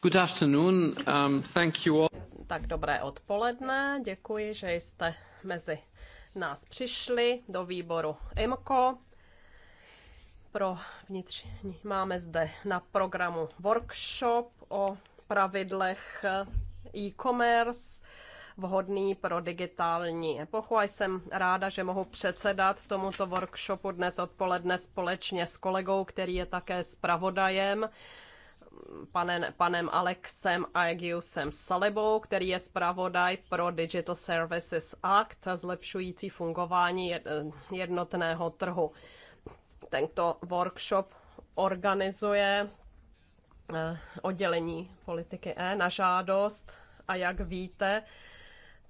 Good afternoon. Um, thank you all. Tak dobré odpoledne. Děkuji, že jste mezi nás přišli do výboru IMCO. Pro vnitřní máme zde na programu workshop o pravidlech e-commerce vhodný pro digitální epochu a jsem ráda, že mohu předsedat tomuto workshopu dnes odpoledne společně s kolegou, který je také zpravodajem panem, panem Alexem Aegiusem Salebou, který je zpravodaj pro Digital Services Act, zlepšující fungování jednotného trhu. Tento workshop organizuje eh, oddělení politiky E na žádost a jak víte,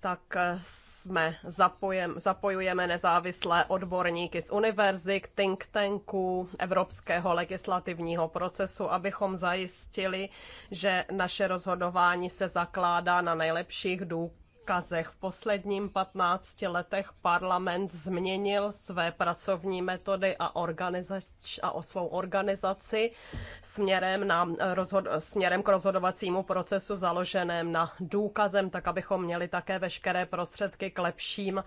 tak eh, jsme, zapojem, zapojujeme nezávislé odborníky z univerzit, think tanků, evropského legislativního procesu, abychom zajistili, že naše rozhodování se zakládá na nejlepších důkazech odkazech. V posledním 15 letech parlament změnil své pracovní metody a, organizač, a o svou organizaci směrem, na rozhod, směrem k rozhodovacímu procesu založeném na důkazem, tak abychom měli také veškeré prostředky k lepším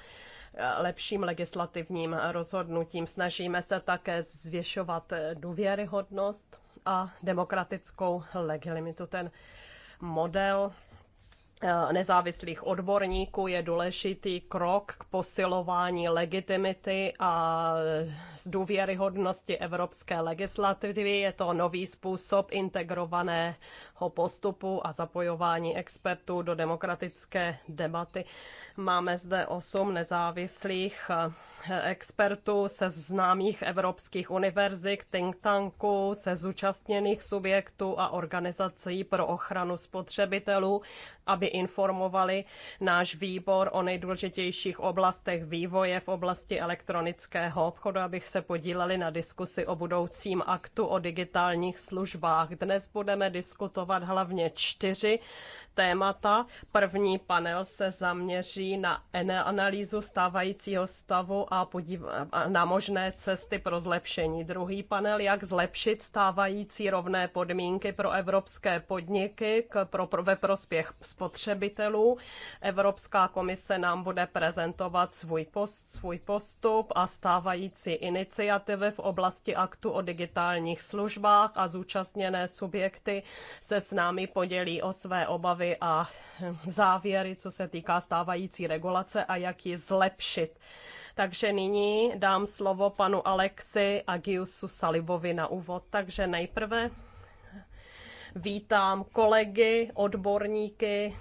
lepším legislativním rozhodnutím. Snažíme se také zvěšovat důvěryhodnost a demokratickou legitimitu. Ten model Eh, nezávislých odborníků je důležitý krok k posilování legitimity a důvěryhodnosti evropské legislativy. Je to nový způsob integrovaného postupu a zapojování expertů do demokratické debaty. Máme zde osm nezávislých eh, expertů se známých evropských univerzit, think tanků, se zúčastněných subjektů a organizací pro ochranu spotřebitelů, aby informovali náš výbor o nejdůležitějších oblastech vývoje v oblasti elektronického obchodu, abych se podíleli na diskusi o budoucím aktu o digitálních službách. Dnes budeme diskutovat hlavně čtyři témata. První panel se zaměří na analýzu stávajícího stavu a na možné cesty pro zlepšení. Druhý panel, jak zlepšit stávající rovné podmínky pro evropské podniky k, pro, pro, ve prospěch spotřebitelů. Evropská komise nám bude prezentovat svůj, post, svůj postup a stávající iniciativy v oblasti aktu o digitálních službách a zúčastněné subjekty se s námi podělí o své obavy obavy a závěry, co se týká stávající regulace a jak ji zlepšit. Takže nyní dám slovo panu Alexi Agiusu Salibovi na úvod. Takže nejprve vítám kolegy, odborníky,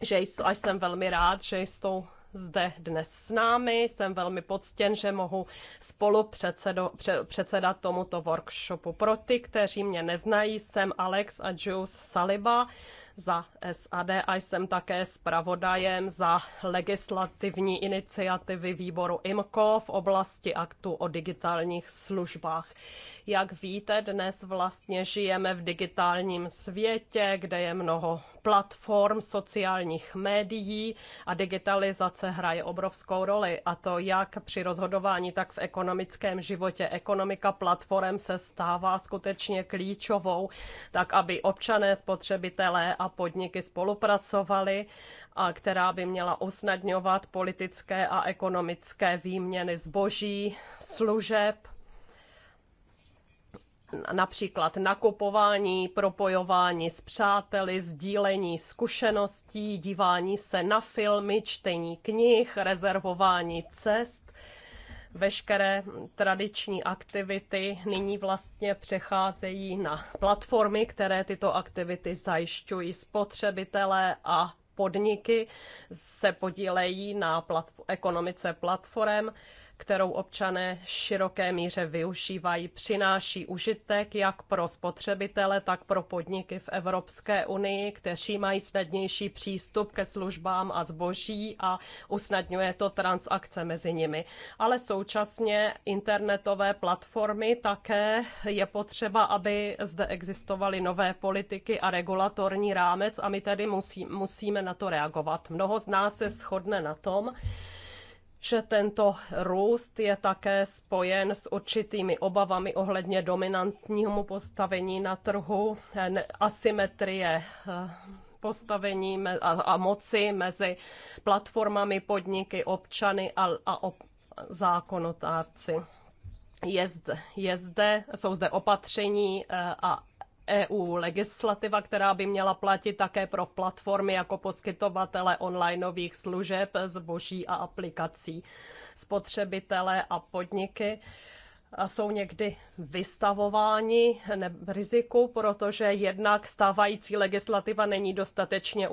že jsou, až jsem velmi rád, že jsou zde dnes s námi. Jsem velmi poctěn, že mohu spolu předsedo, před, předsedat tomuto workshopu. Pro ty, kteří mě neznají, jsem Alex a Jules Saliba za SAD a jsem také zpravodajem za legislativní iniciativy výboru IMCO v oblasti aktu o digitálních službách. Jak víte, dnes vlastně žijeme v digitálním světě, kde je mnoho platform sociálních médií a digitalizace hraje obrovskou roli a to jak při rozhodování, tak v ekonomickém životě. Ekonomika platform se stává skutečně klíčovou, tak aby občané, spotřebitelé a podniky spolupracovali a která by měla usnadňovat politické a ekonomické výměny zboží, služeb, například nakupování, propojování s přáteli, sdílení zkušeností, dívání se na filmy, čtení knih, rezervování cest. Veškeré tradiční aktivity nyní vlastně přecházejí na platformy, které tyto aktivity zajišťují spotřebitelé a podniky se podílejí na platf- ekonomice platform kterou občané v široké míře využívají, přináší užitek jak pro spotřebitele, tak pro podniky v Evropské unii, kteří mají snadnější přístup ke službám a zboží a usnadňuje to transakce mezi nimi. Ale současně internetové platformy také je potřeba, aby zde existovaly nové politiky a regulatorní rámec a my tedy musí, musíme na to reagovat. Mnoho z nás se shodne na tom, že tento růst je také spojen s určitými obavami ohledně dominantního postavení na trhu, asymetrie eh, postavení a moci mezi platformami, podniky, občany a, a ob, zákonotárci. Je zde, je zde, jsou zde opatření eh, a EU legislativa, která by měla platit také pro platformy jako poskytovatele onlineových služeb, zboží a aplikací, spotřebitele a podniky a jsou někdy vystavováni riziku, protože jednak stávající legislativa není dostatečně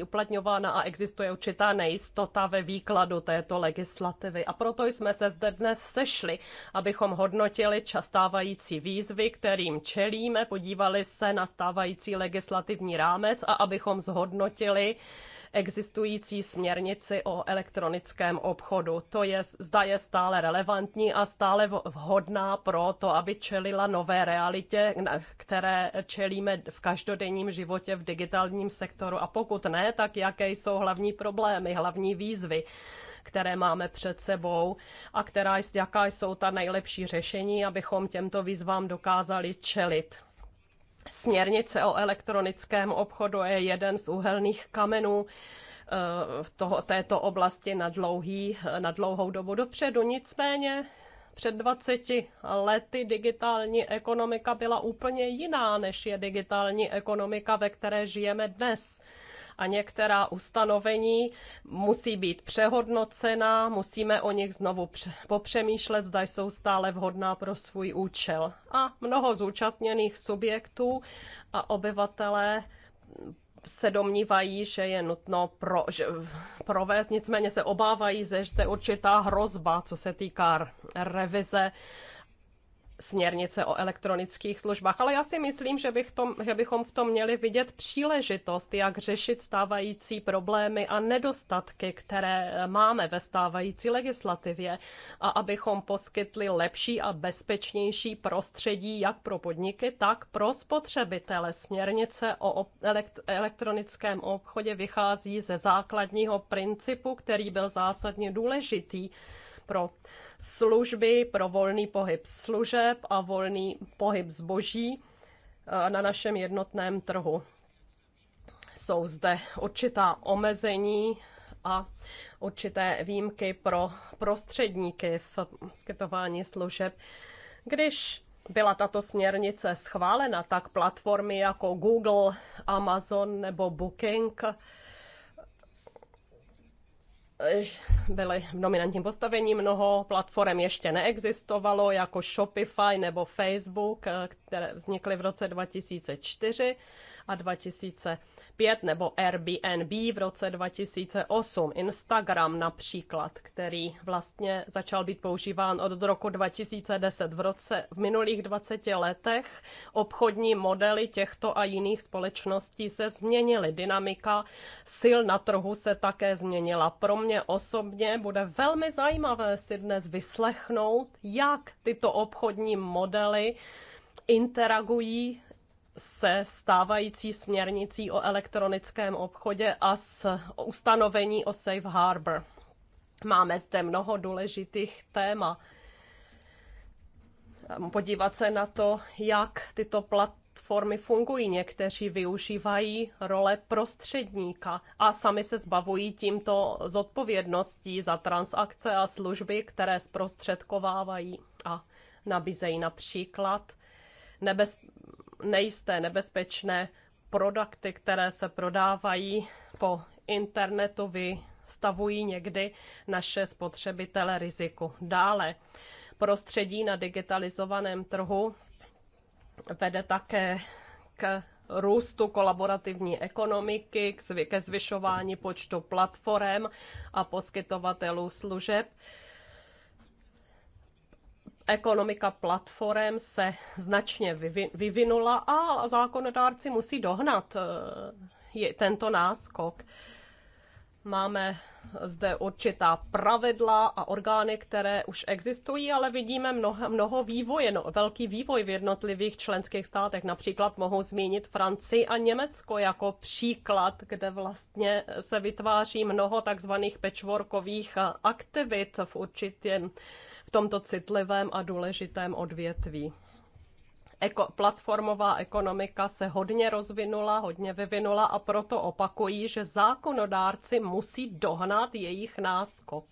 uplatňována a existuje určitá nejistota ve výkladu této legislativy. A proto jsme se zde dnes sešli, abychom hodnotili stávající výzvy, kterým čelíme, podívali se na stávající legislativní rámec a abychom zhodnotili, existující směrnici o elektronickém obchodu. To je, zda je stále relevantní a stále vhodná pro to, aby čelila nové realitě, které čelíme v každodenním životě v digitálním sektoru. A pokud ne, tak jaké jsou hlavní problémy, hlavní výzvy? které máme před sebou a která, jaká jsou ta nejlepší řešení, abychom těmto výzvám dokázali čelit. Směrnice o elektronickém obchodu je jeden z úhelných kamenů eh, toho, této oblasti na, dlouhý, eh, na dlouhou dobu dopředu. Nicméně před 20 lety digitální ekonomika byla úplně jiná, než je digitální ekonomika, ve které žijeme dnes a některá ustanovení musí být přehodnocena, musíme o nich znovu popřemýšlet, zda jsou stále vhodná pro svůj účel. A mnoho zúčastněných subjektů a obyvatelé se domnívají, že je nutno pro, že, provést, nicméně se obávají, že je určitá hrozba, co se týká revize směrnice o elektronických službách, ale já si myslím, že, bych tom, že bychom v tom měli vidět příležitost, jak řešit stávající problémy a nedostatky, které eh, máme ve stávající legislativě a abychom poskytli lepší a bezpečnější prostředí jak pro podniky, tak pro spotřebitele. Směrnice o elektronickém obchodě vychází ze základního principu, který byl zásadně důležitý pro služby, pro volný pohyb služeb a volný pohyb zboží eh, na našem jednotném trhu. Jsou zde určitá omezení a určité výjimky pro prostředníky v skytování služeb. Když byla tato směrnice schválena, tak platformy jako Google, Amazon nebo Booking Eh, byli v dominantním postavení. Mnoho platform ještě neexistovalo, jako Shopify nebo Facebook, eh, které vznikly v roce 2004 a 2005 nebo Airbnb v roce 2008, Instagram například, který vlastně začal být používán od roku 2010. V, roce, v minulých 20 letech obchodní modely těchto a jiných společností se změnily. Dynamika sil na trhu se také změnila. Pro mě osobně bude velmi zajímavé si dnes vyslechnout, jak tyto obchodní modely interagují se stávající směrnicí o elektronickém obchodě a s ustanovení o Safe Harbor. Máme zde mnoho důležitých témat. Ehm, podívat se na to, jak tyto platformy fungují. Někteří využívají role prostředníka a sami se zbavují tímto zodpovědností za transakce a služby, které zprostředkovávají a nabízejí například nebez, nejisté, nebezpečné produkty, které se prodávají po internetu, vystavují někdy naše spotřebitele riziku. Dále prostředí na digitalizovaném trhu vede také k růstu kolaborativní ekonomiky, ke zvyšování počtu platform a poskytovatelů služeb ekonomika platform se značně vyvinula a zákonodárci musí dohnat eh, tento náskok. Máme zde určitá pravidla a orgány, které už existují, ale vidíme mnoho, mnoho vývoje, no, velký vývoj v jednotlivých členských státech. Například mohou zmínit Francii a Německo jako příklad, kde vlastně se vytváří mnoho takzvaných pečvorkových eh, aktivit v určitém tomto citlivém a důležitém odvětví. Eko, platformová ekonomika se hodně rozvinula, hodně vyvinula a proto opakují, že zákonodárci musí dohnat jejich náskok.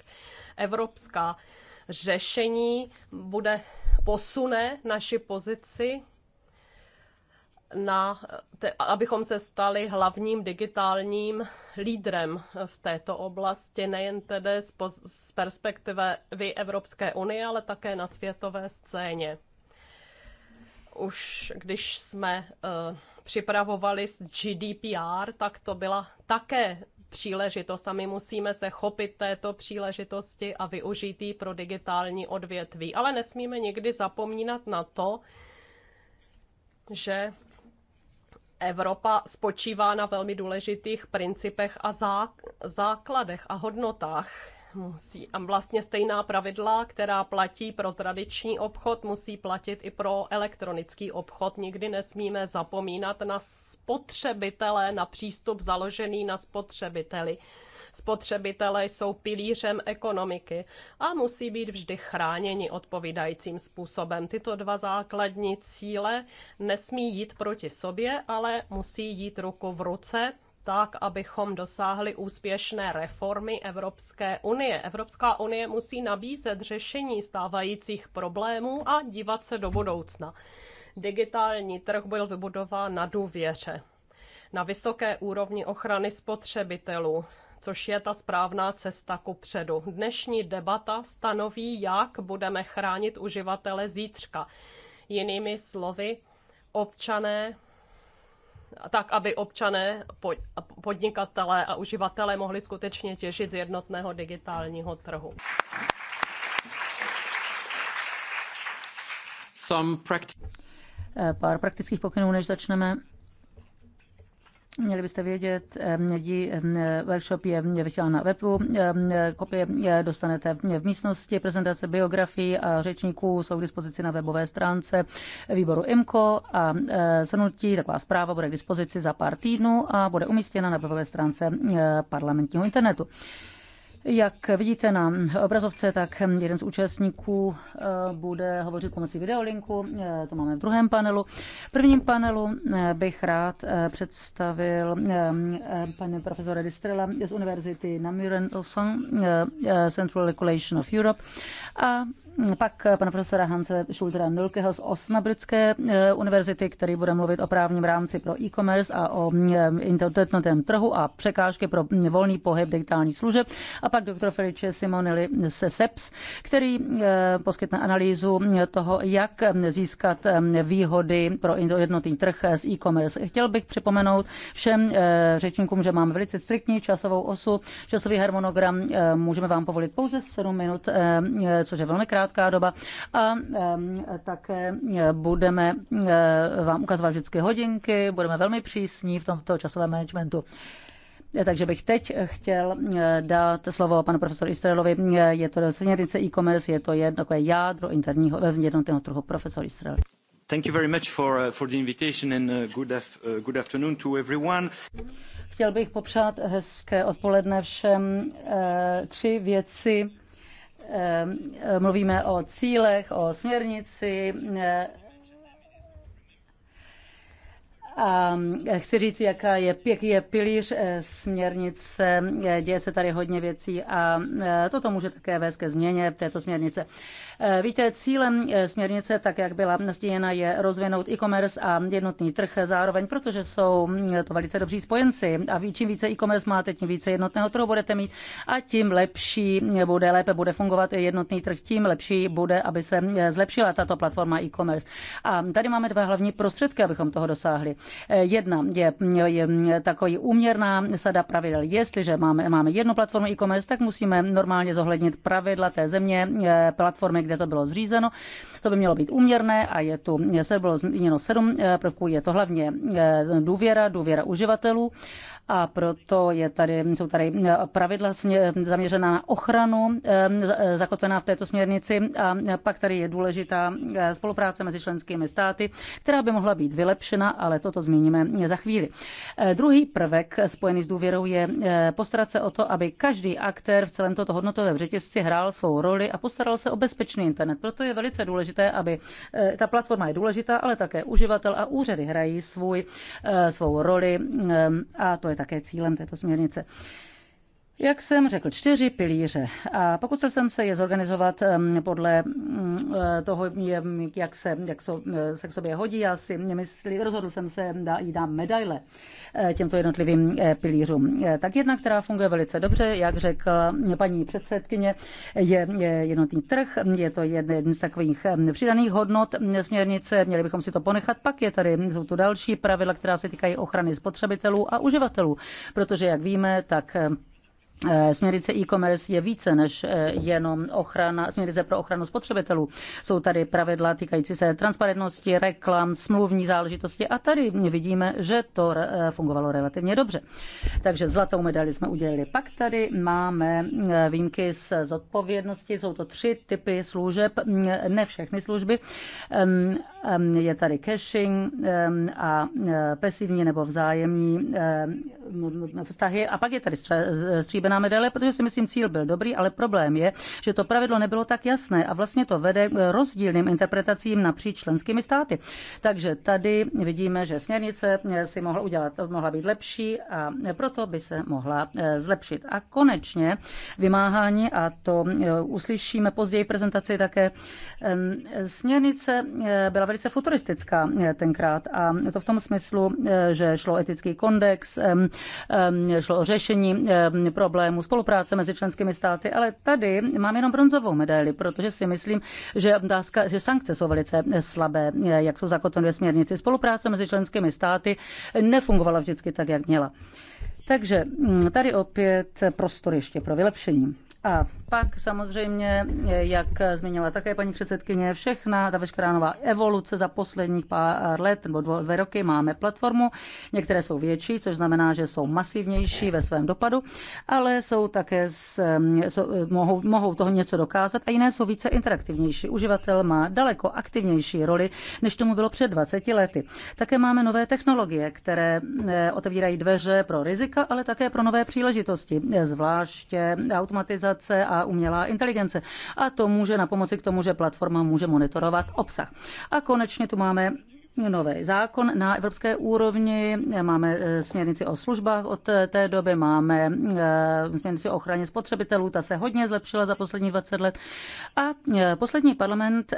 Evropská řešení bude posune naši pozici na, te, abychom se stali hlavním digitálním lídrem v této oblasti, nejen tedy z, poz, z perspektivy Evropské unie, ale také na světové scéně. Už když jsme uh, připravovali s GDPR, tak to byla také příležitost a my musíme se chopit této příležitosti a využít ji pro digitální odvětví. Ale nesmíme nikdy zapomínat na to, že Evropa spočívá na velmi důležitých principech a základech a hodnotách. Musí, a vlastně stejná pravidla, která platí pro tradiční obchod, musí platit i pro elektronický obchod. Nikdy nesmíme zapomínat na spotřebitele, na přístup založený na spotřebiteli. Spotřebitelé jsou pilířem ekonomiky a musí být vždy chráněni odpovídajícím způsobem. Tyto dva základní cíle nesmí jít proti sobě, ale musí jít ruku v ruce tak, abychom dosáhli úspěšné reformy Evropské unie. Evropská unie musí nabízet řešení stávajících problémů a dívat se do budoucna. Digitální trh byl vybudován na důvěře, na vysoké úrovni ochrany spotřebitelů, což je ta správná cesta ku předu. Dnešní debata stanoví, jak budeme chránit uživatele zítřka. Jinými slovy, občané tak, aby občané, podnikatelé a uživatelé mohli skutečně těžit z jednotného digitálního trhu. Some eh, Pár praktických pokynů, než začneme. Měli byste vědět, ehm, ehm, workshop je vysílán na webu, ehm, kopie dostanete v místnosti, prezentace biografií a řečníků jsou k dispozici na webové stránce výboru IMCO a eh, shrnutí, taková zpráva bude k dispozici za pár týdnů a bude umístěna na webové stránce eh, parlamentního internetu. Jak vidíte na obrazovce, tak jeden z účastníků eh, bude hovořit pomocí videolinku, eh, to máme v druhém panelu. V prvním panelu eh, bych rád představil pana profesora Distrela z Univerzity Namuren Central Regulation of Europe a pak eh, pana profesora Hanse Schultera Nulkeho z Osnabrückské eh, univerzity, který bude mluvit o právním rámci pro e-commerce a o eh, internetném trhu a překážky pro hm, volný pohyb digitálních služeb. A pak doktor Felice Simonelli se SEPS, který poskytne analýzu hm, toho, jak hm, získat výhody pro jednotný trh z e-commerce. Chtěl bych připomenout všem řečníkům, že máme velice striktní časovou osu, časový harmonogram. Můžeme vám povolit pouze 7 minut, což je velmi krátké krátká doba. A také eh, budeme eh, vám ukazovat vždycky hodinky, budeme velmi přísní v tomto časovém managementu. Eh, takže bych teď chtěl dát slovo panu profesoru Israelovi. Je to směrnice e-commerce, je to jedno takové jádro interního jednotného trhu. Profesor Israel. Thank you very much for, uh, for the invitation and uh, good, af, uh, good afternoon to everyone. Chtěl bych popřát hezké odpoledne všem. Tři věci Ehm, mluvíme o cílech, o směrnici, a ehm, chci říct, jaká je, jaký je pilíř eh, směrnice. Eh, děje se tady hodně věcí a eh, toto může také vést ke změně této směrnice. Víte, cílem směrnice, tak jak byla nastíněna, je rozvinout e-commerce a jednotný trh zároveň, protože jsou hm, to velice dobří spojenci. A čím více e-commerce máte, tím více jednotného trhu budete mít a tím lepší hm, bude, lépe bude fungovat jednotný trh, tím lepší bude, aby se hm, zlepšila tato platforma e-commerce. A tady máme dva hlavní prostředky, abychom toho dosáhli. Eh, jedna je, je takový úměrná sada pravidel. Jestliže máme, máme jednu platformu e-commerce, tak musíme normálně zohlednit pravidla té země, eh, platformy, kde to bylo zřízeno. To by mělo být úměrné a je tu, se bylo zmíněno sedm eh, prvků, je to hlavně důvěra, důvěra uživatelů a proto je tady, jsou tady eh, pravidla zaměřená na ochranu eh, eh, zakotvená v této směrnici a pak tady je důležitá spolupráce mezi členskými státy, která by mohla být vylepšena, ale toto zmíníme za chvíli. Druhý prvek spojený s důvěrou je postarat se o to, aby každý aktér v celém toto hodnotové řetězci hrál svou roli a postaral se o bezpečný internet. Proto je velice důležité, aby ta platforma je důležitá, ale také uživatel a úřady hrají svůj, svou roli a to je také cílem této směrnice. Jak jsem řekl, čtyři pilíře a pokusil jsem se je zorganizovat podle eh, toho, jak se, jak so, eh, se k sobě hodí. Já si myslí, rozhodl jsem se, dá, jí dám medaile eh, těmto jednotlivým pilířům. Tak jedna, která funguje velice dobře, jak řekl paní předsedkyně, je, je jednotný trh, je to jeden z takových přidaných hodnot směrnice, měli bychom si to ponechat. Pak je tady, jsou tu další pravidla, která se týkají ochrany spotřebitelů a uživatelů, protože, jak víme, tak Eh, směrnice e-commerce je více než eh, jenom ochrana, směrnice pro ochranu spotřebitelů. Jsou tady pravidla týkající se transparentnosti, reklam, smluvní záležitosti a tady vidíme, že to eh, fungovalo relativně dobře. Takže zlatou medaili jsme udělili. Pak tady máme výjimky z zodpovědnosti. Jsou to tři typy služeb, mm, ne všechny služby. Je tady caching a pasivní nebo vzájemní vztahy. A pak je tady stříbrný stříbrná medaile, protože si myslím, cíl byl dobrý, ale problém je, že to pravidlo nebylo tak jasné a vlastně to vede k rozdílným interpretacím napříč členskými státy. Takže tady vidíme, že směrnice eh, si mohla, udělat, mohla být lepší a proto by se mohla eh, zlepšit. A konečně vymáhání, a to eh, uslyšíme později v prezentaci také, směrnice byla velice futuristická tenkrát a to v tom smyslu, že šlo etický kondex, šlo o řešení problémů problémů spolupráce mezi členskými státy, ale tady mám jenom bronzovou medaili, protože si myslím, že, dáska, že sankce jsou velice slabé, jak jsou zakotveny ve směrnici. Spolupráce mezi členskými státy nefungovala vždycky tak, jak měla. Takže mm, tady opět prostor ještě pro vylepšení. A pak samozřejmě, jak zmínila také paní předsedkyně, všechna ta veškerá nová evoluce za posledních pár let nebo dvě roky máme platformu. Některé jsou větší, což znamená, že jsou masivnější ve svém dopadu, ale jsou také s, mohou, mohou toho něco dokázat a jiné jsou více interaktivnější. Uživatel má daleko aktivnější roli, než tomu bylo před 20 lety. Také máme nové technologie, které otevírají dveře pro rizika, ale také pro nové příležitosti, zvláště automatizace digitalizace a umělá inteligence. A to může na pomoci k tomu, že platforma může monitorovat obsah. A konečně tu máme nový zákon na evropské úrovni, máme eh, směrnici o službách od eh, té doby, máme eh, směrnici o ochraně spotřebitelů, ta se hodně zlepšila za poslední 20 let. A poslední parlament,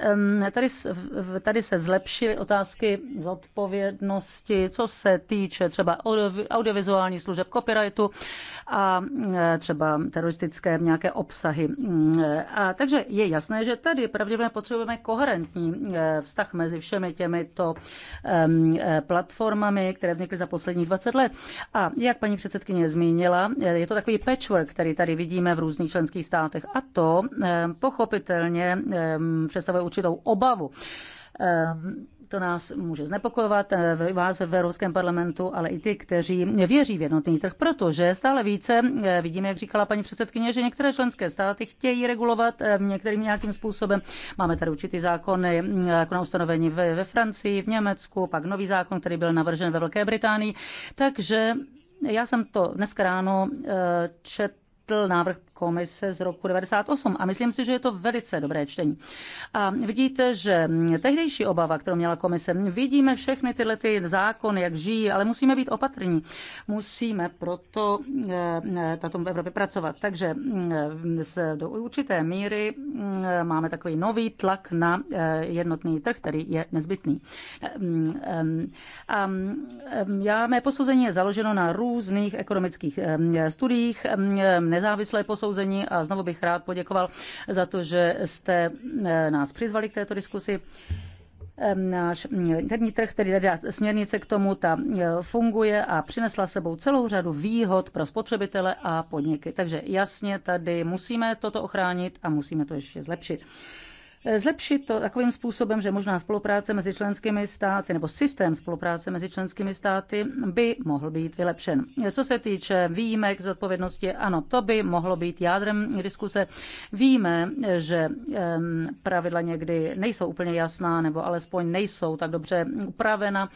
tady, tady se zlepšily otázky zodpovědnosti, co se týče třeba audiovizuální služeb copyrightu a třeba teroristické nějaké obsahy. Mm, a takže je jasné, že tady pravděpodobně potřebujeme koherentní vztah mezi všemi těmito Eh, platformami, které vznikly za posledních 20 let. A jak paní předsedkyně zmínila, eh, je to takový patchwork, který tady vidíme v různých členských státech. A to pochopitelně představuje určitou obavu to nás může znepokojovat, eh, vás v Evropském parlamentu, ale i ty, kteří věří v jednotný trh, protože stále více eh, vidíme, jak říkala paní předsedkyně, že některé členské státy chtějí regulovat eh, některým nějakým způsobem. Máme tady určitý zákon jako na ustanovení ve, Francii, v Německu, pak nový zákon, který byl navržen ve Velké Británii. Takže já jsem to dneska ráno čet četl návrh komise z roku 98 a myslím si, že je to velice dobré čtení. A vidíte, že tehdejší obava, kterou měla komise, vidíme všechny tyhle ty zákony, jak žijí, ale musíme být opatrní. Musíme proto eh, na tom v Evropě pracovat. Takže eh, do určité míry eh, máme takový nový tlak na jednotný trh, který je nezbytný. A mm, mm, mm, já, mé posouzení je založeno na různých ekonomických studiích nezávislé posouzení a znovu bych rád poděkoval za to, že jste eh, nás přizvali k této diskusi náš mm, interní trh, který dá směrnice k tomu, ta eh, funguje a přinesla sebou celou řadu výhod pro spotřebitele a podniky. Takže jasně tady musíme toto ochránit a musíme to ještě zlepšit. Eh, zlepšit to takovým způsobem, že možná spolupráce mezi členskými státy nebo systém spolupráce mezi členskými státy by mohl být vylepšen. Eh, co se týče výjimek z odpovědnosti, ano, to by mohlo být jádrem diskuse. Víme, eh, že pravidla někdy nejsou úplně jasná nebo alespoň nejsou tak dobře upravena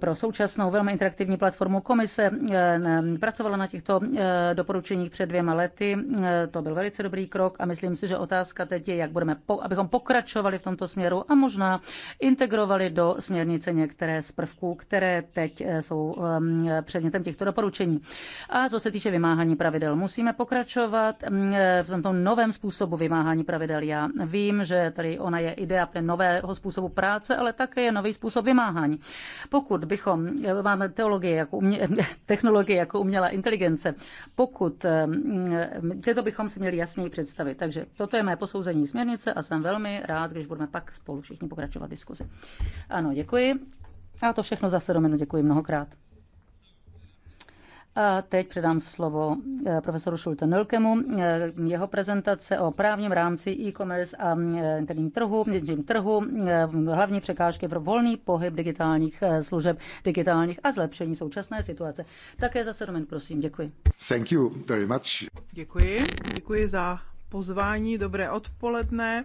pro současnou velmi interaktivní platformu komise. Pracovala na těchto eh, doporučeních před dvěma lety. Eh, to byl velice dobrý krok a myslím si, že otázka teď je, jak budeme, abychom pokračovali v tomto směru a možná integrovali do směrnice některé z prvků, které teď eh, jsou předmětem těchto doporučení. A co se týče vymáhání pravidel, musíme pokračovat v tomto novém způsobu vymáhání pravidel. Já vím, že tady ona je idea té nového způsobu práce, ale také je nový způsob vymáhání vzdělávání. Pokud bychom, eh, máme teologie jako umě, technologie jako umělá inteligence, pokud eh, mm, eh, tyto bychom si měli jasněji představit. Takže toto je mé posouzení směrnice a jsem velmi rád, když budeme pak spolu všichni pokračovat v diskuzi. Ano, děkuji. A to všechno za sedm minut. Děkuji mnohokrát. A teď předám slovo eh, profesoru Šulte Nelkemu. Eh, jeho prezentace o právním rámci e-commerce a eh, interním trhu, trhu, hlavní překážky pro volný pohyb digitálních služeb, digitálních a zlepšení současné situace. Také za sedm prosím, děkuji. Thank you very much. Děkuji, děkuji za pozvání, dobré odpoledne.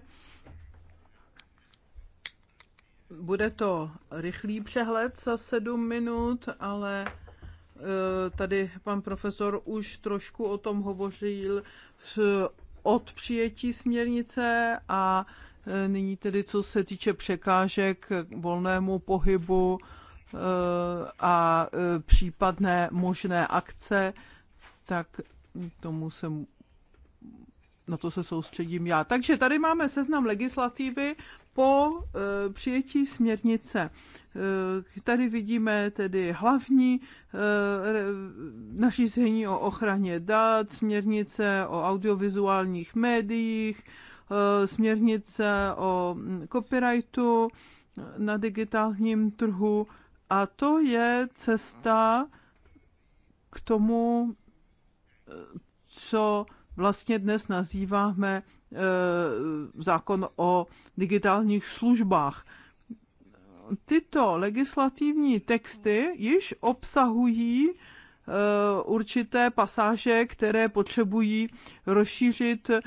Bude to rychlý přehled za sedm minut, ale Eh, tady pan profesor už trošku o tom hovořil od přijetí směrnice a eh, nyní tedy, co se týče překážek volnému pohybu eh, a případné možné akce, tak tomu se na to se soustředím já. Takže tady máme seznam legislativy, po eh, přijetí směrnice. Eh, tady vidíme tedy hlavní eh, nařízení o ochraně dat, směrnice o audiovizuálních médiích, směrnice o mm, copyrightu na digitálním trhu a to je cesta k tomu, co vlastně dnes nazýváme Eh, zákon o digitálních službách. Tyto legislativní texty již obsahují eh, určité pasáže, které potřebují rozšířit eh,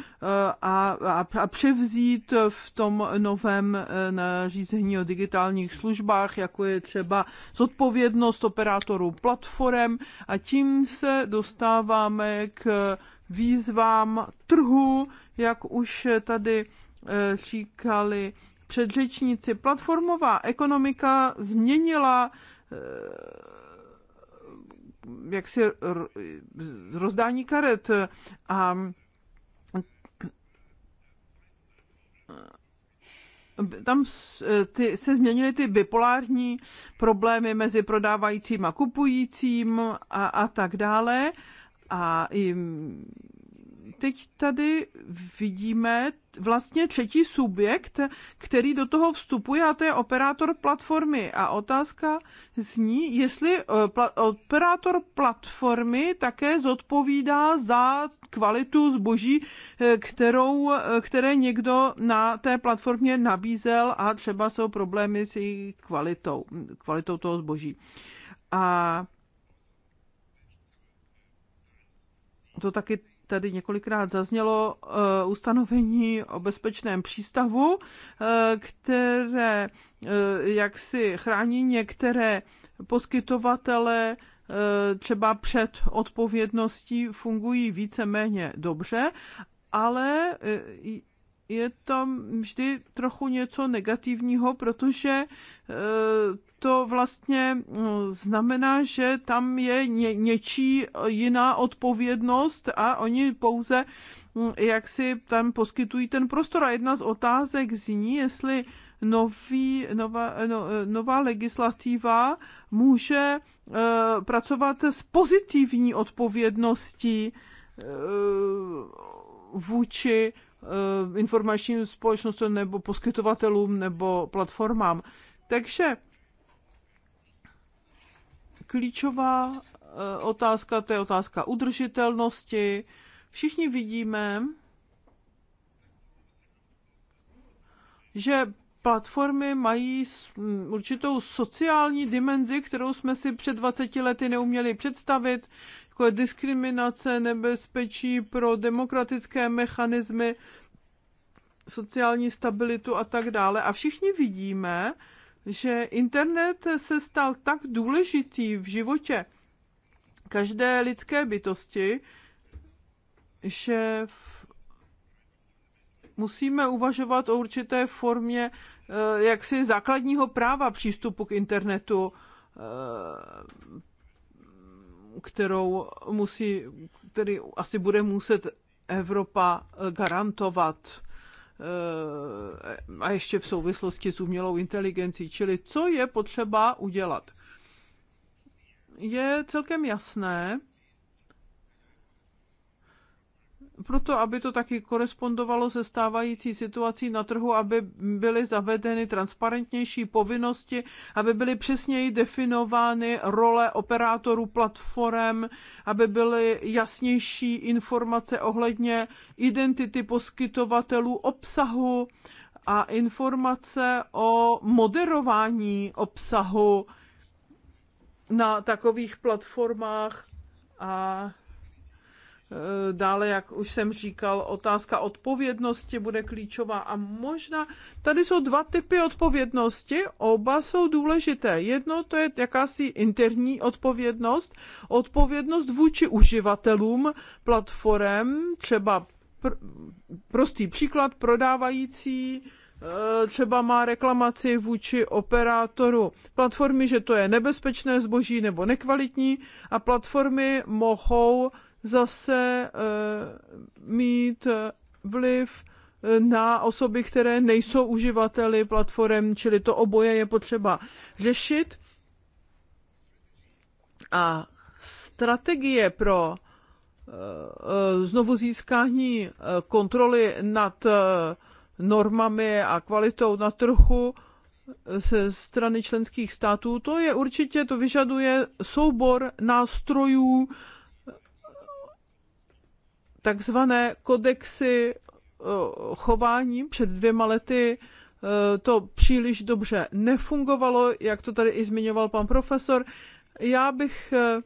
a, a, a převzít v tom novém nařízení o digitálních službách, jako je třeba zodpovědnost operátorů platform a tím se dostáváme k výzvám trhu, jak už tady eh, říkali předřečníci, platformová ekonomika změnila eh, jaksi rozdání karet a eh, tam ty, se změnily ty bipolární problémy mezi prodávajícím a kupujícím a, a tak dále. A i teď tady vidíme vlastně třetí subjekt, který do toho vstupuje a to je operátor platformy. A otázka zní, jestli eh, operátor platformy také zodpovídá za kvalitu zboží, eh, kterou, eh, které někdo na té platformě nabízel a třeba jsou problémy s její kvalitou, kvalitou toho zboží. A to taky tady několikrát zaznělo eh, ustanovení o bezpečném přístavu, eh, které eh, jak si chrání některé poskytovatele třeba před odpovědností fungují víceméně dobře, ale je tam vždy trochu něco negativního, protože e, to vlastně e, znamená, že tam je ně, něčí jiná odpovědnost a oni pouze jak si tam poskytují ten prostor. A jedna z otázek zní, jestli nový, nová, no, e, nová legislativa může pracovat s pozitivní odpovědností vůči Eh, informačním společnostem nebo poskytovatelům nebo platformám. Takže klíčová eh, otázka, to je otázka udržitelnosti. Všichni vidíme, že platformy mají mm, určitou sociální dimenzi, kterou jsme si před 20 lety neuměli představit, jako je diskriminace, nebezpečí pro demokratické mechanismy, sociální stabilitu a tak dále. A všichni vidíme, že internet se stal tak důležitý v životě každé lidské bytosti, že v musíme uvažovat o určité formě eh, jaksi základního práva přístupu k internetu, eh, kterou musí, který asi bude muset Evropa eh, garantovat a ještě v souvislosti s umělou inteligencí. Čili co je potřeba udělat? Je celkem jasné, proto, aby to taky korespondovalo se stávající situací na trhu, aby byly zavedeny transparentnější povinnosti, aby byly přesněji definovány role operátorů platform, aby byly jasnější informace ohledně identity poskytovatelů obsahu a informace o moderování obsahu na takových platformách a Eh, dále, jak už jsem říkal, otázka odpovědnosti bude klíčová a možná tady jsou dva typy odpovědnosti, oba jsou důležité. Jedno to je jakási interní odpovědnost, odpovědnost vůči uživatelům platform, třeba pr- prostý příklad prodávající eh, třeba má reklamaci vůči operátoru platformy, že to je nebezpečné zboží nebo nekvalitní a platformy mohou zase eh, mít eh, vliv eh, na osoby, které nejsou uživateli platform, čili to oboje je potřeba řešit. A strategie pro znovu získání kontroly nad normami a kvalitou na trhu ze strany členských států, to je určitě, to vyžaduje soubor nástrojů, takzvané kodexy eh, chování před dvěma lety eh, to příliš dobře nefungovalo, jak to tady i zmiňoval pan profesor. Já bych eh,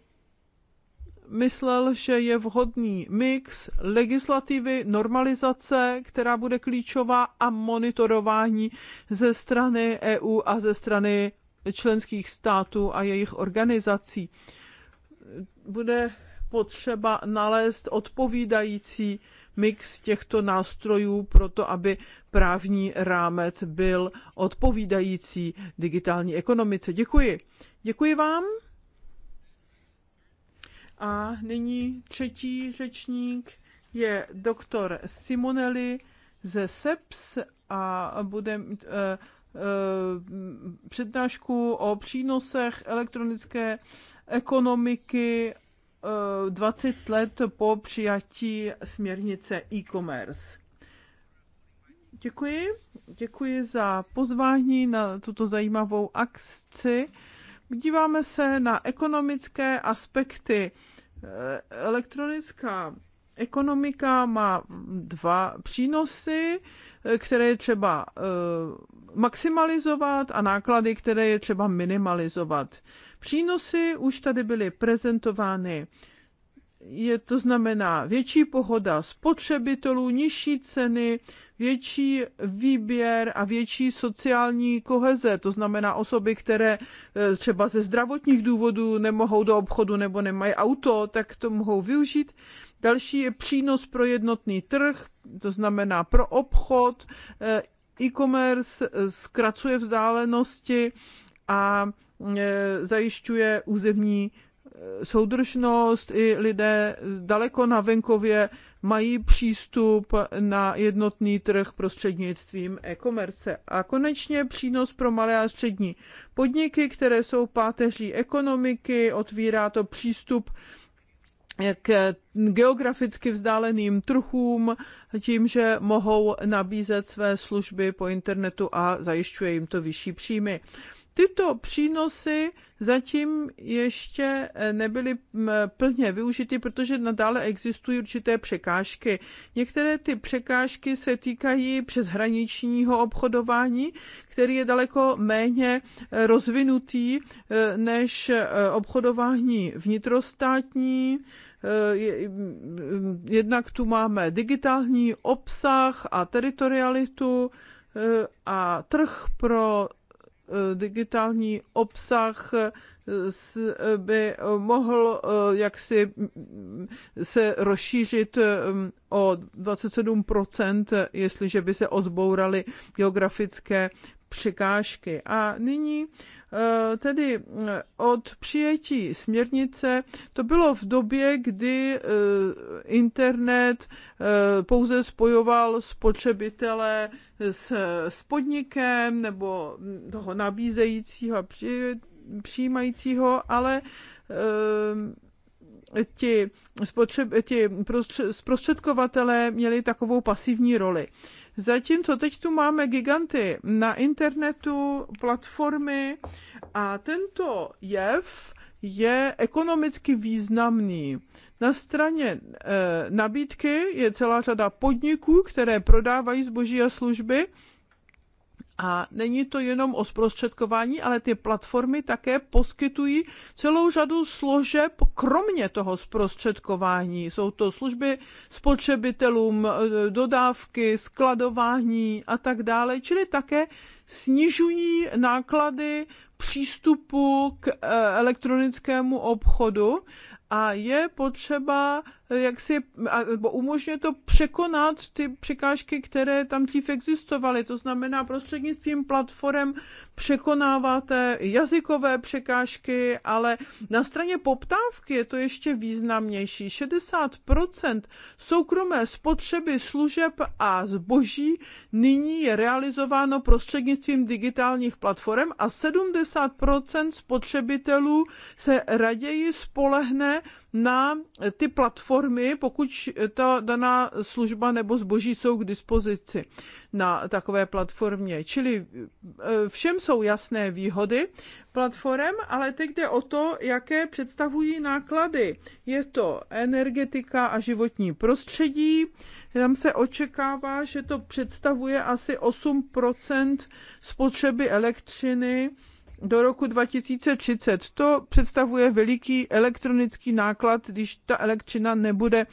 myslel, že je vhodný mix legislativy, normalizace, která bude klíčová, a monitorování ze strany EU a ze strany členských států a jejich organizací. Bude potřeba nalézt odpovídající mix těchto nástrojů pro to, aby právní rámec byl odpovídající digitální ekonomice. Děkuji. Děkuji vám. A nyní třetí řečník je doktor Simonelli ze SEPS a bude mít, e, přednášku o přínosech elektronické ekonomiky 20 eh, let po přijatí směrnice e-commerce. Děkuji. Děkuji za pozvání na tuto zajímavou akci. Díváme se na ekonomické aspekty. Eh, elektronická ekonomika má dva přínosy, eh, které je třeba maximalizovat a náklady, které je třeba minimalizovat. Přínosy už tady byly prezentovány. Je to znamená větší pohoda spotřebitelů, nižší ceny, větší výběr a větší sociální koheze. To znamená osoby, které e, třeba ze zdravotních důvodů nemohou do obchodu nebo nemají auto, tak to mohou využít. Další je přínos pro jednotný trh, to znamená pro obchod, e, e-commerce e, zkracuje vzdálenosti a E, zajišťuje územní e, soudržnost i lidé daleko na venkově mají přístup na jednotný trh prostřednictvím e-commerce. A konečně přínos pro malé a střední podniky, které jsou páteří ekonomiky, otvírá to přístup k geograficky vzdáleným trhům tím, že mohou nabízet své služby po internetu a zajišťuje jim to vyšší příjmy. Tyto přínosy zatím ještě eh, nebyly plně využity, protože nadále existují určité překážky. Některé ty překážky se týkají přeshraničního obchodování, který je daleko méně eh, rozvinutý eh, než obchodování vnitrostátní. Jednak tu máme digitální obsah a teritorialitu a trh pro Eh, digitální obsah eh, eh, by mohl jaksi mm, se rozšířit mm, o 27%, jestliže by se odbouraly geografické překážky. A nyní eh, tedy eh, od přijetí směrnice, to bylo v době, kdy eh, internet pouze spojoval spotřebitele s, s podnikem nebo toho nabízejícího a při, přijímajícího, ale ti, spotřeb, ti prostřed, zprostředkovatelé měli takovou pasivní roli. Zatímco teď tu máme giganty na internetu, platformy a tento jev je ekonomicky významný. Na straně e, nabídky je celá řada podniků, které prodávají zboží a služby a není to jenom o zprostředkování, ale ty platformy také poskytují celou řadu složeb, kromě toho zprostředkování. Jsou to služby spotřebitelům, e, dodávky, skladování a tak dále, čili také snižují náklady přístupu k e, elektronickému obchodu a je potřeba jak si, nebo umožňuje to překonat ty překážky, které tam dřív existovaly. To znamená, prostřednictvím platform překonáváte jazykové překážky, ale na straně poptávky je to ještě významnější. 60% soukromé spotřeby služeb a zboží nyní je realizováno prostřednictvím digitálních platform a 70% spotřebitelů se raději spolehne na ty platformy, pokud ta daná služba nebo zboží jsou k dispozici na takové platformě. Čili e, všem jsou jasné výhody platform, ale teď jde o to, jaké představují náklady. Je to energetika a životní prostředí. Tam se očekává, že to představuje asi 8 spotřeby elektřiny do roku 2030. To představuje veliký elektronický náklad, když ta elektřina nebude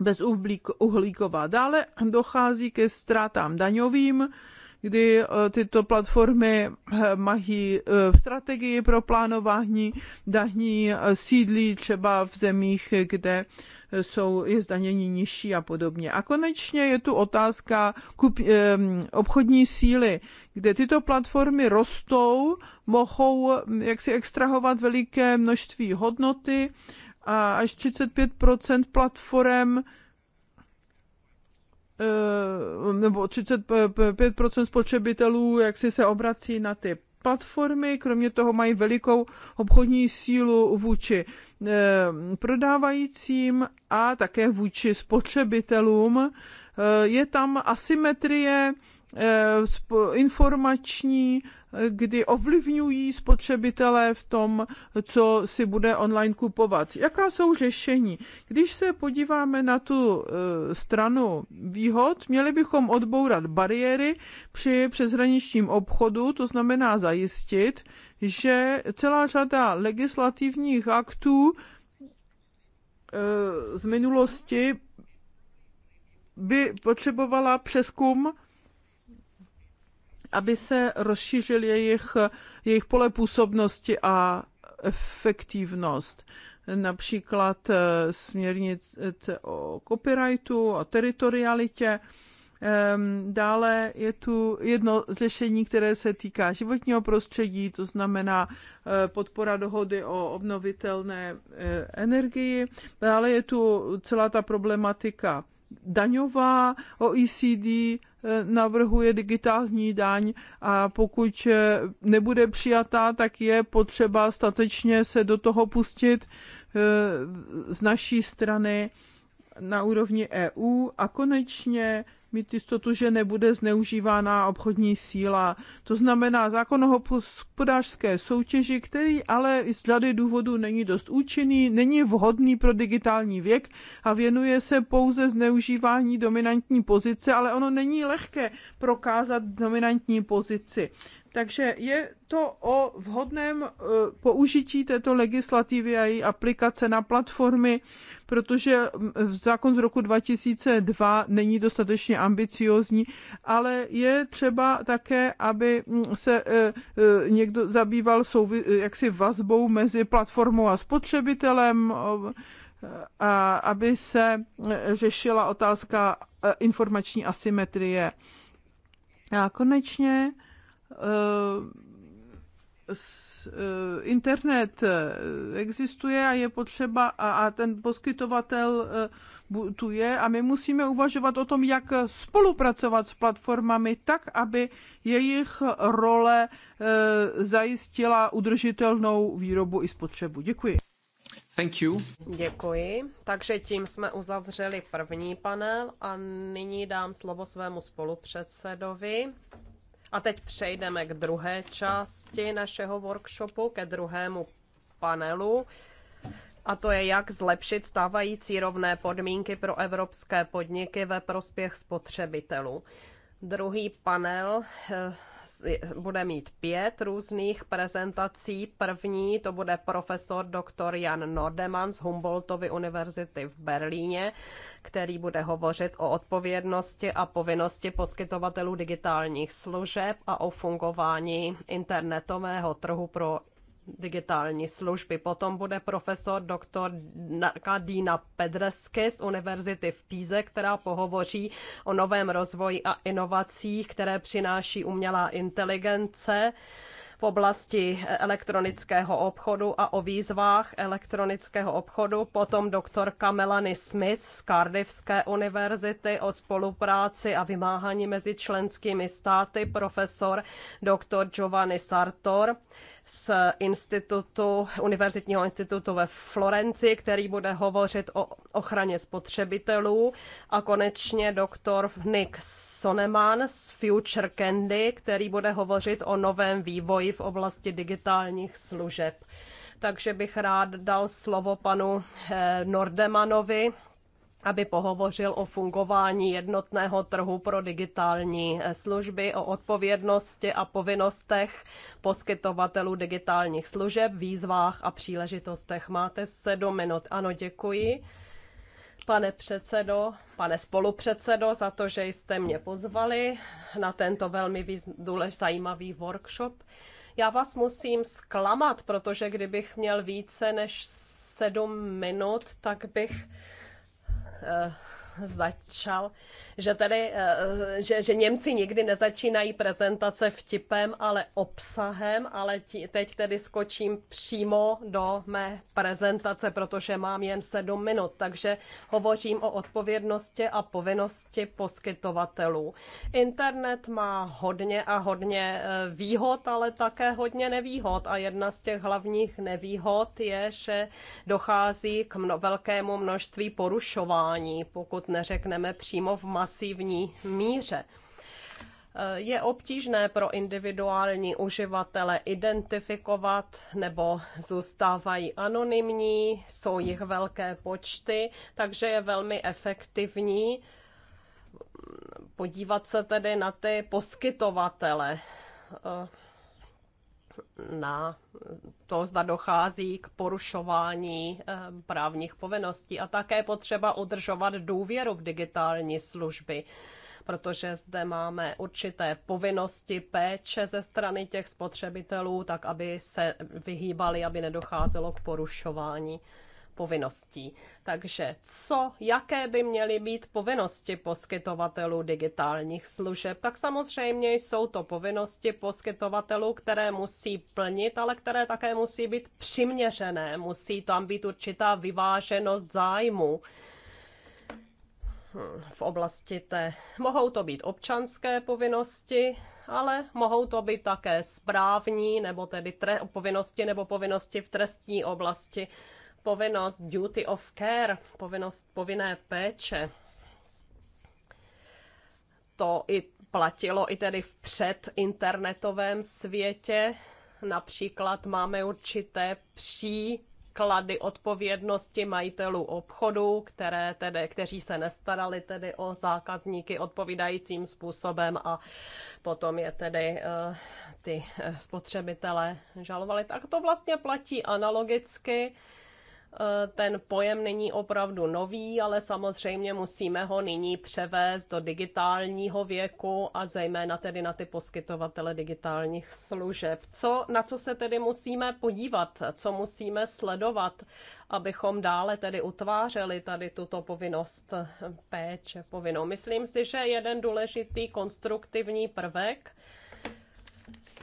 bezuhlíková. Dále dochází ke ztrátám daňovým, kdy eh, tyto platformy eh, mají eh, strategii pro plánování daní, sídlí třeba v zemích, kde jsou je zdanění nižší a podobně. A konečně je tu otázka kup, obchodní síly, kde tyto platformy rostou, mohou jaksi extrahovat veliké množství hodnoty a až 35 platform nebo 35% spotřebitelů jak si se obrací na ty platformy, kromě toho mají velikou obchodní sílu vůči eh, prodávajícím a také vůči spotřebitelům. Eh, je tam asymetrie eh, informační kdy ovlivňují spotřebitele v tom, co si bude online kupovat. Jaká jsou řešení? Když se podíváme na tu e, stranu výhod, měli bychom odbourat bariéry při přeshraničním obchodu, to znamená zajistit, že celá řada legislativních aktů e, z minulosti by potřebovala přeskum aby se rozšířil jejich, jejich pole působnosti a efektivnost. Například eh, směrnice o copyrightu, o teritorialitě, ehm, Dále je tu jedno z řešení, které se týká životního prostředí, to znamená eh, podpora dohody o obnovitelné eh, energii. Dále je tu celá ta problematika daňová. OECD eh, navrhuje digitální daň a pokud eh, nebude přijatá, tak je potřeba statečně se do toho pustit eh, z naší strany na úrovni EU a konečně mít jistotu, že nebude zneužívána obchodní síla. To znamená zákon o hospodářské soutěži, který ale z řady důvodů není dost účinný, není vhodný pro digitální věk a věnuje se pouze zneužívání dominantní pozice, ale ono není lehké prokázat dominantní pozici. Takže je to o vhodném eh, použití této legislativy a její aplikace na platformy, protože mm, zákon z roku 2002 není dostatečně ambiciozní, ale je třeba také, aby mm, se eh, eh, někdo zabýval jaksi vazbou mezi platformou a spotřebitelem, a aby se řešila otázka informační asymetrie. A konečně Eh, eh, internet eh, existuje a je potřeba a, ten poskytovatel tu je a my musíme uvažovat o tom, jak spolupracovat s platformami tak, aby jejich role zajistila udržitelnou výrobu i spotřebu. Děkuji. Thank you. Děkuji. Takže tím jsme uzavřeli první panel a nyní dám slovo svému spolupředsedovi, a teď přejdeme k druhé části našeho workshopu, ke druhému panelu. A to je, jak zlepšit stávající rovné podmínky pro evropské podniky ve prospěch spotřebitelů. Druhý panel eh, bude mít pět různých prezentací. První to bude profesor dr. Jan Nordeman z Humboldtovy univerzity v Berlíně, který bude hovořit o odpovědnosti a povinnosti poskytovatelů digitálních služeb a o fungování internetového trhu pro digitální služby. Potom bude profesor doktor Kadína Pedresky z Univerzity v Píze, která pohovoří o novém rozvoji a inovacích, které přináší umělá inteligence v oblasti elektronického obchodu a o výzvách elektronického obchodu. Potom doktorka Melanie Smith z Cardiffské univerzity o spolupráci a vymáhání mezi členskými státy, profesor doktor Giovanni Sartor z institutu, univerzitního institutu ve Florenci, který bude hovořit o ochraně spotřebitelů a konečně doktor Nick Soneman z Future Candy, který bude hovořit o novém vývoji v oblasti digitálních služeb. Takže bych rád dal slovo panu eh, Nordemanovi, aby pohovořil o fungování jednotného trhu pro digitální eh, služby, o odpovědnosti a povinnostech poskytovatelů digitálních služeb, výzvách a příležitostech. Máte sedm minut. Ano, děkuji. Pane předsedo, pane spolupředsedo, za to, že jste mě pozvali na tento velmi důležitý zajímavý workshop. Já vás musím zklamat, protože kdybych měl více než sedm minut, tak bych uh, začal, že tedy, eh, že, že Němci nikdy nezačínají prezentace vtipem, ale obsahem, ale tí, teď tedy skočím přímo do mé prezentace, protože mám jen sedm minut, takže hovořím o odpovědnosti a povinnosti poskytovatelů. Internet má hodně a hodně eh, výhod, ale také hodně nevýhod a jedna z těch hlavních nevýhod je, že dochází k mno, velkému množství porušování, pokud pokud neřekneme přímo v masivní míře. Eh, je obtížné pro individuální uživatele identifikovat nebo zůstávají anonymní, jsou jich velké počty, takže je velmi efektivní mm, podívat se tedy na ty poskytovatele eh, na to, zda dochází k porušování eh, právních povinností a také potřeba udržovat důvěru v digitální služby protože zde máme určité povinnosti péče ze strany těch spotřebitelů, tak aby se vyhýbali, aby nedocházelo k porušování povinností. Takže co, jaké by měly být povinnosti poskytovatelů digitálních služeb? Tak samozřejmě jsou to povinnosti poskytovatelů, které musí plnit, ale které také musí být přiměřené. Musí tam být určitá vyváženost zájmu v oblasti té. Mohou to být občanské povinnosti, ale mohou to být také správní nebo tedy tre- povinnosti nebo povinnosti v trestní oblasti povinnost duty of care, povinnost povinné péče, to i platilo i tedy v předinternetovém světě. Například máme určité příklady odpovědnosti majitelů obchodu, které tedy, kteří se nestarali tedy o zákazníky odpovídajícím způsobem a potom je tedy uh, ty eh, spotřebitele žalovali. Tak to vlastně platí analogicky Eh, ten pojem není opravdu nový, ale samozřejmě musíme ho nyní převést do digitálního věku a zejména tedy na ty poskytovatele digitálních služeb. Co, na co se tedy musíme podívat, co musíme sledovat, abychom dále tedy utvářeli tady tuto povinnost péče povinnou. Myslím si, že jeden důležitý konstruktivní prvek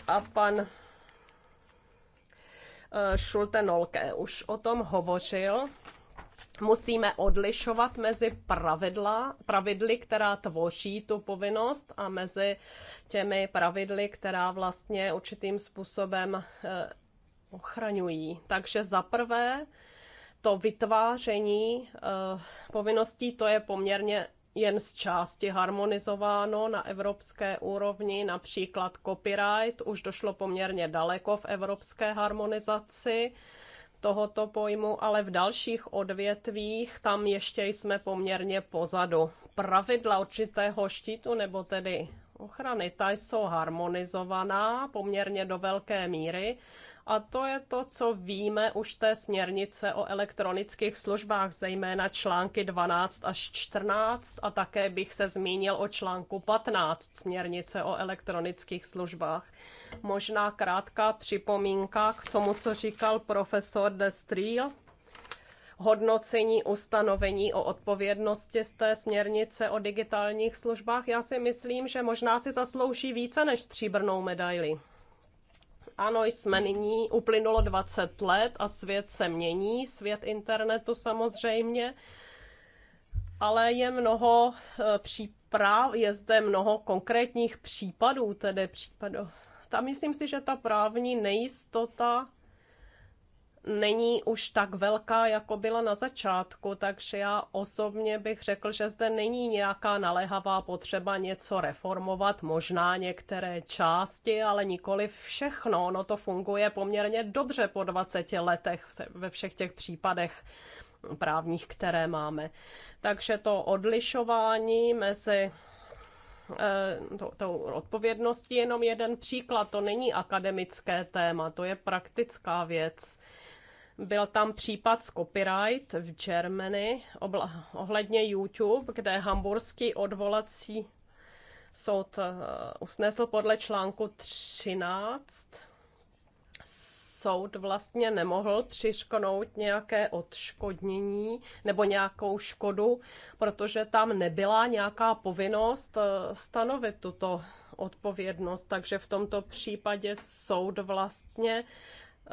a pan nolke už o tom hovořil. Musíme odlišovat mezi pravidla, pravidly, která tvoří tu povinnost a mezi těmi pravidly, která vlastně určitým způsobem eh, ochraňují. Takže za prvé, to vytváření eh, povinností, to je poměrně jen z části harmonizováno na evropské úrovni, například copyright, už došlo poměrně daleko v evropské harmonizaci tohoto pojmu, ale v dalších odvětvích tam ještě jsme poměrně pozadu. Pravidla určitého štítu nebo tedy ochrany, ta jsou harmonizovaná poměrně do velké míry, a to je to, co víme už z té směrnice o elektronických službách, zejména články 12 až 14 a také bych se zmínil o článku 15 směrnice o elektronických službách. Možná krátká připomínka k tomu, co říkal profesor de hodnocení ustanovení o odpovědnosti z té směrnice o digitálních službách, já si myslím, že možná si zaslouží více než stříbrnou medaili. Ano, jsme nyní, uplynulo 20 let a svět se mění, svět internetu samozřejmě, ale je mnoho eh, příprav, je zde mnoho konkrétních případů, tedy případů. Tam myslím si, že ta právní nejistota není už tak velká, jako byla na začátku, takže já osobně bych řekl, že zde není nějaká naléhavá potřeba něco reformovat, možná některé části, ale nikoli všechno. Ono to funguje poměrně dobře po 20 letech ve všech těch případech právních, které máme. Takže to odlišování mezi eh, tou to odpovědností jenom jeden příklad. To není akademické téma, to je praktická věc. Byl tam případ z copyright v Germany ohledně YouTube, kde hamburský odvolací soud eh, usnesl podle článku 13. Soud vlastně nemohl přišknout nějaké odškodnění nebo nějakou škodu, protože tam nebyla nějaká povinnost eh, stanovit tuto odpovědnost. Takže v tomto případě soud vlastně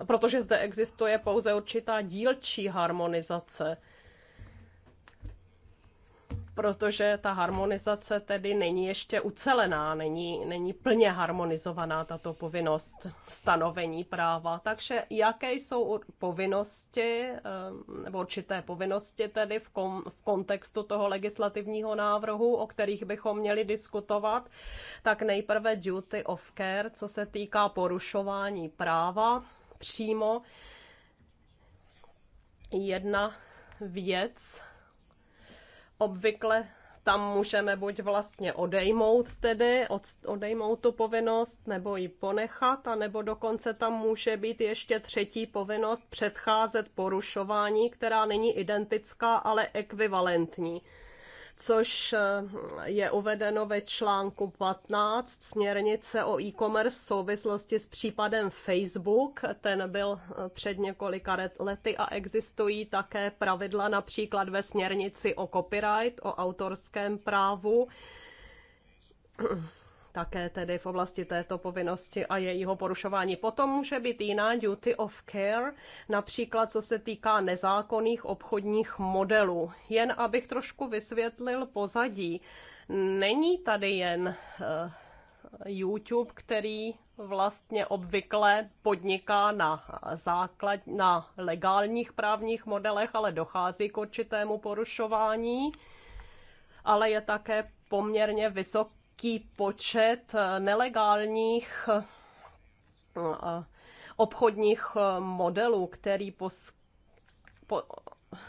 protože zde existuje pouze určitá dílčí harmonizace protože ta harmonizace tedy není ještě ucelená, není, není plně harmonizovaná tato povinnost stanovení práva. Takže jaké jsou povinnosti, eh, nebo určité povinnosti tedy v, kom, v kontextu toho legislativního návrhu, o kterých bychom měli diskutovat, tak nejprve duty of care, co se týká porušování práva přímo. Jedna věc obvykle tam můžeme buď vlastně odejmout tedy, odejmout tu povinnost, nebo ji ponechat, a nebo dokonce tam může být ještě třetí povinnost předcházet porušování, která není identická, ale ekvivalentní což eh, je uvedeno ve článku 15 směrnice o e-commerce v souvislosti s případem Facebook. Ten byl eh, před několika lety a existují také pravidla například ve směrnici o copyright, o autorském právu také tedy v oblasti této povinnosti a jejího porušování. Potom může být jiná duty of care, například co se týká nezákonných obchodních modelů. Jen abych trošku vysvětlil pozadí. Není tady jen eh, YouTube, který vlastně obvykle podniká na, základ, na legálních právních modelech, ale dochází k určitému porušování, ale je také poměrně vysok, velký počet eh, nelegálních eh, obchodních eh, modelů, který pos, po,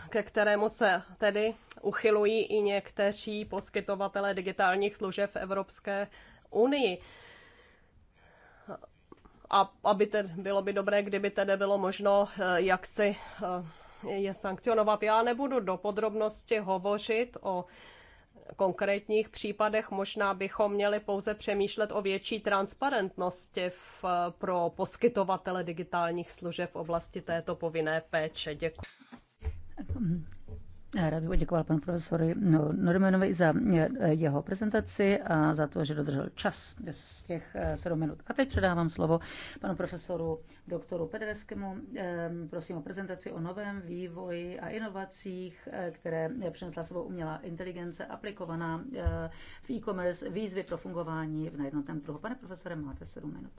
ke kterému se tedy uchylují i někteří poskytovatelé digitálních služeb v Evropské unii. A aby tedy, bylo by dobré, kdyby tedy bylo možno jak si je sankcionovat. Já nebudu do podrobnosti hovořit o konkrétních případech možná bychom měli pouze přemýšlet o větší transparentnosti v, pro poskytovatele digitálních služeb v oblasti této povinné péče. Děkuji. Mm, Rád bych poděkoval panu profesoru no- Normanovi za eh, jeho prezentaci a za to, že dodržel čas z těch eh, sedm minut. A teď předávám slovo panu profesoru doktoru Pederskému. Ehm, prosím o prezentaci o novém vývoji a inovacích, eh, které přinesla sebou umělá inteligence aplikovaná v e-commerce výzvy pro fungování na jednotném trhu. Pane profesore, máte sedm minut.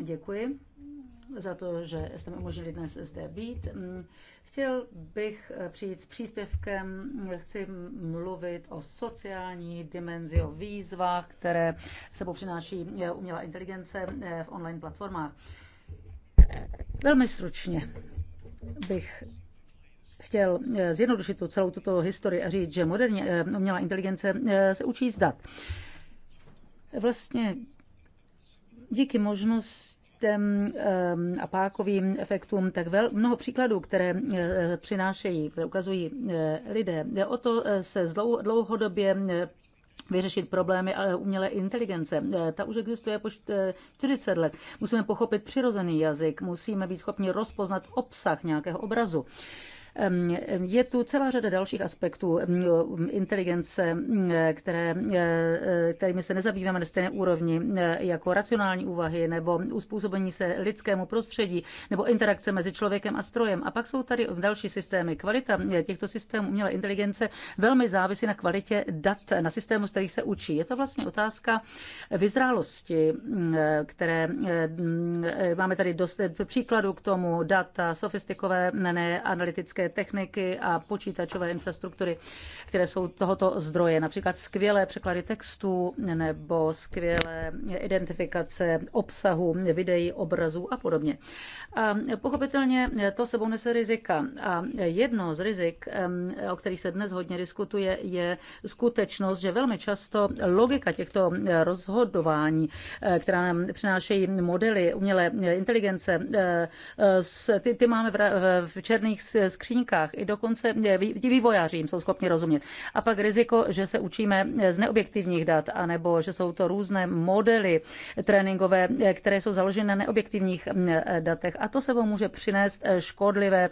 Děkuji za to, že jste mi umožnili dnes zde být. Mm, chtěl bych eh, přijít s příspěvkem, chci mluvit o sociální dimenzi, o výzvách, které sebou přináší eh, umělá inteligence eh, v online platformách. Velmi stručně bych chtěl zjednodušit tu celou tuto historii a říct, že moderní umělá inteligence se učí zdat. Vlastně díky možnostem a pákovým efektům, tak vel, mnoho příkladů, které eh, přinášejí, které ukazují eh, lidé. Jde o to eh, se dlouhodobě vyřešit problémy ale umělé inteligence. Ta už existuje po 40 let. Musíme pochopit přirozený jazyk, musíme být schopni rozpoznat obsah nějakého obrazu. Je tu celá řada dalších aspektů inteligence, které, kterými se nezabýváme na stejné úrovni jako racionální úvahy nebo uspůsobení se lidskému prostředí nebo interakce mezi člověkem a strojem. A pak jsou tady další systémy. Kvalita těchto systémů umělé inteligence velmi závisí na kvalitě dat, na systému, z kterých se učí. Je to vlastně otázka vyzrálosti, které máme tady dost příkladů k tomu, data, sofistikované analytické techniky a počítačové infrastruktury, které jsou tohoto zdroje. Například skvělé překlady textů nebo skvělé identifikace obsahu, videí, obrazů a podobně. A pochopitelně to sebou nese rizika. A jedno z rizik, o kterých se dnes hodně diskutuje, je skutečnost, že velmi často logika těchto rozhodování, eh, která nám přinášejí modely umělé inteligence, eh, eh, ty, ty máme v černých skříních výjimkách i dokonce eh, vývojáři jim jsou schopni rozumět. A pak riziko, že se učíme eh, z neobjektivních dat, anebo že jsou to různé modely tréninkové, eh, které jsou založeny na neobjektivních mm, datech. A to sebou může přinést škodlivé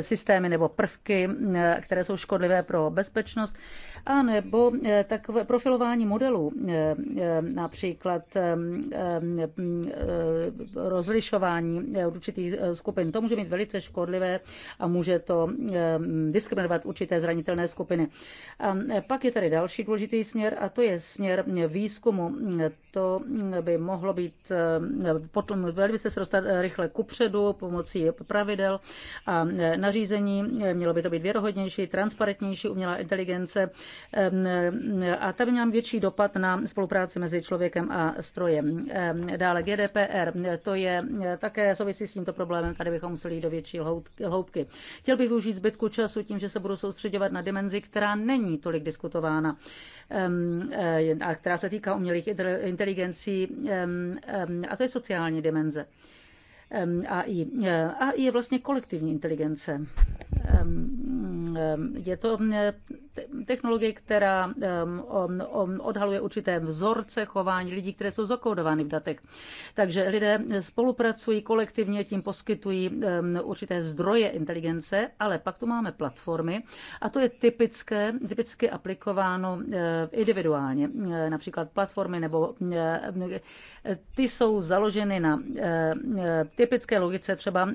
systémy nebo prvky, mm, které jsou škodlivé pro bezpečnost a nebo eh, takové profilování modelů, eh, eh, například rozlišování určitých skupin. To může být velice škodlivé a může to diskriminovat určité zranitelné skupiny. A pak je tady další důležitý směr a to je směr výzkumu. To by mohlo být potom velmi se dostat rychle kupředu pomocí pravidel a nařízení. Mělo by to být věrohodnější, transparentnější umělá inteligence Eh, a ta by měla větší dopad na spolupráci mezi člověkem a strojem. Dále GDPR, to je eh, také souvisí s tímto problémem, tady bychom museli jít do větší hloubky. Chtěl bych využít zbytku času tím, že se budu soustředovat na dimenzi, která není tolik diskutována eh, a která se týká umělých inteligencí, a to je sociální dimenze. AI. AI je vlastně kolektivní inteligence. Je to technologie, která odhaluje určité vzorce chování lidí, které jsou zakódovány v datech. Takže lidé spolupracují kolektivně, tím poskytují určité zdroje inteligence, ale pak tu máme platformy a to je typické, typicky aplikováno eh, individuálně. Eh, například platformy nebo eh, ty jsou založeny na typické logice třeba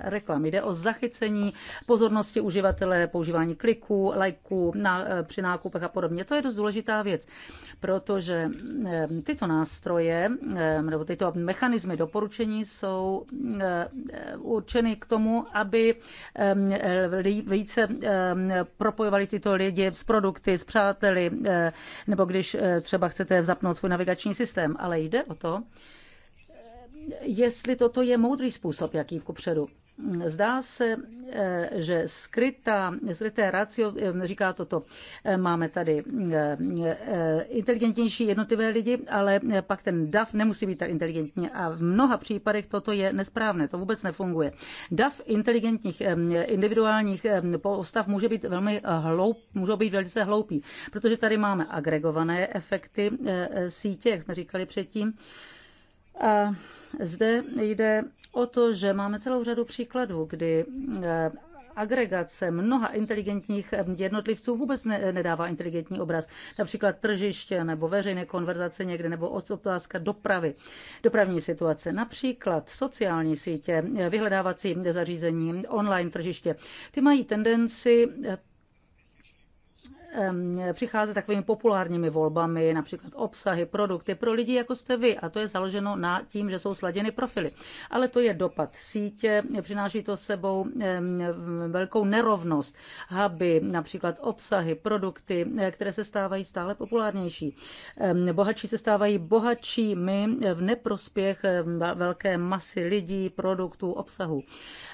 reklamy. Jde o zachycení pozornosti uživatele, používání kliků, like léků, na, eh, při nákupech a podobně. To je dost důležitá věc, protože eh, tyto nástroje eh, nebo tyto mechanismy doporučení jsou určeny k tomu, aby více propojovali tyto lidi s produkty, s přáteli, nebo když třeba chcete zapnout svůj navigační systém. Ale jde o to, jestli toto je moudrý způsob, jak jít kupředu. Zdá se, eh, že skrytá, skryté racio, eh, říká toto. Eh, máme tady inteligentnější jednotlivé lidi, ale pak ten DAF nemusí být tak inteligentní a v mnoha případech toto je nesprávné, to vůbec nefunguje. DAF inteligentních individuálních postav může být velmi hloup, může být velice hloupý, protože tady máme agregované efekty sítě, jak jsme říkali předtím. A zde jde o to, že máme celou řadu příkladů, kdy eh, agregace mnoha inteligentních eh, jednotlivců vůbec ne, nedává inteligentní obraz. Například tržiště nebo veřejné konverzace někde nebo otázka dopravy, dopravní situace. Například sociální sítě, eh, vyhledávací zařízení, online tržiště. Ty mají tendenci přicházet takovými populárními volbami, například obsahy, produkty pro lidi, jako jste vy. A to je založeno na tím, že jsou sladěny profily. Ale to je dopad sítě, přináší to sebou velkou nerovnost. Huby, například obsahy, produkty, které se stávají stále populárnější. Bohatší se stávají bohatšími v neprospěch velké masy lidí, produktů, obsahu.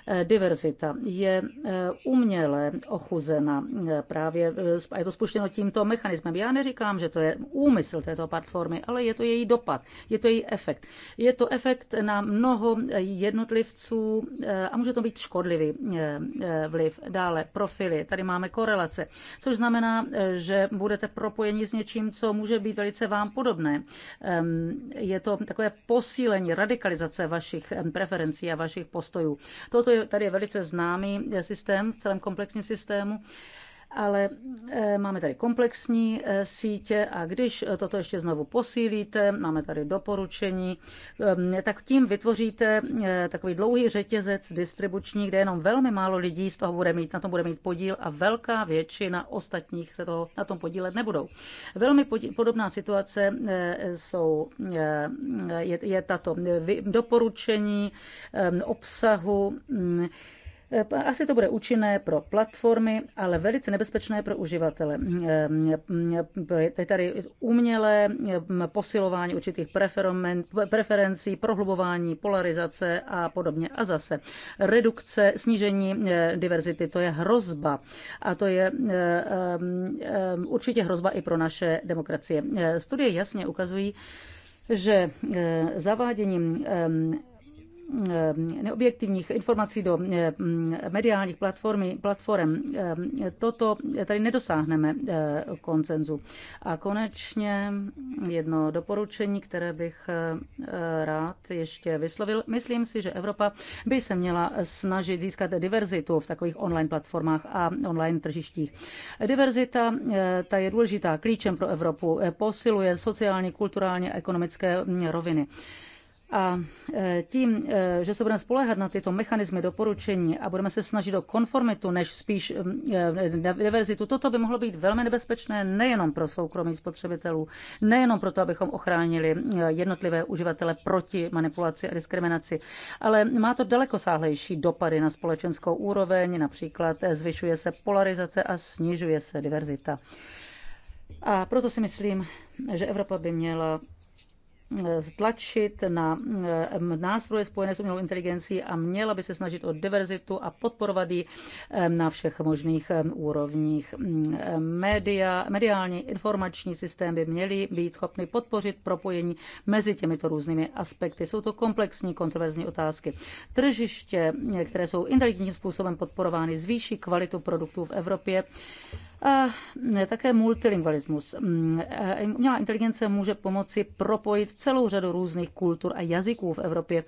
E, diverzita je e, uměle ochuzena e, právě, je to spuštěno tímto mechanismem. Já neříkám, že to je úmysl této platformy, ale je to její dopad, je to její efekt. Je to efekt na mnoho jednotlivců eh, a může to být škodlivý eh, eh, vliv. Dále profily, tady máme korelace, což znamená, že budete propojeni s něčím, co může být velice vám podobné. Ehm, je to takové posílení radikalizace vašich ehm, preferencí a vašich postojů. Toto je, tady je velice známý systém v celém komplexním systému ale eh, máme tady komplexní eh, sítě a když eh, toto ještě znovu posílíte, máme tady doporučení, ehm, tak tím vytvoříte takový dlouhý řetězec distribuční, kde jenom velmi málo lidí z toho bude mít, na tom bude mít podíl a velká většina ostatních se toho na tom podílet nebudou. Velmi podobná situace jsou, je, je tato doporučení ehm, obsahu, mm, Eh, asi to bude účinné pro platformy, ale velice nebezpečné pro uživatele. Je eh, eh, tady umělé posilování určitých preferencí, prohlubování polarizace a podobně. A zase redukce, snížení diverzity, to je hrozba. A to je určitě hrozba i pro naše demokracie. Studie jasně ukazují, že zaváděním Eh, neobjektivních informací do eh, mm, mediálních platformy, platform, eh, toto tady nedosáhneme koncenzu. A konečně jedno doporučení, které bych rád ještě vyslovil. Myslím si, že Evropa by se měla snažit získat diverzitu v takových online platformách a online tržištích. Diverzita, ta je důležitá klíčem pro Evropu, posiluje sociální, kulturální a ekonomické mm, roviny. A e, tím, e, že se budeme spolehat na tyto mechanismy doporučení a budeme se snažit o konformitu, než spíš diverzitu, e, toto by mohlo být velmi nebezpečné nejenom pro soukromí spotřebitelů, nejenom proto, abychom ochránili jednotlivé uživatele proti manipulaci a diskriminaci, ale má to dalekosáhlejší dopady na společenskou úroveň, například zvyšuje se polarizace a snižuje se diverzita. A proto si myslím, že Evropa by měla tlačit na eh, nástroje spojené s umělou inteligencí a měla by se snažit o diverzitu a podporovat ji eh, na všech možných eh, úrovních. Mm, média, mediální informační systém by měly být schopny podpořit propojení mezi těmito různými aspekty. Jsou to komplexní, kontroverzní otázky. Tržiště, které jsou inteligentním způsobem podporovány, zvýší kvalitu produktů v Evropě. Eh, také multilingualismus. Mm, eh, umělá inteligence může pomoci propojit celou řadu různých kultur a jazyků v Evropě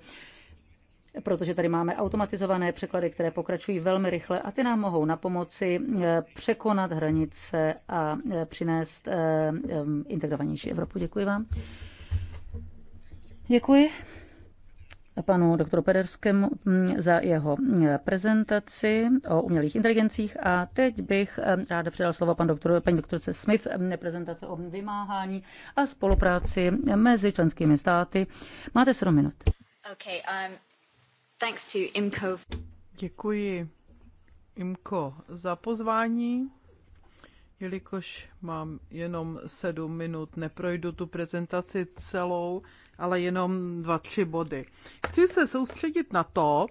protože tady máme automatizované překlady, které pokračují velmi rychle a ty nám mohou na pomoci eh, překonat hranice a přinést integrovanější Evropu. Děkuji vám. Děkuji panu doktoru Pederskému mm, za jeho mm, prezentaci o umělých inteligencích a teď bych mm, ráda předal slovo pan doktor, paní doktorce Smith, prezentace o vymáhání a spolupráci mezi členskými státy. Máte 7 minut. Okay, um, thanks to IMCO. Děkuji IMCO za pozvání. Jelikož mám jenom sedm minut, neprojdu tu prezentaci celou, ale jenom dva, tři body. Chci se soustředit na to,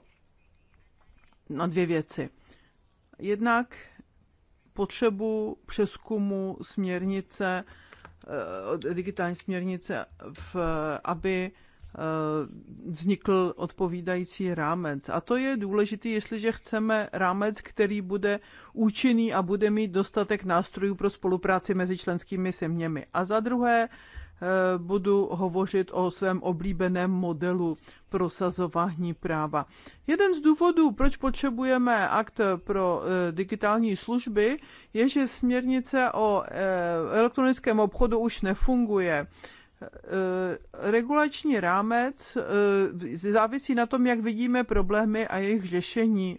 na dvě věci. Jednak potřebu přeskumu směrnice, eh, digitální směrnice, v, aby eh, vznikl odpovídající rámec. A to je důležité, jestliže chceme rámec, který bude účinný a bude mít dostatek nástrojů pro spolupráci mezi členskými zeměmi. A za druhé, Eh, budu hovořit o svém oblíbeném modelu prosazování práva. Jeden z důvodů, proč potřebujeme akt pro eh, digitální služby, je, že směrnice o eh, elektronickém obchodu už nefunguje regulační rámec závisí na tom, jak vidíme problémy a jejich řešení.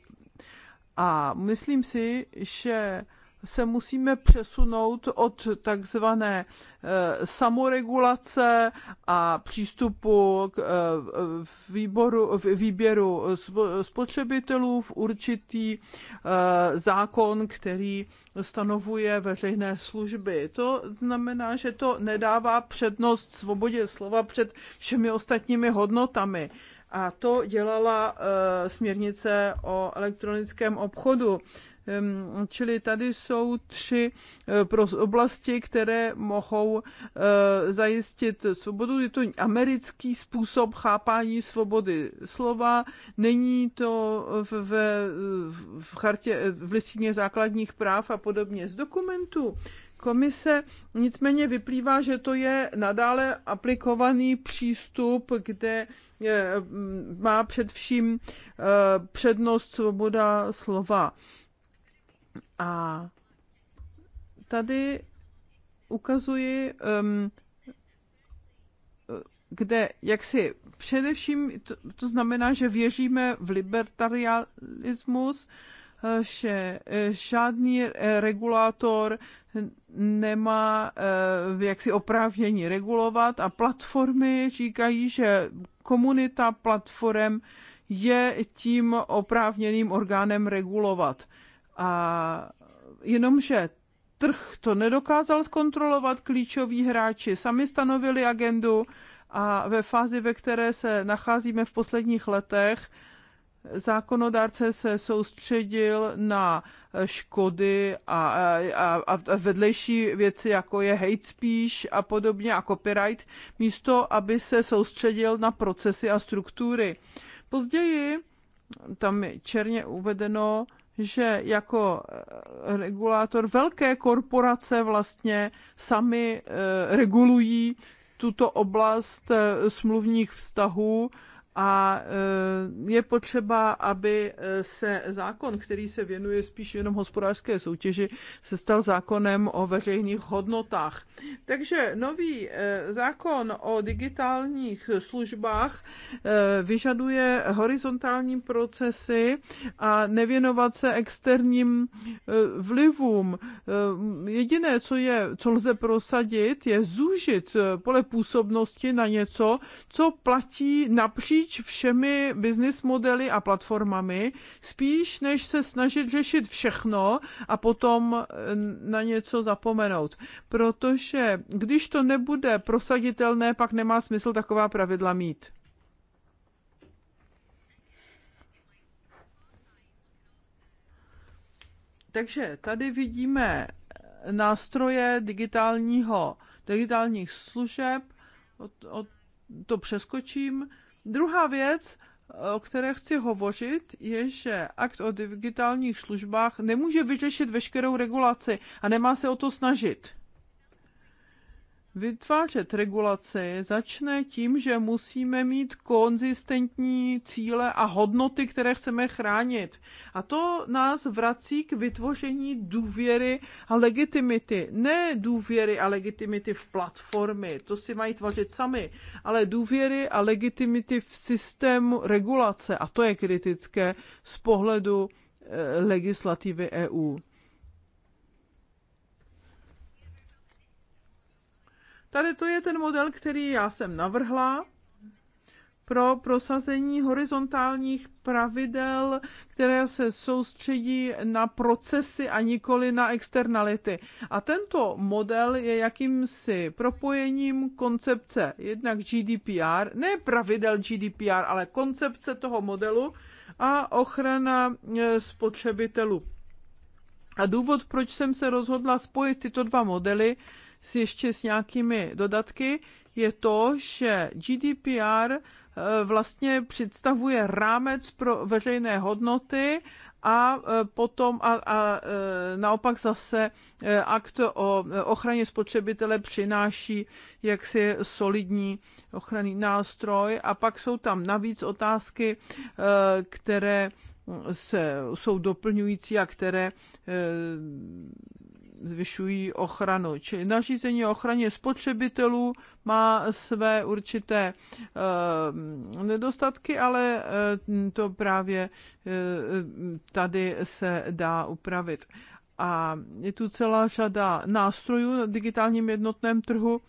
A myslím si, že se musíme přesunout od takzvané eh, samoregulace a přístupu k eh, výboru, výběru spotřebitelů v určitý eh, zákon, který stanovuje veřejné služby. To znamená, že to nedává přednost svobodě slova před všemi ostatními hodnotami. A to dělala směrnice o elektronickém obchodu. Ehm, čili tady jsou tři eh, oblasti, které mohou eh, zajistit svobodu. Je to americký způsob chápání svobody slova. Není to v, v, chartě, v listině základních práv a podobně. Z dokumentů komise nicméně vyplývá, že to je nadále aplikovaný přístup, kde eh, má především přednost svoboda slova. A tady ukazuji, um, kde jak si především, to, to znamená, že věříme v libertarianismus, že žádný eh, regulátor nemá eh, jaksi oprávnění regulovat a platformy říkají, že komunita platform je tím oprávněným orgánem regulovat. A jenomže trh to nedokázal zkontrolovat, klíčoví hráči sami stanovili agendu a ve fázi, ve které se nacházíme v posledních letech, zákonodárce se soustředil na škody a, a, a vedlejší věci, jako je hate speech a podobně a copyright, místo aby se soustředil na procesy a struktury. Později, tam je černě uvedeno, že jako eh, regulátor velké korporace vlastně sami eh, regulují tuto oblast eh, smluvních vztahů a eh, je potřeba, aby eh, se zákon, který se věnuje spíš jenom hospodářské soutěži, se stal zákonem o veřejných hodnotách. Takže nový eh, zákon o digitálních službách vyžaduje horizontální procesy a nevěnovat se externím vlivům. Jediné, co, je, co lze prosadit, je zúžit pole působnosti na něco, co platí napříč napříč všemi business modely a platformami, spíš než se snažit řešit všechno a potom eh, na něco zapomenout. Protože když to nebude prosaditelné, pak nemá smysl taková pravidla mít. Takže tady vidíme eh, nástroje digitálního, digitálních služeb, o, o, to přeskočím, Druhá věc, o které chci hovořit, je, že akt o digitálních službách nemůže vyřešit veškerou regulaci a nemá se o to snažit. Vytvářet regulace začne tím, že musíme mít konzistentní cíle a hodnoty, které chceme chránit. A to nás vrací k vytvoření důvěry a legitimity. Ne důvěry a legitimity v platformy, to si mají tvořit sami, ale důvěry a legitimity v systému regulace. A to je kritické z pohledu eh, legislativy EU. Tady to je ten model, který já jsem navrhla pro prosazení horizontálních pravidel, které se soustředí na procesy a nikoli na externality. A tento model je jakýmsi propojením koncepce jednak GDPR, ne pravidel GDPR, ale koncepce toho modelu a ochrana e, spotřebitelů. A důvod, proč jsem se rozhodla spojit tyto dva modely, s ještě s nějakými dodatky, je to, že GDPR eh, vlastně představuje rámec pro veřejné hodnoty a eh, potom a, a eh, naopak zase akt o ochraně spotřebitele přináší jaksi solidní ochranný nástroj a pak jsou tam navíc otázky, které se, jsou doplňující a které zvyšují ochranu. Čili nařízení o ochraně spotřebitelů má své určité eh, nedostatky, ale eh, to právě eh, tady se dá upravit. A je tu celá řada nástrojů na digitálním jednotném trhu,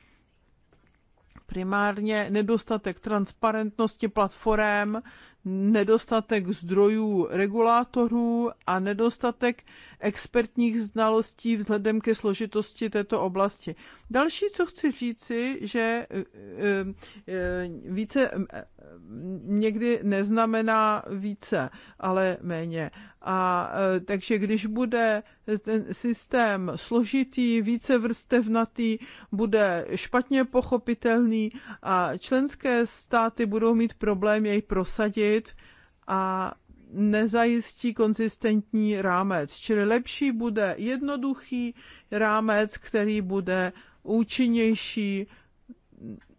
primárně nedostatek transparentnosti platform nedostatek zdrojů regulátorů a nedostatek expertních znalostí vzhledem ke složitosti této oblasti. Další, co chci říci, že eh, eh, více eh, někdy neznamená více, ale méně. A takže když bude ten systém složitý, více vrstevnatý, bude špatně pochopitelný a členské státy budou mít problém jej prosadit, urychlit a nezajistí konzistentní rámec. Čili lepší bude jednoduchý rámec, který bude účinnější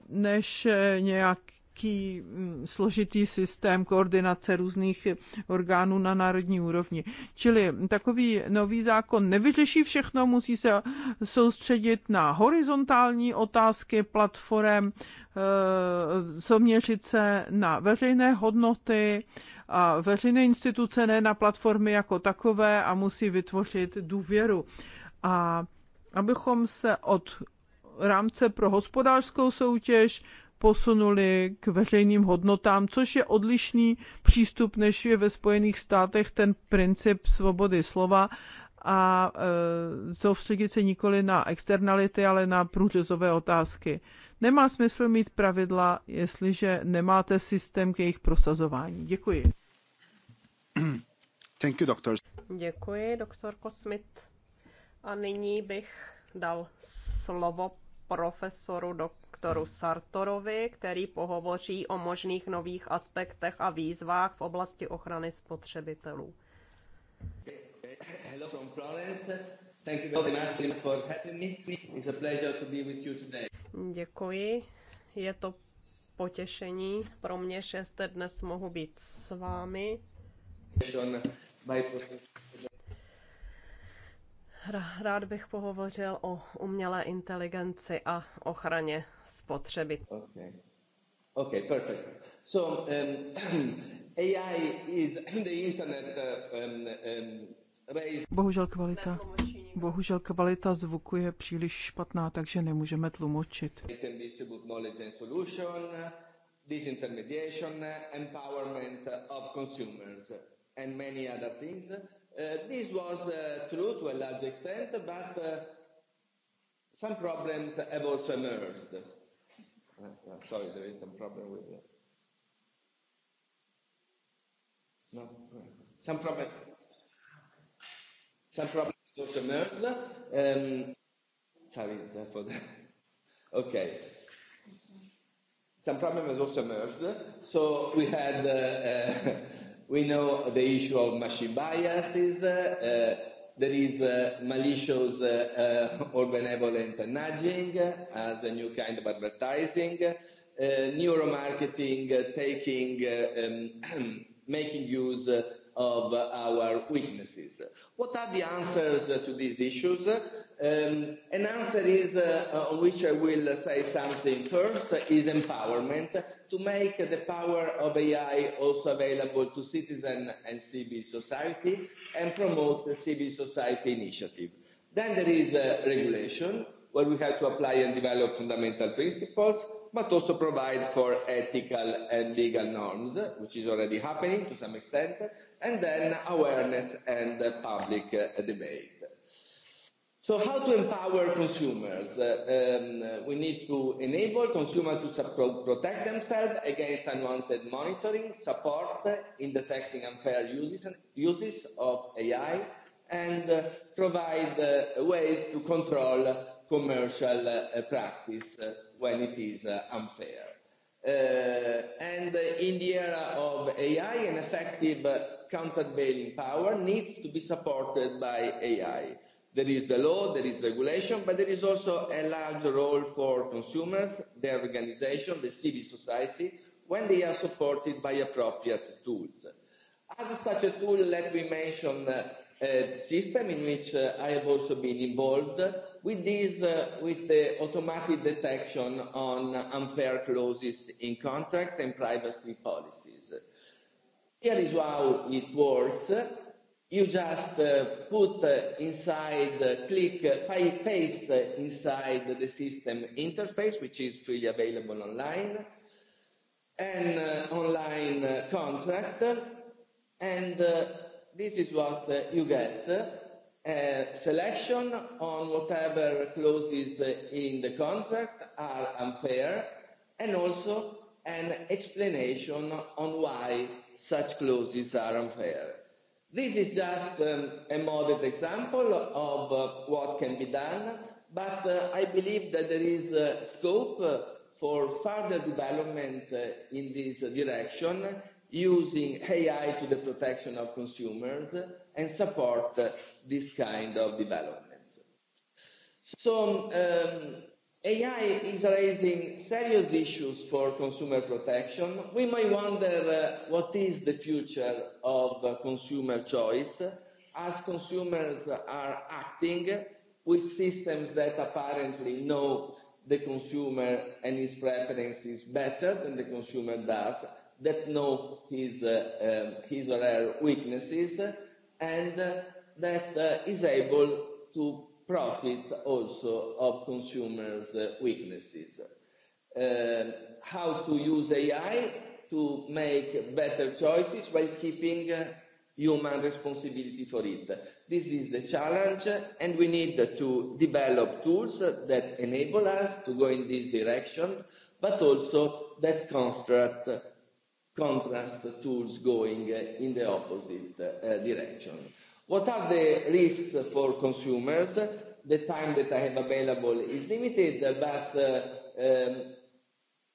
než nějaký velký mm, složitý systém koordinace různých orgánů na národní úrovni. Čili takový nový zákon nevyřeší všechno, musí se soustředit na horizontální otázky platform, e, soměřit se na veřejné hodnoty a veřejné instituce, ne na platformy jako takové a musí vytvořit důvěru. A abychom se od rámce pro hospodářskou soutěž posunuli k veřejným hodnotám, což je odlišný přístup, než je ve Spojených státech ten princip svobody slova a e, soustředit se nikoli na externality, ale na průřezové otázky. Nemá smysl mít pravidla, jestliže nemáte systém k jejich prosazování. Děkuji. Thank you, doctor. Děkuji, doktor Kosmit. A nyní bych dal slovo profesoru dok- doktoru Sartorovi, který pohovoří o možných nových aspektech a výzvách v oblasti ochrany spotřebitelů. Děkuji. Je to potěšení pro mě, že zde dnes mohu být s vámi. Rád bych pohovořil o umělé inteligenci a ochraně spotřeby. Okay. Okay, perfect. So um, AI is in the internet uh, um, um, raised... Bohužel kvalita. No. Bohužel kvalita zvuku je příliš špatná, takže nemůžeme tlumočit. and many other things Uh, this was uh, true to a large extent, but uh, some problems have also emerged. Uh, uh sorry, there is some problem with that. No, some problem. Some problems also emerged. Um, sorry, that okay. Some problem has also emerged. So we had. Uh, uh, We know the issue of machine biases. Uh, there is uh, malicious uh, uh, or benevolent nudging as a new kind of advertising. Uh, neuromarketing uh, taking, uh, um, making use uh, of our weaknesses. What are the answers to these issues? Um, an answer is, uh, on which I will say something first, is empowerment to make the power of AI also available to citizens and civil society and promote the civil society initiative. Then there is uh, regulation, where we have to apply and develop fundamental principles, but also provide for ethical and legal norms, which is already happening to some extent, and then awareness and uh, public uh, debate. So how to empower consumers? Uh, um, we need to enable consumers to pro protect themselves against unwanted monitoring, support in detecting unfair uses, and uses of AI, and uh, provide uh, ways to control commercial uh, practice uh, when it is uh, unfair. Uh, and uh, in the era of AI, an effective uh, countervailing power needs to be supported by AI There is the law, there is regulation, but there is also a large role for consumers, their organization, the civil society, when they are supported by appropriate tools. As such a tool, let me mention uh, a system in which uh, I have also been involved with this, uh, with the automatic detection on unfair clauses in contracts and privacy policies. Here is how it works you just uh, put uh, inside, uh, click, uh, paste uh, inside the system interface, which is freely available online, an uh, online uh, contract, and uh, this is what uh, you get. A uh, selection on whatever clauses uh, in the contract are unfair, and also an explanation on why such clauses are unfair. This is just um, a modest example of uh, what can be done, but uh, I believe that there is uh, scope uh, for further development uh, in this uh, direction using AI to the protection of consumers uh, and support uh, this kind of developments. So um, AI is raising serious issues for consumer protection. We may wonder uh, what is the future of uh, consumer choice as consumers are acting with systems that apparently know the consumer and his preferences better than the consumer does, that know his, uh, um, his or her weaknesses, and uh, that uh, is able to profit also of consumers' weaknesses. Uh, how to use AI to make better choices while keeping uh, human responsibility for it. This is the challenge, and we need to develop tools that enable us to go in this direction, but also that construct contrast tools going in the opposite uh, direction. What are the risks for consumers? The time that I have available is limited, but uh, um,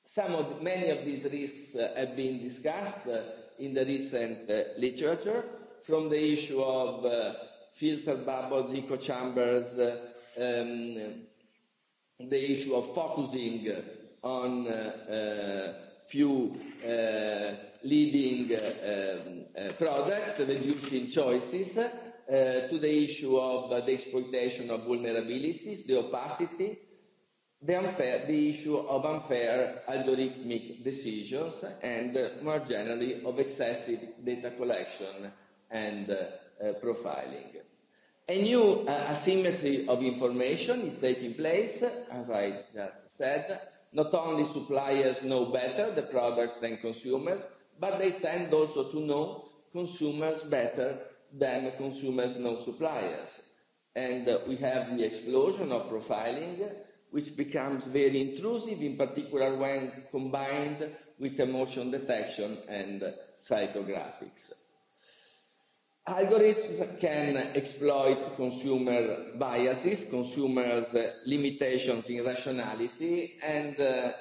some of many of these risks uh, have been discussed uh, in the recent uh, literature, from the issue of uh, filter bubbles, echo chambers, uh, um, the issue of focusing on uh, uh, few uh, leading uh, um, uh, products, reducing choices, uh, to the issue of uh, the exploitation of vulnerabilities, the opacity, the, unfair, the issue of unfair algorithmic decisions, and uh, more generally of excessive data collection and uh, uh, profiling. A new uh, asymmetry of information is taking place, as I just said. Not only suppliers know better the products than consumers, but they tend also to know consumers better than consumers, non suppliers. And uh, we have the explosion of profiling, which becomes very intrusive, in particular when combined with emotion detection and psychographics. Algorithms can exploit consumer biases, consumers' limitations in rationality, and uh, uh,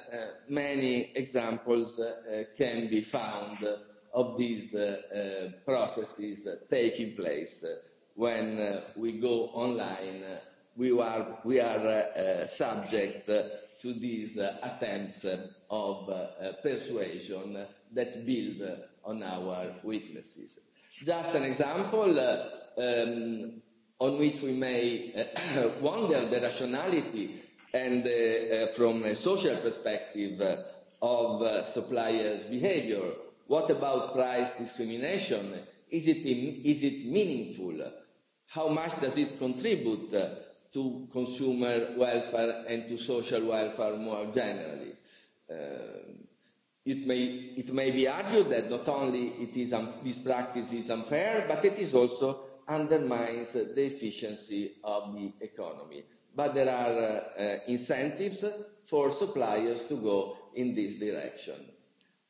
many examples uh, can be found of these uh, uh, processes uh, taking place uh, when uh, we go online. Uh, we are, we are uh, uh, subject uh, to these uh, attempts uh, of uh, uh, persuasion uh, that build uh, on our weaknesses. Just an example uh, um, on which we may uh, wonder the rationality and uh, uh, from a social perspective uh, of uh, suppliers' behavior What about price discrimination? Is it, in, is it meaningful? How much does it contribute to consumer welfare and to social welfare more generally? Uh, it, may, it may be argued that not only it is un, um, this practice is unfair, but it is also undermines the efficiency of the economy. But there are uh, uh incentives for suppliers to go in this direction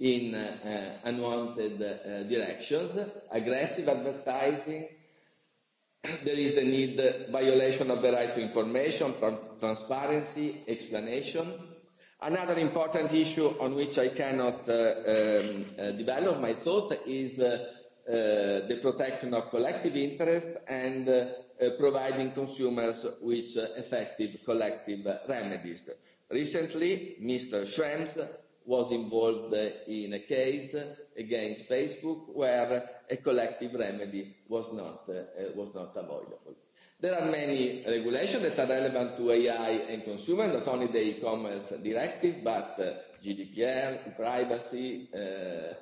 in uh, unwanted uh, directions, aggressive advertising. there is the need, uh, violation of the right to information, from transparency, explanation. Another important issue on which I cannot uh, um, uh, develop my thought is uh, uh, the protection of collective interest and uh, uh, providing consumers with uh, effective collective remedies. Recently, Mr. Schrems was involved in a case against Facebook where a collective remedy was not, uh, was not avoidable. There are many regulations that are relevant to AI and consumer, not only the e-commerce directive, but uh, GDPR, privacy, uh,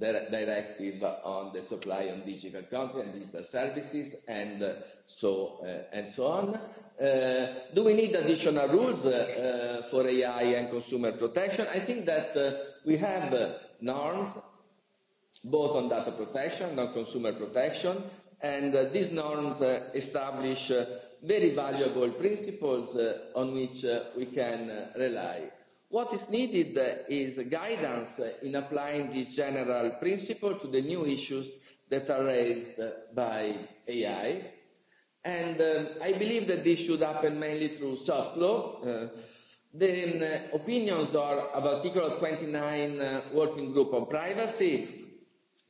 directive on the supply on digital content and digital services and so uh, and so on. Uh, do we need additional rules uh, uh, for AI and consumer protection? I think that uh, we have uh, norms both on data protection and on consumer protection, and uh, these norms uh, establish uh, very valuable principles uh, on which uh, we can uh, rely What is needed is guidance in applying this general principle to the new issues that are raised by AI. And um, I believe that this should happen mainly through soft law. Uh, the uh, opinions are of Article 29 uh, Working Group on Privacy,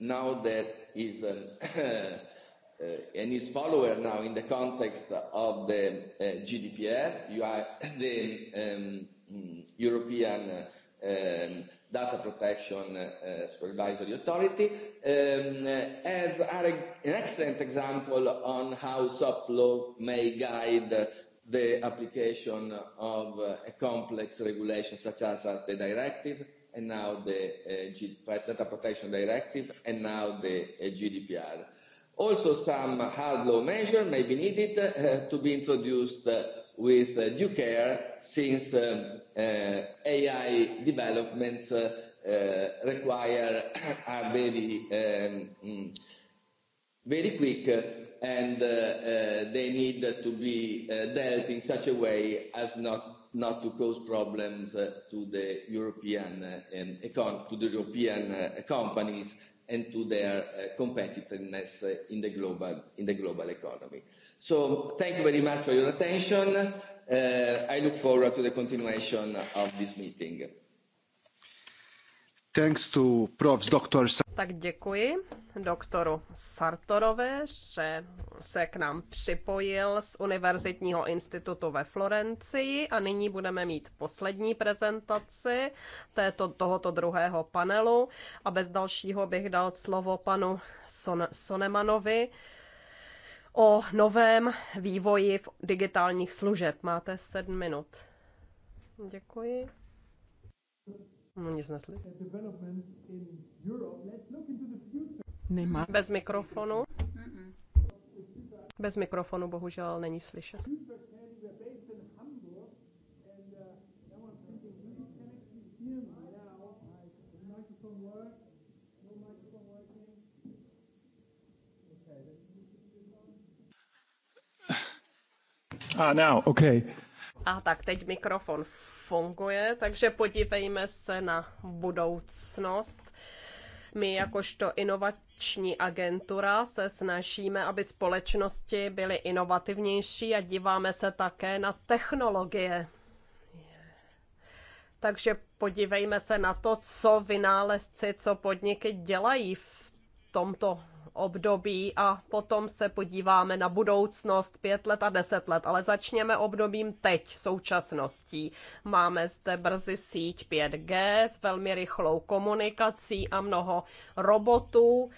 now that is an, um, uh, and his follower now in the context of the uh, GDPR, you are the um, Mm, European um, Data Protection uh, Supervisory Authority, um, as are an excellent example on how soft law may guide the application of uh, a complex regulation such as, as the directive and now the uh, Data Protection Directive and now the uh, GDPR. Also some hard law measure may be needed uh, to be introduced uh, with uh, due care since um, uh, AI developments uh, uh, require are very um, mm, very quick uh, and uh, uh, they need to be uh, dealt in such a way as not not to cause problems uh, to the European uh, and econ- to the European uh, companies and to their uh, competitiveness uh, in the global in the global economy. Uh, So thank you very much for your attention. Uh, I look forward to the continuation of this meeting. Thanks to Prof. Dr. Tak děkuji doktoru Sartorovi, že se k nám připojil z Univerzitního institutu ve Florencii a nyní budeme mít poslední prezentaci této, tohoto druhého panelu a bez dalšího bych dal slovo panu Son, Sonemanovi, o novém vývoji v digitálních služeb. Máte sedm minut. Děkuji. No nic nesli. Nemá. Bez mikrofonu. Bez mikrofonu bohužel není slyšet. Ah, now, okay. A tak teď mikrofon funguje, takže podívejme se na budoucnost. My jakožto inovační agentura se snažíme, aby společnosti byly inovativnější a díváme se také na technologie. Takže podívejme se na to, co vynálezci, co podniky dělají v tomto období a potom se podíváme na budoucnost pět let a deset let, ale začněme obdobím teď, současností. Máme zde brzy síť 5G s velmi rychlou komunikací a mnoho robotů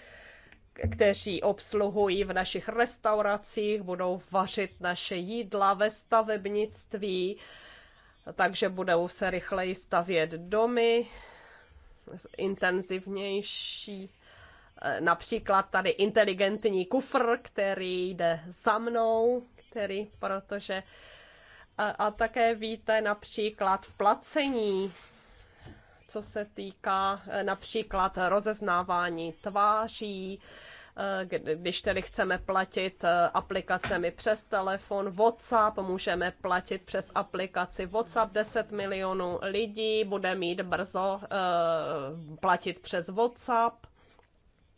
kteří obsluhují v našich restauracích, budou vařit naše jídla ve stavebnictví, takže budou se rychleji stavět domy, intenzivnější Eh, například tady inteligentní kufr, který jde za mnou, který, protože a, a také víte například v placení, co se týká eh, například rozeznávání tváří, eh, když tedy chceme platit aplikacemi přes telefon, WhatsApp, můžeme platit přes aplikaci WhatsApp 10 milionů lidí, bude mít brzo platit přes WhatsApp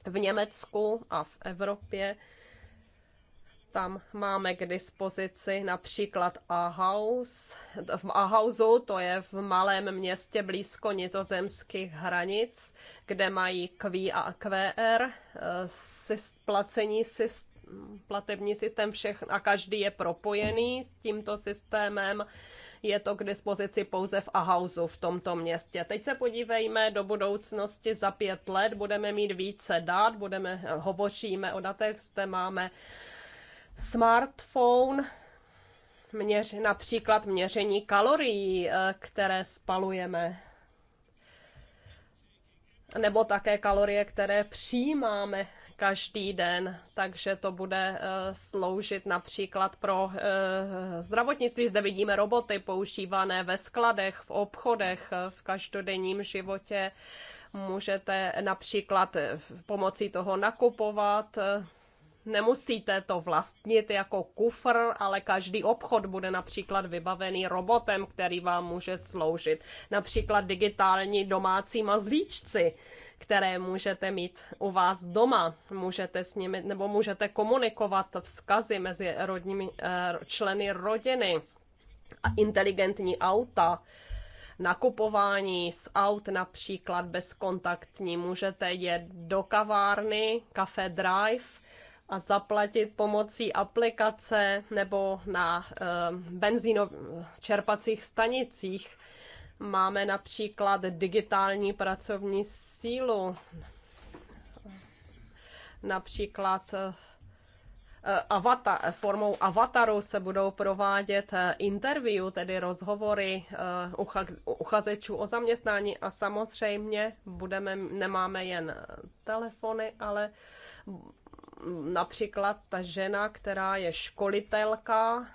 v Německu a v Evropě. Tam máme k dispozici například Ahaus. V Ahausu, to je v malém městě blízko nizozemských hranic, kde mají QI a QR, eh, placení systém platební systém všech a každý je propojený s tímto systémem. Je to k dispozici pouze v ahausu v tomto městě. Teď se podívejme do budoucnosti za pět let. Budeme mít více dat, budeme, hovoříme o datech, zde máme smartphone, měř, například měření kalorií, eh, které spalujeme nebo také kalorie, které přijímáme každý den, takže to bude eh, sloužit například pro eh, zdravotnictví. Zde vidíme roboty používané ve skladech, v obchodech, eh, v každodenním životě. Můžete například pomocí toho nakupovat Nemusíte to vlastnit jako kufr, ale každý obchod bude například vybavený robotem, který vám může sloužit. Například digitální domácí mazlíčci, které můžete mít u vás doma. Můžete s nimi, nebo můžete komunikovat vzkazy mezi rodními, eh, členy rodiny. A inteligentní auta, nakupování z aut například bezkontaktní. Můžete jet do kavárny, kafe Drive, a zaplatit pomocí aplikace nebo na eh, benzínových čerpacích stanicích. Máme například digitální pracovní sílu, například eh, eh, avatar, formou avataru se budou provádět interview, tedy rozhovory uchazečů o zaměstnání a samozřejmě budeme, nemáme jen telefony, ale například ta žena, která je školitelka,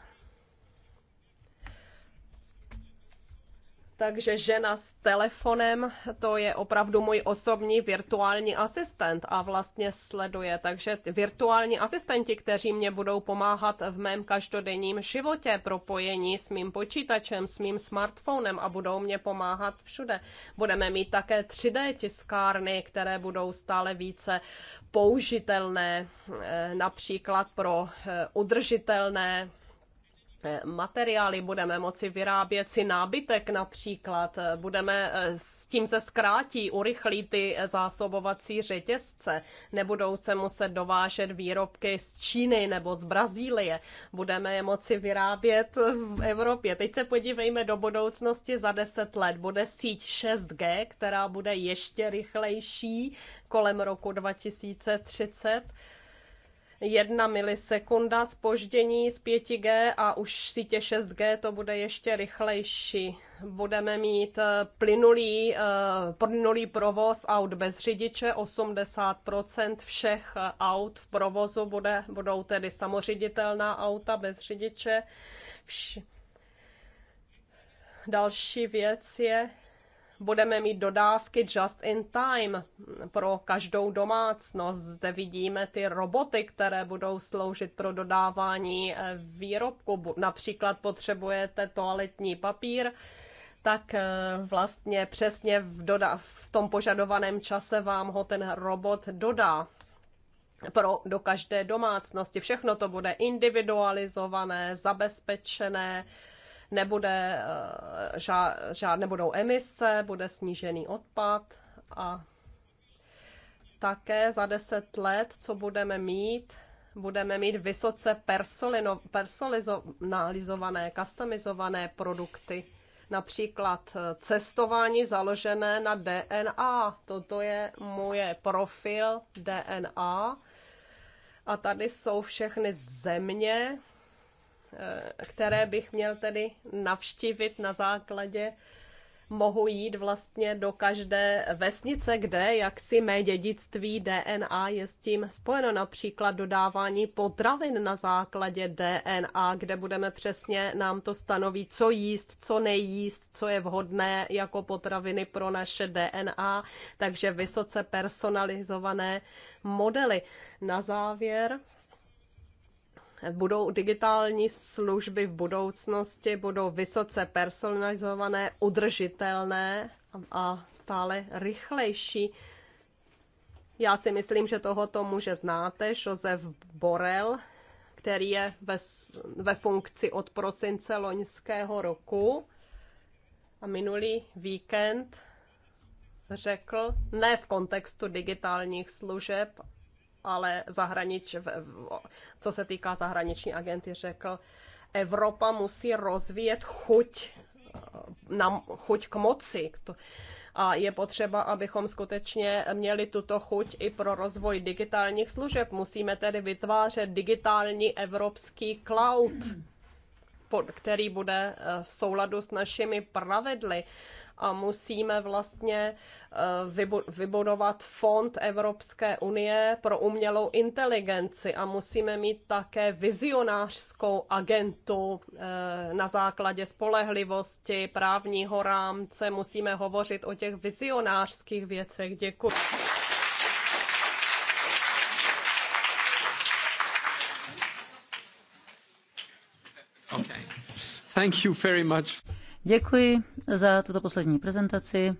Takže žena s telefonem, to je opravdu můj osobní virtuální asistent a vlastně sleduje. Takže virtuální asistenti, kteří mě budou pomáhat v mém každodenním životě, propojení s mým počítačem, s mým smartphonem a budou mě pomáhat všude. Budeme mít také 3D tiskárny, které budou stále více použitelné, eh, například pro eh, udržitelné Eh, materiály, budeme moci vyrábět si nábytek například, eh, budeme eh, s tím se zkrátí, urychlí ty zásobovací řetězce, nebudou se muset dovážet výrobky z Číny nebo z Brazílie, budeme je moci vyrábět v Evropě. Teď se podívejme do budoucnosti za 10 let. Bude síť 6G, která bude ještě rychlejší kolem roku 2030 Jedna milisekunda spoždění z 5G a už sítě 6G to bude ještě rychlejší. Budeme mít eh, plynulý, eh, plynulý provoz aut bez řidiče, 80% všech eh, aut v provozu bude, budou tedy samoředitelná auta bez řidiče. Vš- Další věc je, budeme mít dodávky just in time pro každou domácnost. Zde vidíme ty roboty, které budou sloužit pro dodávání eh, výrobku. Například potřebujete toaletní papír, tak eh, vlastně přesně v, doda- v tom požadovaném čase vám ho ten robot dodá pro, do každé domácnosti. Všechno to bude individualizované, zabezpečené, nebude, eh, žád, žád, nebudou emise, bude snížený odpad a také za deset let, co budeme mít, budeme mít vysoce personalizované, customizované produkty. Například eh, cestování založené na DNA. Toto je moje profil DNA. A tady jsou všechny země, Eh, které bych měl tedy navštívit na základě, mohu jít vlastně do každé vesnice, kde jaksi mé dědictví DNA je s tím spojeno. Například dodávání potravin na základě DNA, kde budeme přesně nám to stanoví, co jíst, co nejíst, co je vhodné jako potraviny pro naše DNA. Takže vysoce personalizované modely. Na závěr budou digitální služby v budoucnosti budou vysoce personalizované, udržitelné a stále rychlejší. Já si myslím, že tohoto muže znáte, Josef Borel, který je ve, ve funkci od prosince loňského roku. A minulý víkend řekl, ne v kontextu digitálních služeb, ale zahranič, co se týká zahraniční agenty, řekl, Evropa musí rozvíjet chuť, eh, na, chuť k moci. A je potřeba, abychom skutečně měli tuto chuť i pro rozvoj digitálních služeb. Musíme tedy vytvářet digitální evropský cloud, který bude eh, v souladu s našimi pravidly a musíme vlastně eh, vybudovat fond Evropské unie pro umělou inteligenci a musíme mít také vizionářskou agentu eh, na základě spolehlivosti, právního rámce. Musíme hovořit o těch vizionářských věcech. Děkuji. Thank you very much. Děkuji za tuto poslední prezentaci.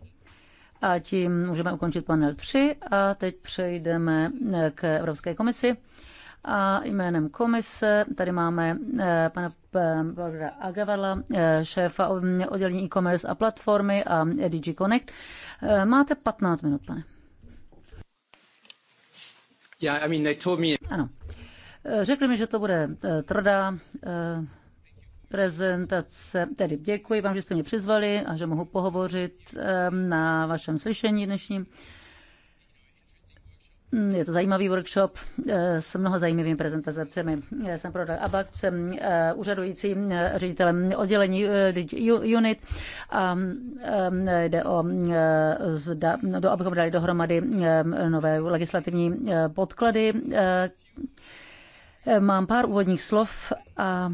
A tím můžeme ukončit panel 3 a teď přejdeme k Evropské komisi. A jménem komise tady máme eh, pana Barbara eh, Agavala, eh, šéfa oddělení e-commerce a platformy a DG Connect. Máte 15 minut, pane. Yeah, I mean, they told me... Ano. Řekli mi, že to bude tvrdá prezentace. Tedy děkuji vám, že jste mě přizvali a že mohu pohovořit na vašem slyšení dnešním. Je to zajímavý workshop eh, s mnoha zajímavými prezentacemi. Já jsem Prodal Abak, jsem eh, úřadujícím eh, ředitelem oddělení unit a jde o, do, abychom dali dohromady nové legislativní podklady. Mám pár úvodních slov a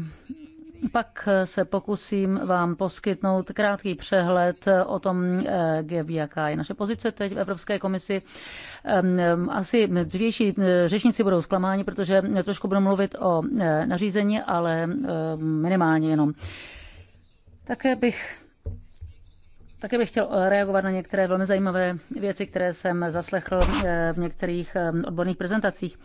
pak eh, se pokusím vám poskytnout krátký přehled eh, o tom, eh, jaká je naše pozice teď v Evropské komisi. Ehm, ehm, asi dřívější řečníci budou zklamáni, protože trošku budu mluvit o nařízení, ale ehm, minimálně jenom. Také bych také bych chtěl reagovat na některé velmi zajímavé věci, které jsem zaslechl v některých odborných prezentacích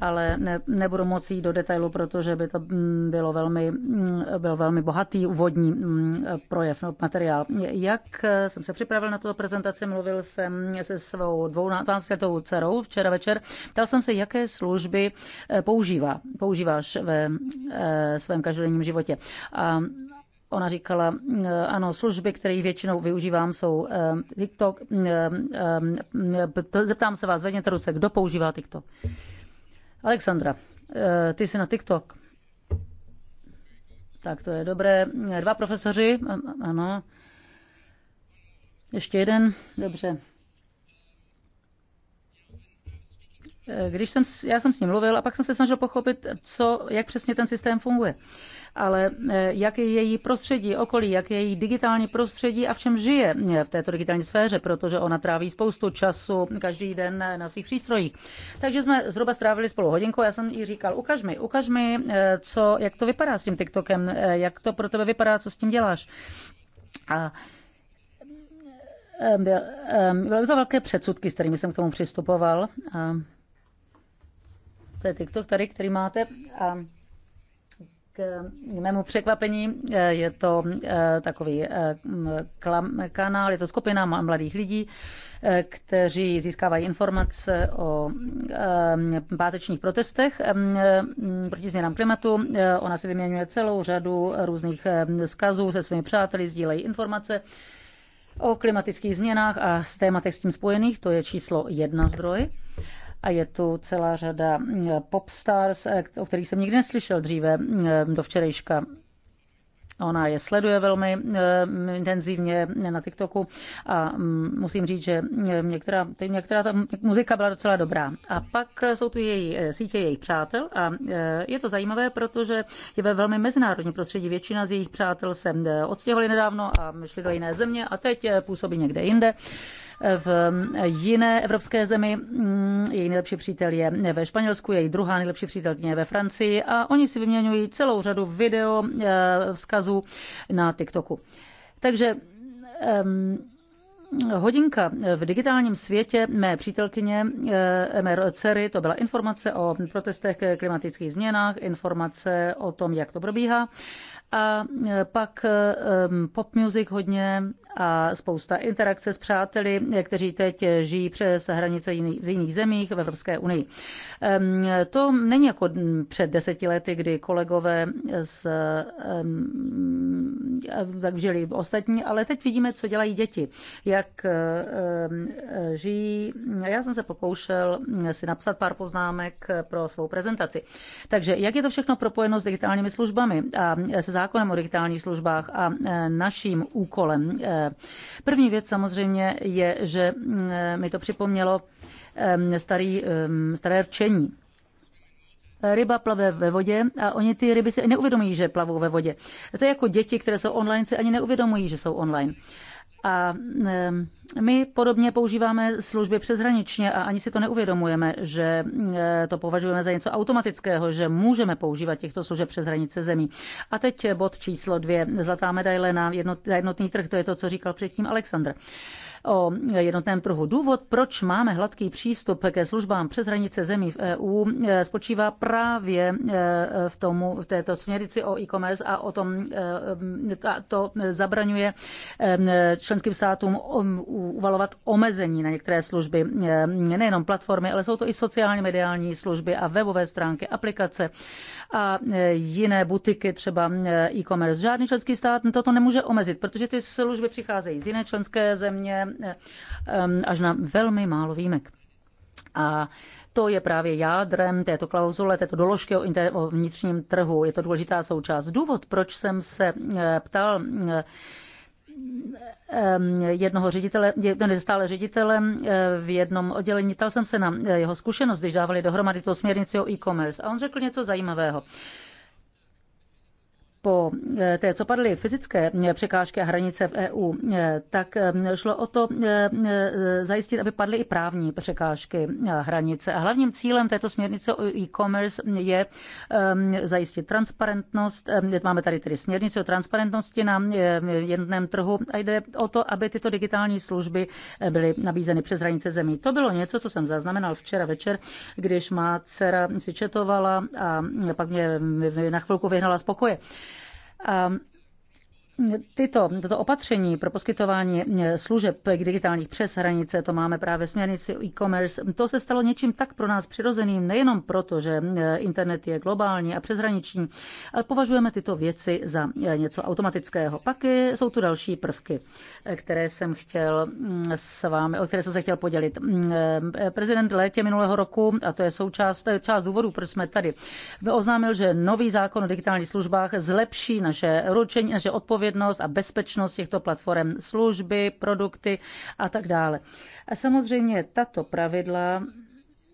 ale ne, nebudu moci jít do detailu, protože by to mm, bylo velmi, mm, byl velmi bohatý úvodní mm, projev, no, materiál. Jak eh, jsem se připravil na tuto prezentaci, mluvil jsem se svou 12 dcerou včera večer. Ptal jsem se, jaké služby eh, používá, používáš ve eh, svém každodenním životě. A Ona říkala, ano, služby, které většinou využívám, jsou TikTok. Zeptám se vás, vedněte ruce, kdo používá TikTok? Alexandra, eh, ty jsi na TikTok. Tak to je dobré. Dva profesoři, ano. Ještě jeden, dobře. Eh, když jsem, já jsem s ním mluvil a pak jsem se snažil pochopit, co, jak přesně ten systém funguje. Ale eh, jak je její prostředí, okolí, jak je její digitální prostředí a v čem žije eh, v této digitální sféře, protože ona tráví spoustu času každý den na svých přístrojích. Takže jsme zhruba strávili spolu hodinku a já jsem jí říkal, ukaž mi, ukaž mi, co, jak to vypadá s tím TikTokem, jak to pro tebe vypadá, co s tím děláš. A byly to velké předsudky, s kterými jsem k tomu přistupoval to je TikTok tady, který máte. A k mému překvapení eh, je to eh, takový eh, kanál, je to skupina mladých lidí, kteří získávají informace o pátečních protestech proti změnám klimatu. Ona si vyměňuje celou řadu různých zkazů se svými přáteli, sdílejí informace o klimatických změnách a s tématech s tím spojených. To je číslo jedna zdroj a je tu celá řada mm, popstars, eh, o kterých jsem nikdy neslyšel dříve mm, do včerejška. Ona je sleduje velmi mm, intenzivně na TikToku a musím říct, že některá, některá ta muzika byla docela dobrá. A pak jsou tu její eh, sítě jejich přátel a eh, je to zajímavé, protože je ve velmi mezinárodní prostředí. Většina z jejich přátel se odstěhovali nedávno a šli do jiné země a teď působí někde jinde v jiné evropské zemi. Mm, její nejlepší přítel je ve Španělsku, její druhá nejlepší přítelkyně je ve Francii a oni si vyměňují celou řadu video eh, vzkazů na TikToku. Takže Hodinka v digitálním světě mé přítelkyně, eh, mé dcery, to byla informace o protestech klimatických změnách, informace o tom, jak to probíhá. A e, pak e, pop music hodně a spousta interakce s přáteli, e, kteří teď žijí přes hranice v jiných zemích v Evropské unii. To není jako před deseti lety, kdy kolegové z, tak žili ostatní, ale teď vidíme, co dělají děti, jak žijí. Já jsem se pokoušel si napsat pár poznámek pro svou prezentaci. Takže jak je to všechno propojeno s digitálními službami a se zákonem o digitálních službách a e, naším úkolem. E, první věc samozřejmě je, že e, mi to připomnělo starý, staré rčení ryba plave ve vodě a oni ty ryby si neuvědomují, že plavou ve vodě. To je jako děti, které jsou online, si ani neuvědomují, že jsou online. A my podobně používáme služby přeshraničně a ani si to neuvědomujeme, že e, to považujeme za něco automatického, že můžeme používat těchto služeb přes hranice zemí. A teď bod číslo dvě. Zlatá medaile na jednotný trh, to je to, co říkal předtím Aleksandr o jednotném trhu. Důvod, proč máme hladký přístup ke službám přes hranice zemí v EU, e, spočívá právě e, v, tomu, v této směrici o e-commerce a o tom e, to zabraňuje členským státům um, uvalovat omezení na některé služby, nejenom platformy, ale jsou to i sociálně mediální služby a webové stránky, aplikace a jiné butiky, třeba e-commerce. Žádný členský stát toto nemůže omezit, protože ty služby přicházejí z jiné členské země, Um, až na velmi málo výjimek. A to je právě jádrem této klauzule, této doložky o, vnitřním trhu. Je to důležitá součást. Důvod, proč jsem se eh, ptal eh, jednoho ředitele, jedno stále ředitele eh, v jednom oddělení. Ptal jsem se na jeho zkušenost, když dávali dohromady tu směrnici o e-commerce a on řekl něco zajímavého po eh, té, co padly fyzické eh, překážky a hranice v EU, eh, tak šlo o to zajistit, aby padly i právní překážky a hranice. A hlavním cílem této směrnice o e-commerce je ehm, zajistit transparentnost. Ehm, máme tady tedy směrnici o transparentnosti na jednotném trhu a jde o to, aby tyto digitální služby byly nabízeny přes hranice zemí. To bylo něco, co jsem zaznamenal včera večer, když má dcera si četovala a pak mě na chvilku vyhnala z pokoje. Um. Tyto, toto opatření pro poskytování eh, služeb digitálních přes hranice, to máme právě směrnici e-commerce, to se stalo něčím tak pro nás přirozeným, nejenom proto, že eh, internet je globální a přeshraniční, ale považujeme tyto věci za eh, něco automatického. Pak jsou tu další prvky, které jsem chtěl mm, s vámi, o které jsem se chtěl podělit. Mm, prezident létě minulého roku, a to je součást, část důvodů, proč jsme tady, oznámil, že nový zákon o digitálních službách zlepší naše ručení, naše odpověď odpovědnost a bezpečnost těchto platform, služby, produkty a tak dále. A samozřejmě tato pravidla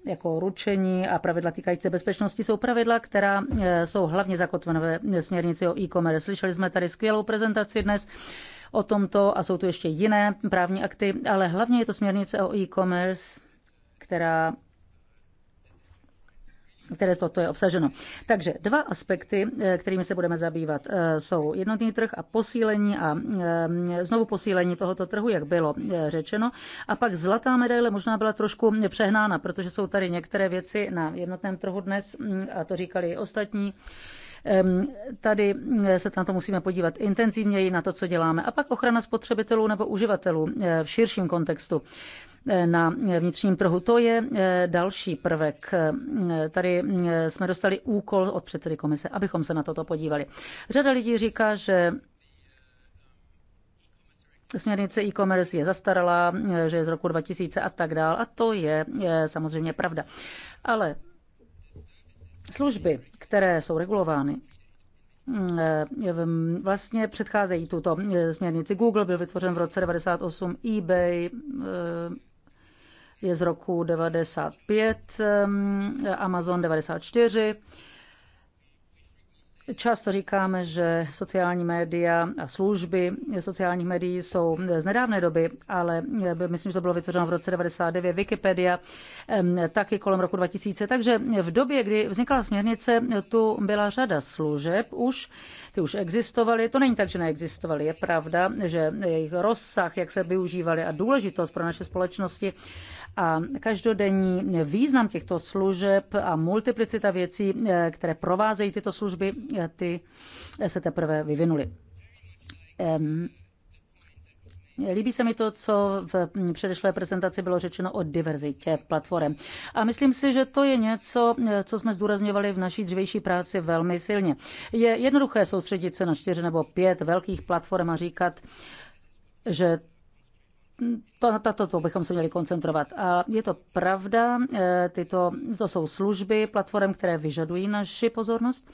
jako ručení a pravidla týkající se bezpečnosti jsou pravidla, která e, jsou hlavně zakotvena ve směrnici o e-commerce. Slyšeli jsme tady skvělou prezentaci dnes o tomto a jsou tu ještě jiné právní akty, ale hlavně je to směrnice o e-commerce, která které toto je obsaženo. Takže dva aspekty, eh, kterými se budeme zabývat, eh, jsou jednotný trh a posílení a eh, znovu posílení tohoto trhu, jak bylo řečeno. A pak zlatá medaile možná byla trošku přehnána, protože jsou tady některé věci na jednotném trhu dnes, mm, a to říkali i ostatní, Tady mm, se na to musíme podívat intenzivněji, na to, co děláme. A pak ochrana spotřebitelů nebo uživatelů eh, v širším kontextu eh, na vnitřním trhu. To je eh, další prvek. Tady mm, jsme dostali úkol od předsedy komise, abychom se na toto podívali. Řada lidí říká, že Směrnice e-commerce je zastaralá, že je z roku 2000 a tak dál. A to je samozřejmě pravda. Ale služby, které jsou regulovány, mm, eh, vlastně předcházejí tuto eh, směrnici. Google byl vytvořen v roce 98, eBay eh, je z roku 95, Amazon 94 Často říkáme, že sociální média a služby sociálních médií jsou z nedávné doby, ale myslím, že to bylo vytvořeno v roce 99, Wikipedia taky kolem roku 2000. Takže v době, kdy vznikala směrnice, tu byla řada služeb už, ty už existovaly. To není tak, že neexistovaly. Je pravda, že jejich rozsah, jak se využívaly a důležitost pro naše společnosti a každodenní význam těchto služeb a multiplicita věcí, eh, které provázejí tyto služby, eh, ty eh, se teprve vyvinuly. Líbí se mi to, co v hm, předešlé prezentaci bylo řečeno o diverzitě platform. A myslím si, že to je něco, co jsme zdůrazňovali v naší dřívější práci velmi silně. Je jednoduché soustředit se na čtyři nebo pět velkých platform a říkat, že to, to, to, to bychom se měli koncentrovat. A je to pravda, eh, tyto, to jsou služby platform, které vyžadují naši pozornost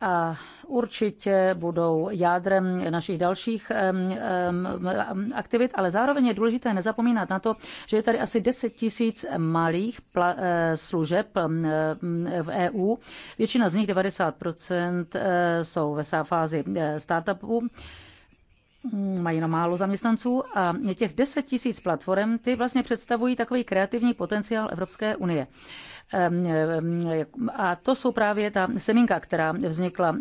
a určitě budou jádrem našich dalších aktivit, ale zároveň je důležité nezapomínat na to, že je tady asi 10 tisíc malých eh, služeb eh, v EU. Většina z nich, 90%, jsou ve fázi startupů. Mm, mají jenom málo zaměstnanců a těch 10 tisíc platform, ty vlastně představují takový kreativní potenciál Evropské unie. A to jsou právě ta semínka, která vznikla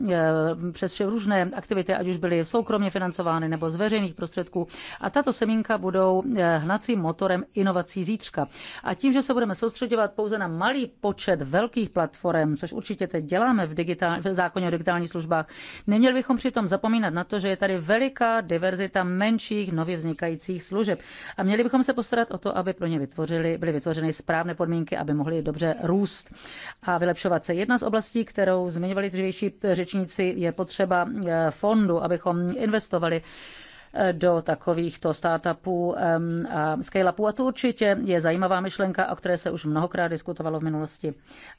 přes různé aktivity, ať už byly soukromě financovány nebo z veřejných prostředků. A tato semínka budou eh, hnacím motorem inovací zítřka. A tím, že se budeme soustředovat pouze na malý počet velkých platform, což určitě teď děláme v, digitál, v zákoně o digitálních službách, neměli bychom přitom zapomínat na to, že je tady veliká diverzita menších nově vznikajících služeb. A měli bychom se postarat o to, aby pro ně vytvořili, byly vytvořeny správné podmínky, aby mohli dobře růst a vylepšovat se. Jedna z oblastí, kterou zmiňovali dřívější řečníci, je potřeba eh, fondu, abychom investovali eh, do takovýchto startupů a scale-upů. A to určitě je zajímavá myšlenka, o které se už mnohokrát diskutovalo v minulosti.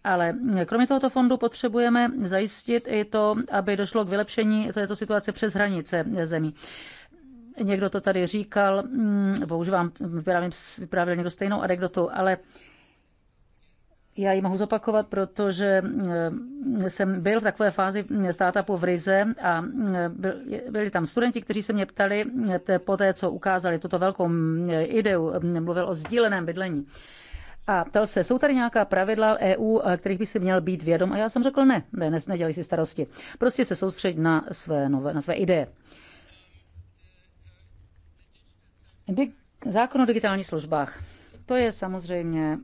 Ale eh, kromě tohoto fondu potřebujeme zajistit i to, aby došlo k vylepšení této situace přes hranice zemí. Někdo to tady říkal, mm, používám, vyprávěl někdo stejnou anekdotu, ale já ji mohu zopakovat, protože eh, jsem byl v takové fázi eh, startupu v Rize a eh, byli tam studenti, kteří se mě ptali po té, co ukázali tuto velkou ideu, mluvil o sdíleném bydlení. A ptal se, jsou tady nějaká pravidla EU, kterých by si měl být vědom? A já jsem řekl, ne, ne, ne nedělej si starosti. Prostě se soustředit na své, nové, na své ideje. zákon o digitálních službách. To je samozřejmě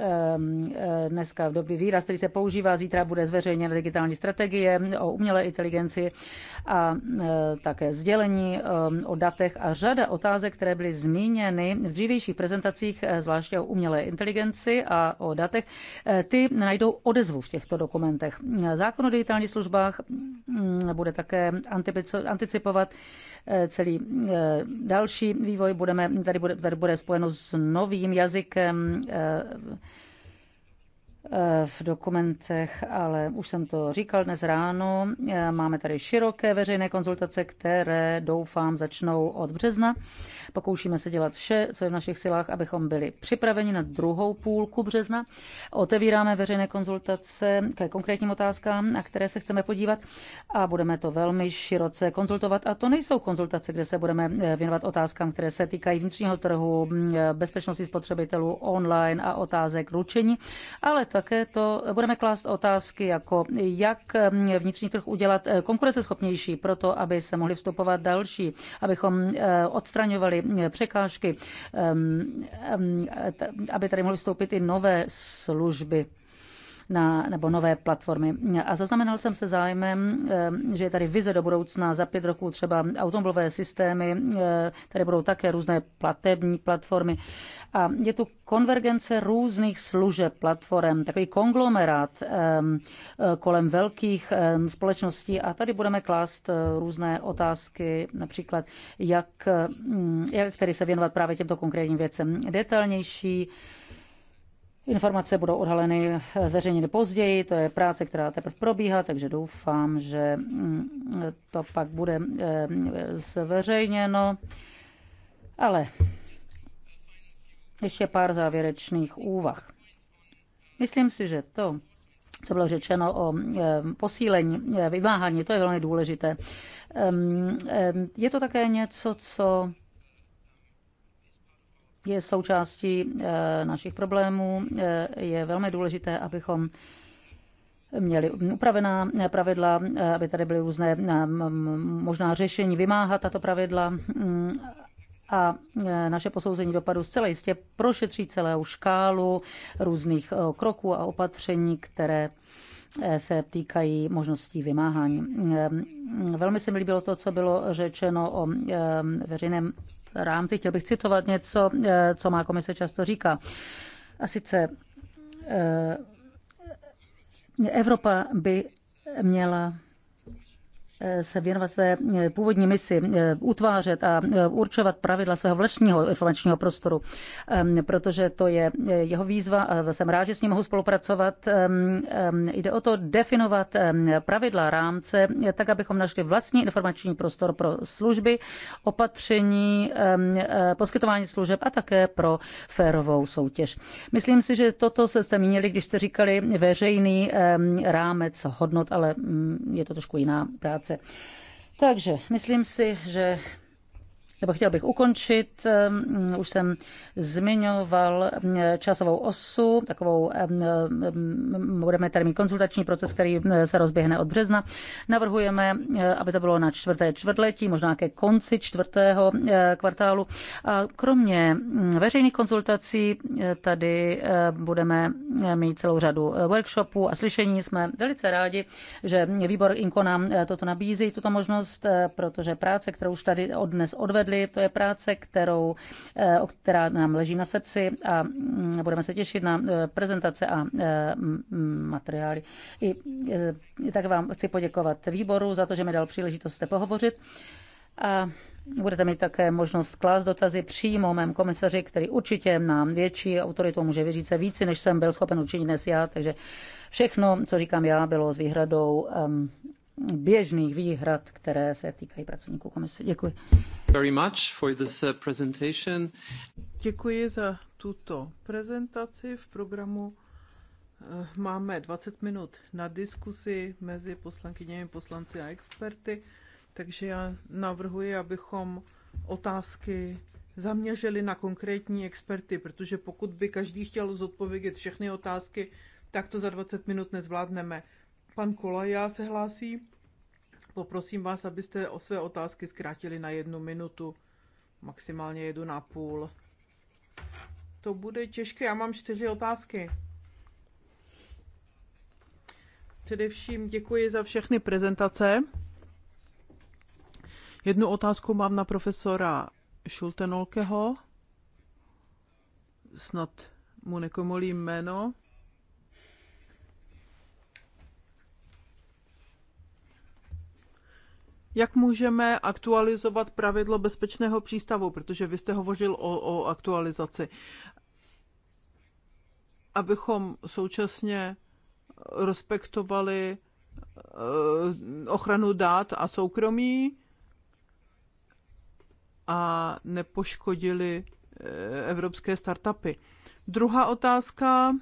Ehm, eh, dneska v době výraz, který se používá, zítra bude zveřejněna digitální strategie o umělé inteligenci a eh, také sdělení ehm, o datech a řada otázek, které byly zmíněny v dřívějších prezentacích, eh, zvláště o umělé inteligenci a o datech, ty najdou odezvu v těchto dokumentech. Zákon o digitálních službách mm, bude také anticipovat Eh, celý eh, další vývoj. Budeme, tady, bude, tady bude spojeno s novým jazykem eh, Eh, v dokumentech, ale už jsem to říkal dnes ráno. Eh, máme tady široké veřejné konzultace, které doufám začnou od března. Pokoušíme se dělat vše, co je v našich silách, abychom byli připraveni na druhou půlku března. Otevíráme veřejné konzultace ke konkrétním otázkám, na které se chceme podívat a budeme to velmi široce konzultovat. A to nejsou konzultace, kde se budeme eh, věnovat otázkám, které se týkají vnitřního trhu, mm, bezpečnosti spotřebitelů online a otázek ručení, ale také to budeme klást otázky jako jak mm, vnitřní trh udělat eh, konkurenceschopnější proto, aby se mohli vstupovat další, abychom eh, odstraňovali eh, překážky, ehm, ehm, aby tady mohly vstoupit i nové služby na, nebo nové platformy. A zaznamenal jsem se zájmem, eh, že je tady vize do budoucna za pět roků třeba automobilové systémy, eh, tady budou také různé platební platformy. A je tu konvergence různých služeb platform, takový konglomerát eh, kolem velkých společností a tady budeme klást různé otázky, například jak, mm, jak tedy se věnovat právě těmto konkrétním věcem. Detailnější Informace budou odhaleny, eh, zveřejněny později, to je práce, která teprve probíhá, takže doufám, že mm, to pak bude eh, zveřejněno. Ale ještě pár závěrečných úvah. Myslím si, že to, co bylo řečeno o eh, posílení, vyváhání, to je velmi důležité. Je to také něco, co je součástí eh, našich problémů. Eh, je velmi důležité, abychom měli upravená eh, pravidla, aby tady byly různé možná řešení vymáhat tato pravidla mm, a naše posouzení dopadu zcela jistě prošetří celou škálu různých kroků a opatření, které se týkají možností vymáhání. Velmi se mi líbilo to, co bylo řečeno o veřejném rámci chtěl bych citovat něco, eh, co má komise často říká. A sice eh, Evropa by měla se věnovat své eh, původní misi, eh, utvářet a eh, určovat pravidla svého vlastního informačního prostoru, ehm, protože to je jeho výzva a jsem rád, že s ním mohu spolupracovat. Ehm, ehm, jde o to definovat pravidla rámce, tak abychom našli vlastní informační prostor pro služby, opatření, poskytování služeb a také pro férovou soutěž. Myslím si, že toto se jste mínili, když jste říkali veřejný rámec hodnot, ale mm, je to trošku jiná práce situace. Takže myslím si, že nebo chtěl bych ukončit, mm, už jsem zmiňoval mm, časovou osu, takovou mm, budeme tady mít konzultační proces, který se rozběhne od března. Navrhujeme, e, aby to bylo na čtvrté čtvrtletí, možná ke konci čtvrtého e, kvartálu. A kromě veřejných konzultací e, tady budeme mít celou řadu workshopů a slyšení. Jsme velice rádi, že výbor Inko nám toto nabízí, tuto možnost, protože práce, kterou už tady od dnes odvedl, předvedli. To je práce, kterou, eh, která nám leží na srdci a mm, budeme se těšit na eh, prezentace a eh, materiály. I tak vám chci poděkovat výboru za to, že mi dal příležitost se pohovořit. A budete mít také možnost klást dotazy přímo mém komisaři, který určitě nám větší autoritou může vyříct se víci, než jsem byl schopen učinit dnes já. Takže všechno, co říkám já, bylo s výhradou um, běžných výhrad, které se týkají pracovníků komise. Děkuji. Very much for this uh, presentation. Děkuji za tuto prezentaci. V programu eh, máme 20 minut na diskusi mezi poslankyněmi, poslanci a experty, takže já navrhuji, abychom otázky zaměřili na konkrétní experty, protože pokud by každý chtěl zodpovědět všechny otázky, tak to za 20 minut nezvládneme. Pan Kolaja se hlásí. Poprosím vás, abyste o své otázky zkrátili na jednu minutu, maximálně jedu na půl. To bude těžké, já mám čtyři otázky. Především děkuji za všechny prezentace. Jednu otázku mám na profesora Šultenolkeho. Snad mu nekomolím jméno. jak můžeme aktualizovat pravidlo bezpečného přístavu, protože vy jste hovořil o, o aktualizaci, abychom současně respektovali eh, ochranu dát a soukromí a nepoškodili eh, evropské startupy. Druhá otázka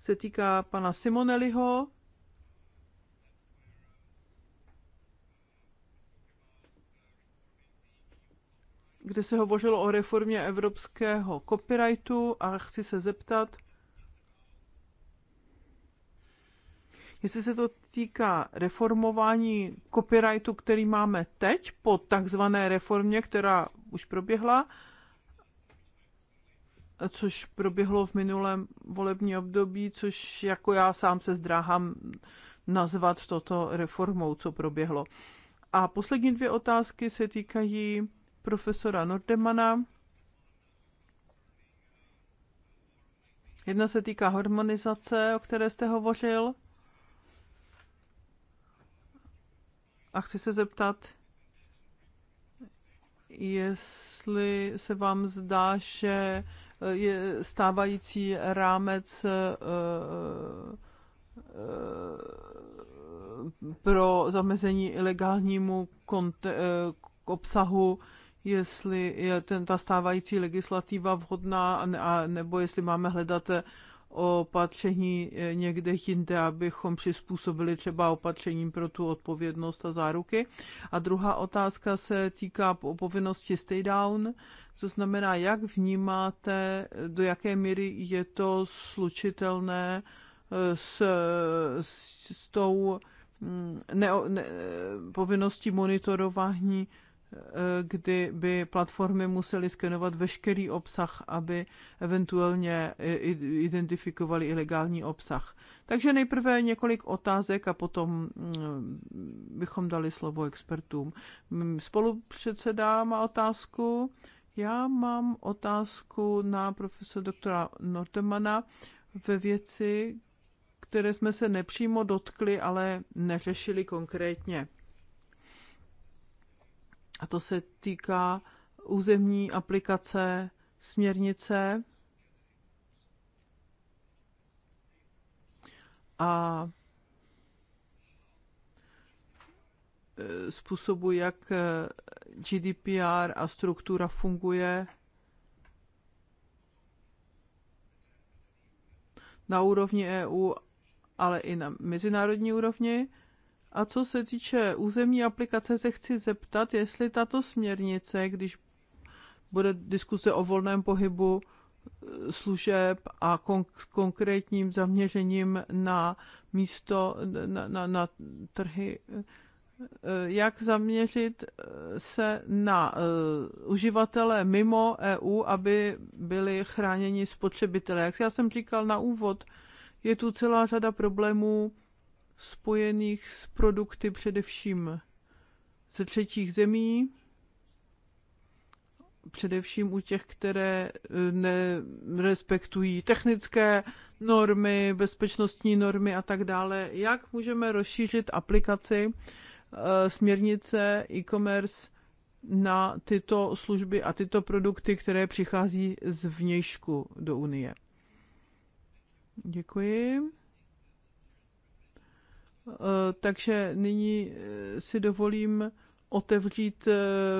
se týká pana Simoneliho. kde se hovořilo o reformě evropského copyrightu a chci se zeptat, jestli se to týká reformování copyrightu, který máme teď po takzvané reformě, která už proběhla, což proběhlo v minulém volební období, což jako já sám se zdráhám nazvat toto reformou, co proběhlo. A poslední dvě otázky se týkají profesora Nordemana. Jedna se týká harmonizace, o které jste hovořil. A chci se zeptat, jestli se vám zdá, že je stávající rámec eh, eh, pro zamezení ilegálnímu eh, obsahu, jestli je ten, ta stávající legislativa vhodná, a nebo jestli máme hledat opatření někde jinde, abychom přizpůsobili třeba opatřením pro tu odpovědnost a záruky. A druhá otázka se týká povinnosti stay down to znamená, jak vnímáte, do jaké míry je to slučitelné eh, s, s, s tou mm, ne, ne, povinností monitorování, eh, kdy by platformy musely skenovat veškerý obsah, aby eventuálně eh, identifikovali ilegální obsah. Takže nejprve několik otázek a potom mm, bychom dali slovo expertům. Mm, spolupředseda má otázku. Já mám otázku na profesor doktora Nordemana ve věci, které jsme se nepřímo dotkli, ale neřešili konkrétně. A to se týká územní aplikace směrnice a Eh, způsobu, jak eh, GDPR a struktura funguje na úrovni EU, ale i na mezinárodní úrovni. A co se týče územní aplikace, se chci zeptat, jestli tato směrnice, když bude diskuse o volném pohybu eh, služeb a s konkrétním zaměřením na místo, na, na, na trhy, Eh, jak zaměřit eh, se na eh, uživatele mimo EU, aby byli chráněni spotřebitelé. Jak já jsem říkal na úvod, je tu celá řada problémů spojených s produkty především ze třetích zemí, především u těch, které nerespektují technické normy, bezpečnostní normy a tak dále. Jak můžeme rozšířit aplikaci Eh, směrnice e-commerce na tyto služby a tyto produkty, které přichází z vnějšku do Unie. Děkuji. Eh, takže nyní eh, si dovolím otevřít eh,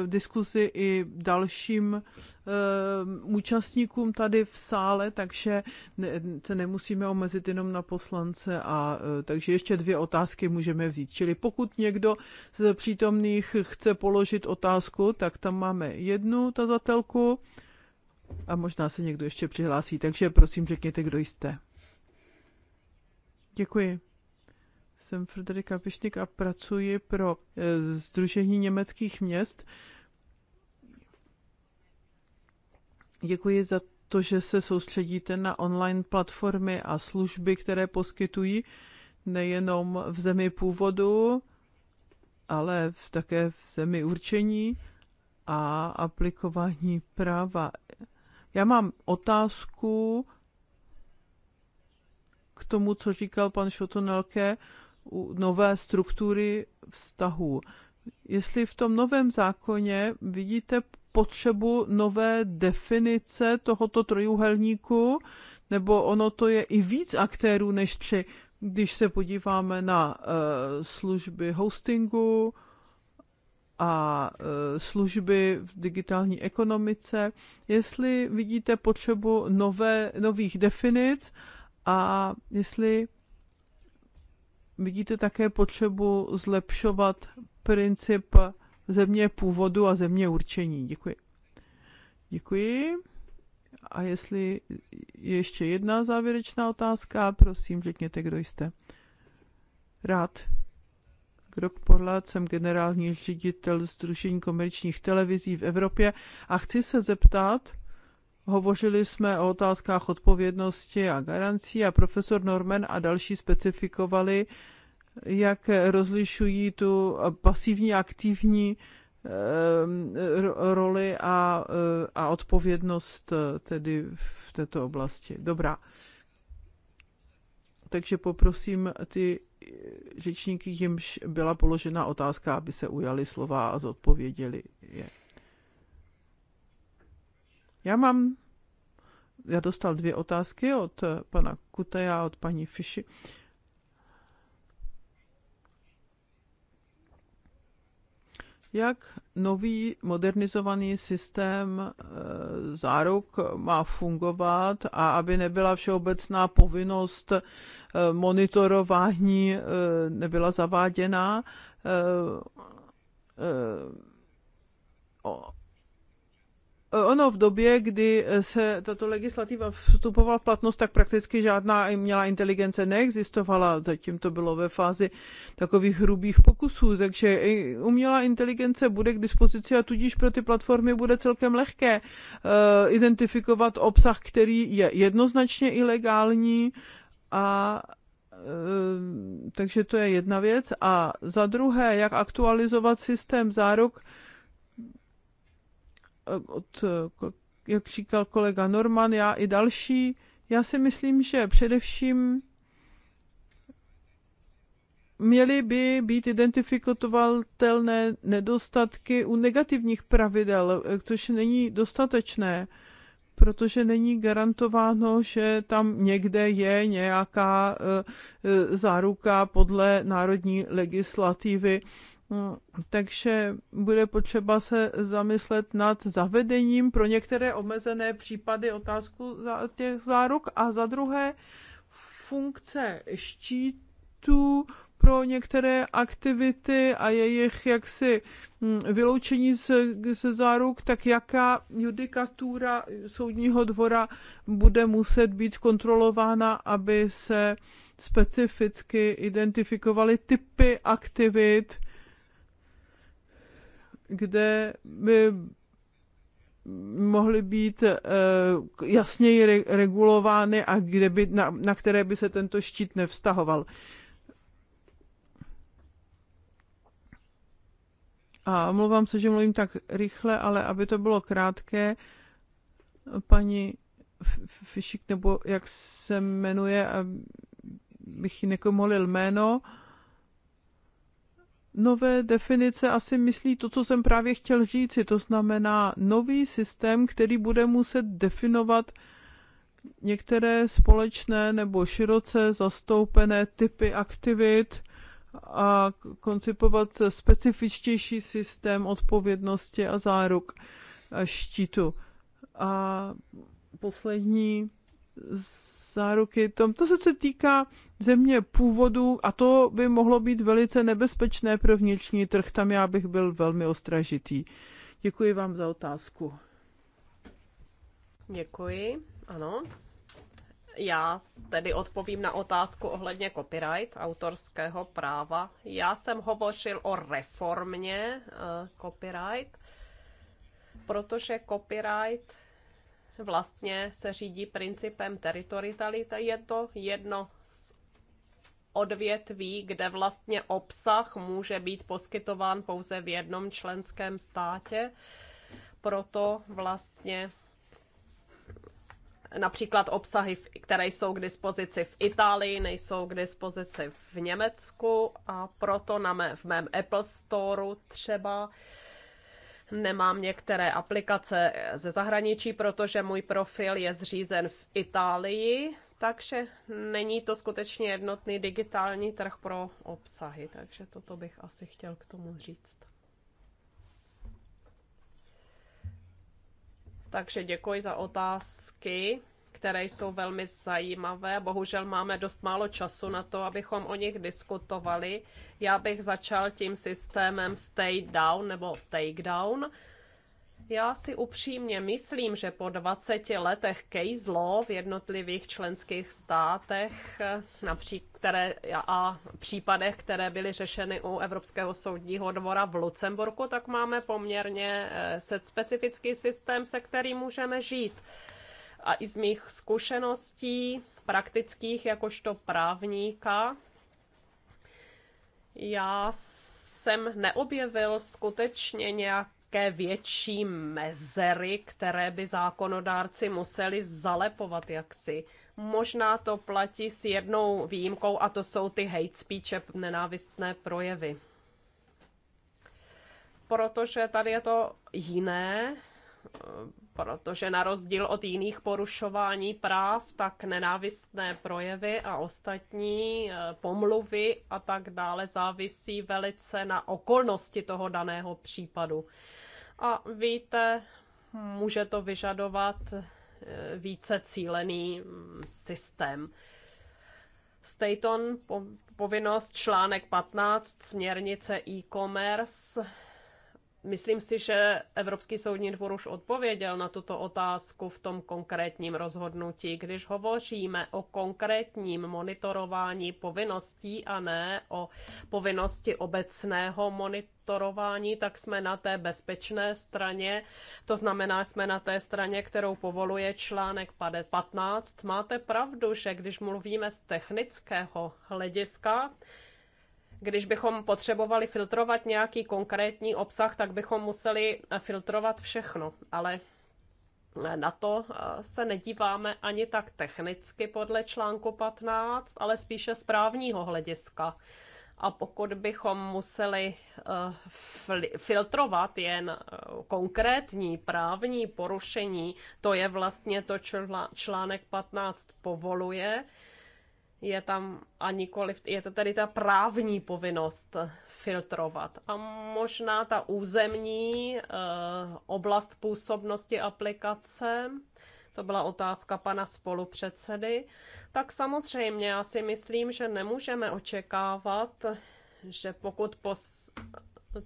diskuzi i dalším eh, účastníkům tady v sále, takže se nemusíme omezit jenom na poslance. A, eh, takže ještě dvě otázky můžeme vzít. Čili pokud někdo z přítomných chce položit otázku, tak tam máme jednu tazatelku a možná se někdo ještě přihlásí. Takže prosím, řekněte, kdo jste. Děkuji. Jsem Frederika Pišnik a pracuji pro eh, Združení německých měst. Děkuji za to, že se soustředíte na online platformy a služby, které poskytují nejenom v zemi původu, ale v, také v zemi určení a aplikování práva. Já mám otázku k tomu, co říkal pan Šotonelke nové struktury vztahů. Jestli v tom novém zákoně vidíte potřebu nové definice tohoto trojuhelníku, nebo ono to je i víc aktérů než tři, když se podíváme na eh, služby hostingu a eh, služby v digitální ekonomice, jestli vidíte potřebu nové, nových definic a jestli vidíte také potřebu zlepšovat princip země původu a země určení. Děkuji. Děkuji. A jestli ještě jedna závěrečná otázka, prosím, řekněte, kdo jste. Rád. Krok Porlat, jsem generální ředitel Združení komerčních televizí v Evropě a chci se zeptat, Hovořili jsme o otázkách odpovědnosti a garancí a profesor Norman a další specifikovali, jak rozlišují tu pasivní aktivní ehm, roli a, eh, a odpovědnost eh, tedy v této oblasti. Dobrá. Takže poprosím ty řečníky, jimž byla položena otázka, aby se ujali slova a zodpověděli je. Já mám, já dostal dvě otázky od eh, pana Kuteja a od paní Fiši. Jak nový modernizovaný systém eh, záruk má fungovat a aby nebyla všeobecná povinnost eh, monitorování nebyla zaváděna? Ono v době, kdy eh, se tato legislativa vstupovala v platnost, tak prakticky žádná měla inteligence neexistovala. Zatím to bylo ve fázi takových hrubých pokusů, takže umělá inteligence bude k dispozici a tudíž pro ty platformy bude celkem lehké eh, identifikovat obsah, který je jednoznačně ilegální a eh, takže to je jedna věc. A za druhé, jak aktualizovat systém záruk, od, jak říkal kolega Norman, já i další, já si myslím, že především měly by být identifikovatelné nedostatky u negativních pravidel, což není dostatečné, protože není garantováno, že tam někde je nějaká eh, eh, záruka podle národní legislativy Mm, takže bude potřeba se zamyslet nad zavedením pro některé omezené případy otázku za těch záruk a za druhé funkce štítu pro některé aktivity a jejich jaksi mm, vyloučení ze záruk, tak jaká judikatura soudního dvora bude muset být kontrolována, aby se specificky identifikovaly typy aktivit, kde by mohly být eh, jasněji regulovány a kde by, na, na které by se tento štít nevztahoval. A omlouvám se, že mluvím tak rychle, ale aby to bylo krátké, paní Fišik, nebo jak se jmenuje, abych ji nekomolil jméno, nové definice asi myslí to, co jsem právě chtěl říct. to znamená nový systém, který bude muset definovat některé společné nebo široce zastoupené typy aktivit a koncipovat specifičtější systém odpovědnosti a záruk a štítu. A poslední záruky. Tom, to se týká země původu a to by mohlo být velice nebezpečné pro vnitřní trh. Tam já bych byl velmi ostražitý. Děkuji vám za otázku. Děkuji, ano. Já tedy odpovím na otázku ohledně copyright, autorského práva. Já jsem hovořil o reformě uh, copyright, protože copyright vlastně se řídí principem teritorialita. Je to jedno z odvětví, kde vlastně obsah může být poskytován pouze v jednom členském státě. Proto vlastně například obsahy, které jsou k dispozici v Itálii, nejsou k dispozici v Německu a proto na mé, v mém Apple Store třeba nemám některé aplikace ze zahraničí, protože můj profil je zřízen v Itálii, takže není to skutečně jednotný digitální trh pro obsahy, takže toto bych asi chtěl k tomu říct. Takže děkuji za otázky které jsou velmi zajímavé. Bohužel máme dost málo času na to, abychom o nich diskutovali. Já bych začal tím systémem stay down nebo take down. Já si upřímně myslím, že po 20 letech case law v jednotlivých členských státech, například které, a případech, které byly řešeny u Evropského soudního dvora v Lucemburku, tak máme poměrně eh, specifický systém, se kterým můžeme žít. A i z mých zkušeností praktických jakožto právníka, já jsem neobjevil skutečně nějaké větší mezery, které by zákonodárci museli zalepovat jaksi. Možná to platí s jednou výjimkou a to jsou ty hate speech, nenávistné projevy. Protože tady je to jiné, protože na rozdíl od jiných porušování práv, tak nenávistné projevy a ostatní eh, pomluvy a tak dále závisí velice na okolnosti toho daného případu. A víte, může to vyžadovat eh, více cílený mm, systém. Stayton povinnost článek 15 směrnice e-commerce Myslím si, že Evropský soudní dvůr už odpověděl na tuto otázku v tom konkrétním rozhodnutí, když hovoříme o konkrétním monitorování povinností a ne o povinnosti obecného monitorování, tak jsme na té bezpečné straně, to znamená, jsme na té straně, kterou povoluje článek 15. Máte pravdu, že když mluvíme z technického hlediska, když bychom potřebovali filtrovat nějaký konkrétní obsah, tak bychom museli filtrovat všechno, ale na to eh, se nedíváme ani tak technicky podle článku 15, ale spíše z právního hlediska. A pokud bychom museli eh, filtrovat jen eh, konkrétní právní porušení, to je vlastně to, co článek 15 povoluje, je tam a nikoliv, je to tady ta právní povinnost filtrovat. A možná ta územní eh, oblast působnosti aplikace, to byla otázka pana spolupředsedy, tak samozřejmě já si myslím, že nemůžeme očekávat, že pokud pos,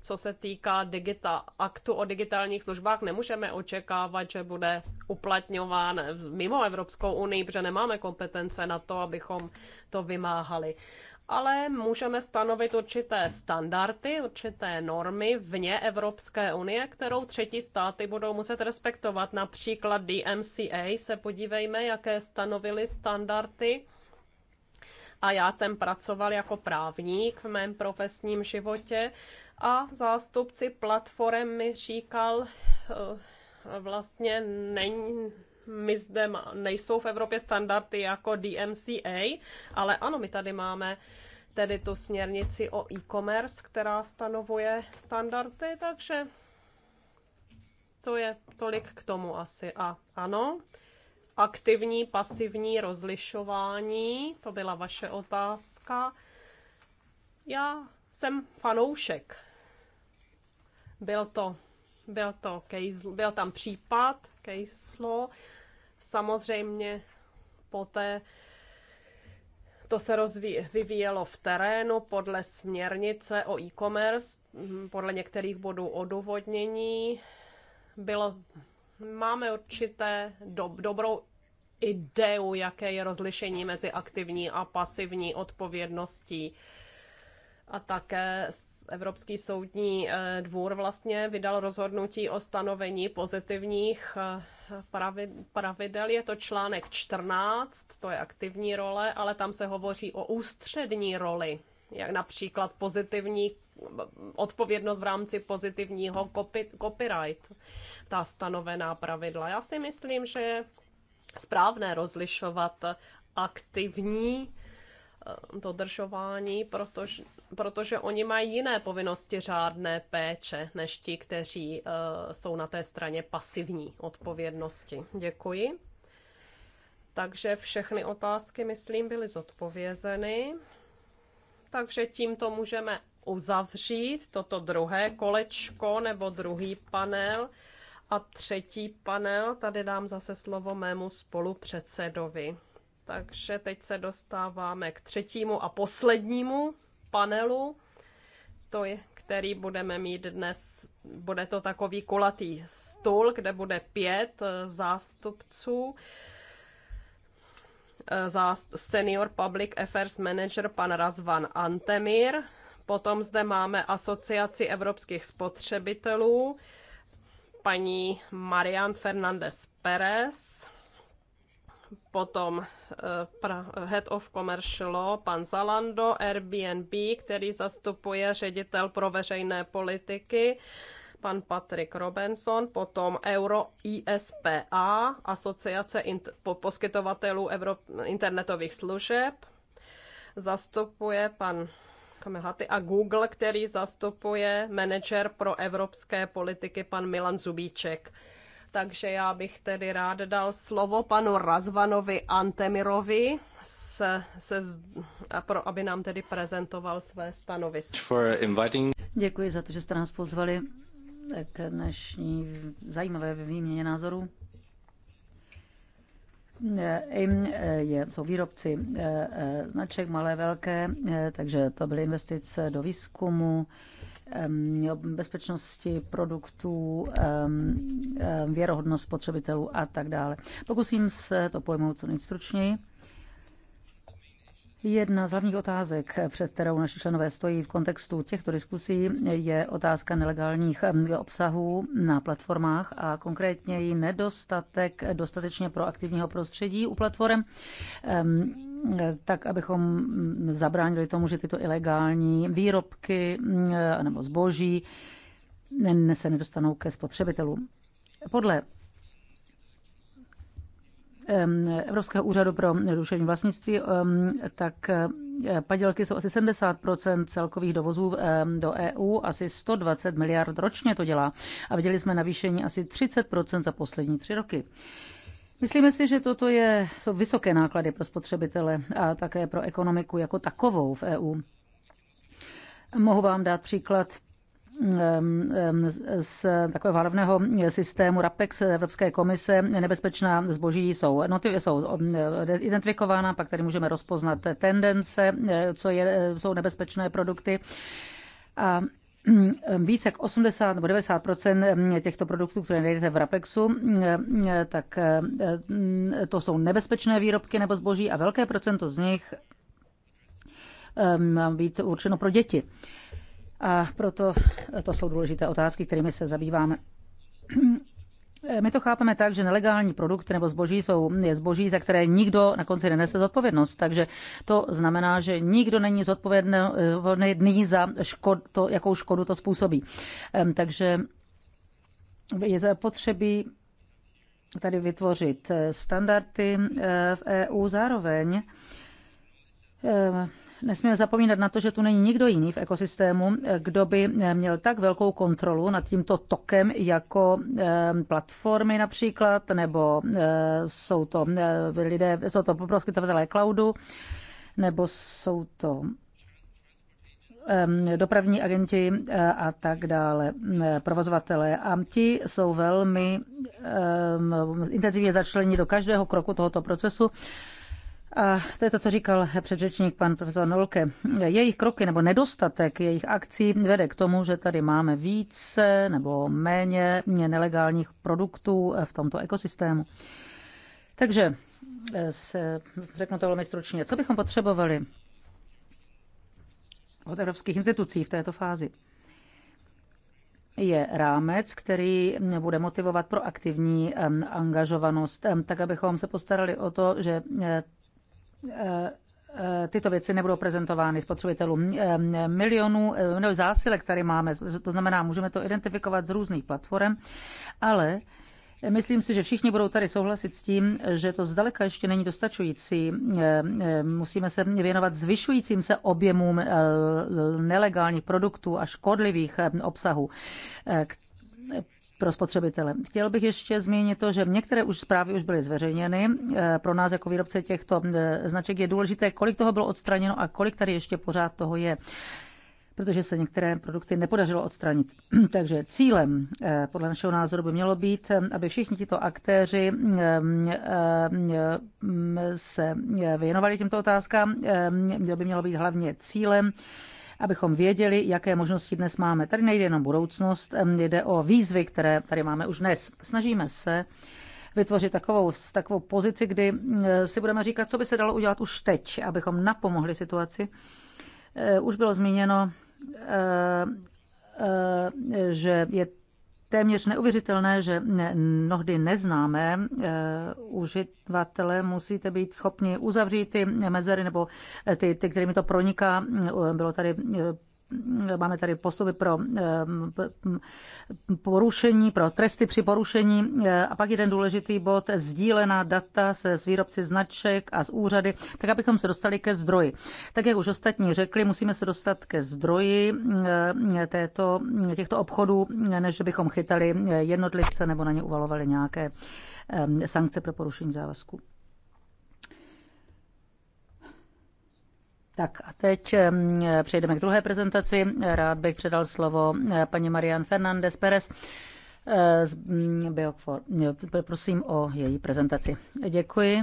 co se týká digita, aktu o digitálních službách, nemůžeme očekávat, že bude uplatňován mimo Evropskou unii, protože nemáme kompetence na to, abychom to vymáhali. Ale můžeme stanovit určité standardy, určité normy vně Evropské unie, kterou třetí státy budou muset respektovat. Například DMCA se podívejme, jaké stanovily standardy a já jsem pracoval jako právník v mém profesním životě a zástupci platform mi říkal, eh, vlastně není, my zde má, nejsou v Evropě standardy jako DMCA, ale ano, my tady máme tedy tu směrnici o e-commerce, která stanovuje standardy, takže to je tolik k tomu asi. A ano, aktivní, pasivní rozlišování, to byla vaše otázka. Já jsem fanoušek. Byl to, byl to case, byl tam případ, case law. Samozřejmě poté to se rozvíj, vyvíjelo v terénu podle směrnice o e-commerce, podle některých bodů odůvodnění. Bylo, máme určité do, dobrou ideu, jaké je rozlišení mezi aktivní a pasivní odpovědností a také Evropský soudní eh, dvůr vlastně vydal rozhodnutí o stanovení pozitivních eh, pravidel. Je to článek 14, to je aktivní role, ale tam se hovoří o ústřední roli, jak například pozitivní odpovědnost v rámci pozitivního copy, copyright, ta stanovená pravidla. Já si myslím, že je správné rozlišovat aktivní Eh, dodržování, protože, protože oni mají jiné povinnosti řádné péče, než ti, kteří eh, jsou na té straně pasivní odpovědnosti. Děkuji. Takže všechny otázky, myslím, byly zodpovězeny. Takže tímto můžeme uzavřít toto druhé kolečko nebo druhý panel. A třetí panel, tady dám zase slovo mému spolupředsedovi. Takže teď se dostáváme k třetímu a poslednímu panelu, to je, který budeme mít dnes. Bude to takový kulatý stůl, kde bude pět eh, zástupců eh, senior public affairs manager pan Razvan Antemir. Potom zde máme asociaci evropských spotřebitelů paní Marian Fernández Pérez Potom eh, Head of Commercial Law, pan Zalando, Airbnb, který zastupuje ředitel pro veřejné politiky, pan Patrick Robinson, potom Euro ISPA, Asociace poskytovatelů Evro- internetových služeb, zastupuje pan Kamehaty a Google, který zastupuje manažer pro evropské politiky pan Milan Zubíček. Takže já bych tedy rád dal slovo panu Razvanovi Antemirovi, se, se, pro, aby nám tedy prezentoval své stanovisko. Děkuji za to, že jste nás pozvali k dnešní zajímavé výměně názorů. AIM je, jsou výrobci e, e, značek malé, velké, e, takže to byly investice do výzkumu, Ehm, bezpečnosti produktů, ehm, ehm, věrohodnost spotřebitelů a tak dále. Pokusím se to pojmout co nejstručněji. Jedna z hlavních otázek, před kterou naši členové stojí v kontextu těchto diskusí, je otázka nelegálních obsahů na platformách a konkrétně i nedostatek dostatečně proaktivního prostředí u platform, tak abychom zabránili tomu, že tyto ilegální výrobky nebo zboží se nedostanou ke spotřebitelům. Podle Evropského úřadu pro duševní vlastnictví, tak eh, padělky jsou asi 70 celkových dovozů do EU, asi 120 miliard ročně to dělá. A viděli jsme navýšení asi 30 za poslední tři roky. Myslíme si, že toto je, jsou vysoké náklady pro spotřebitele a také pro ekonomiku jako takovou v EU. Mohu vám dát příklad z takového hlavného systému RAPEX Evropské komise nebezpečná zboží jsou, notiv, jsou identifikována, pak tady můžeme rozpoznat tendence, e, co je, e, jsou nebezpečné produkty. A více jak 80 nebo 90 těchto produktů, které najdete v Rapexu, e, tak to jsou nebezpečné výrobky nebo zboží a velké procento z nich má být určeno pro děti. A proto e, to jsou důležité otázky, kterými se zabýváme. E, my to chápeme tak, že nelegální produkt nebo zboží jsou, je zboží, za které nikdo na konci nenese zodpovědnost. Takže to znamená, že nikdo není zodpovědný za škod, to, jakou škodu to způsobí. E, takže je zapotřebí tady vytvořit standardy v EU zároveň Nesmíme zapomínat na to, že tu není nikdo jiný v ekosystému, kdo by eh, měl tak velkou kontrolu nad tímto tokem jako eh, platformy například, nebo eh, jsou to lidé, jsou to poskytovatelé cloudu, nebo jsou to dopravní agenti a tak dále, provozovatelé. A ti jsou velmi intenzivně začleni do každého kroku tohoto procesu a to je to, co říkal předřečník pan profesor Nolke. Jejich kroky nebo nedostatek jejich akcí vede k tomu, že tady máme více nebo méně nelegálních produktů v tomto ekosystému. Takže eh, se, eh, řeknu to velmi stručně, co bychom potřebovali od evropských institucí v této fázi? je rámec, který bude motivovat pro aktivní angažovanost, tak abychom se postarali o to, že eh, Eh, eh, tyto věci nebudou prezentovány spotřebitelům. Eh, milionů nebo zásilek tady máme, to znamená, můžeme to identifikovat z různých platform, ale Myslím si, že všichni budou tady souhlasit s tím, že to zdaleka ještě není dostačující. Musíme se věnovat zvyšujícím se objemům nelegálních produktů a škodlivých obsahů, pro spotřebitele. Chtěl bych ještě zmínit to, že některé už zprávy už byly zveřejněny. Eh, pro nás jako výrobce těchto eh, značek je důležité, kolik toho bylo odstraněno a kolik tady ještě pořád toho je protože se některé produkty nepodařilo odstranit. Takže cílem eh, podle našeho názoru by mělo být, aby všichni tito aktéři se věnovali těmto otázkám. Mělo by mělo být hlavně cílem abychom věděli, jaké možnosti dnes máme. Tady nejde jenom budoucnost, jde o výzvy, které tady máme už dnes. Snažíme se vytvořit takovou, takovou pozici, kdy si budeme říkat, co by se dalo udělat už teď, abychom napomohli situaci. E, už bylo zmíněno, e, e, že je téměř neuvěřitelné, že mnohdy neznáme eh, uživatele, musíte být schopni uzavřít ty mezery nebo eh, ty, ty kterými to proniká. Eh, bylo tady Máme tady postupy pro eh, porušení, pro tresty při porušení. Eh, a pak jeden důležitý bod, sdílená data se s výrobci značek a z úřady, tak abychom se dostali ke zdroji. Tak jak už ostatní řekli, musíme se dostat ke zdroji eh, této, těchto obchodů, než bychom chytali jednotlivce nebo na ně uvalovali nějaké sankce pro porušení závazku. Tak a teď přejdeme k druhé prezentaci. Rád bych předal slovo eh, paní Marian Fernández Pérez eh, z mm, Biofor. Prosím o její prezentaci. Děkuji.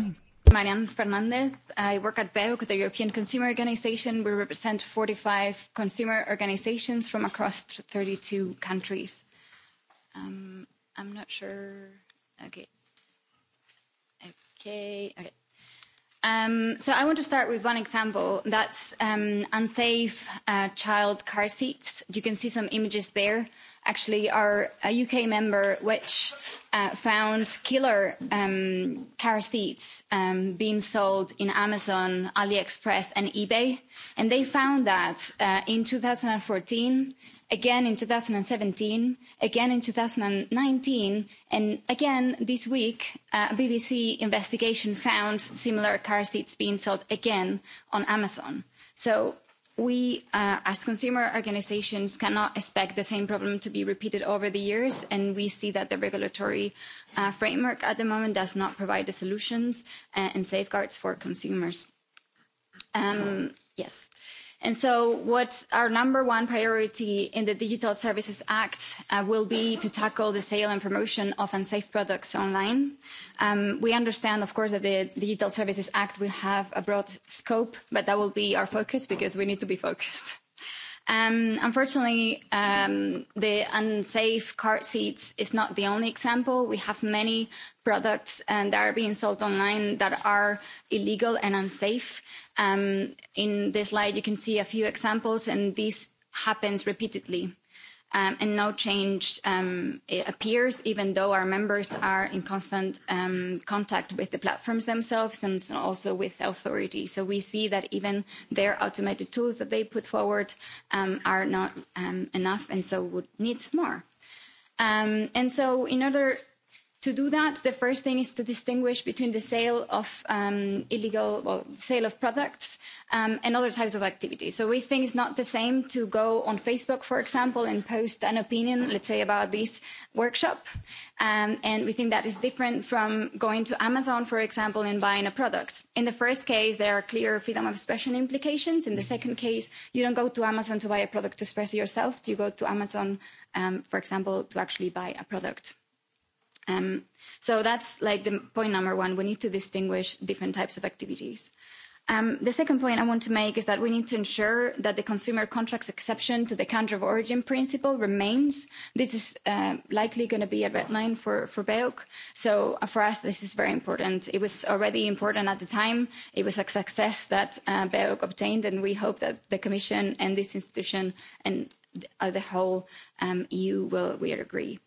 Marian Fernandez. I work at BEUC, the European Consumer Organization. We represent 45 consumer organizations from across 32 countries. Um, I'm not sure. Okay. Okay. Okay. Um, so I want to start with one example. That's um, unsafe uh, child car seats. You can see some images there. Actually, our a UK member which uh, found killer um, car seats um, being sold in Amazon, AliExpress, and eBay, and they found that uh, in 2014 again in 2017, again in 2019, and again this week, a uh, BBC investigation found similar car seats being sold again on Amazon. So we, uh, as consumer organisations, cannot expect the same problem to be repeated over the years, and we see that the regulatory uh, framework at the moment does not provide the solutions uh, and safeguards for consumers. Um, yes. Uh, And so what our number one priority in the Digital Services Act uh, will be to tackle the sale and promotion of unsafe products online. Um, we understand, of course, that the Digital Services Act will have a broad scope, but that will be our focus because we need to be focused. Um, unfortunately, um, the unsafe car seats is not the only example. We have many products that are being sold online that are illegal and unsafe. Um, in this slide, you can see a few examples, and this happens repeatedly. Um, and no change um, appears, even though our members are in constant um, contact with the platforms themselves and also with authority. So we see that even their automated tools that they put forward um, are not um, enough and so would need more. Um, and so in order to do that, the first thing is to distinguish between the sale of um, illegal, well, sale of products um, and other types of activity. So we think it's not the same to go on Facebook, for example, and post an opinion, let's say about this workshop. Um, and we think that is different from going to Amazon, for example, and buying a product. In the first case, there are clear freedom of expression implications. In the second case, you don't go to Amazon to buy a product to express yourself. You go to Amazon, um, for example, to actually buy a product. Um, so that's like the point number one. We need to distinguish different types of activities. Um, the second point I want to make is that we need to ensure that the consumer contracts exception to the country of origin principle remains. This is uh, likely going to be a red line for, for BEOC. So uh, for us, this is very important. It was already important at the time. It was a success that uh, BEOC obtained, and we hope that the Commission and this institution and the whole um, EU will, will agree.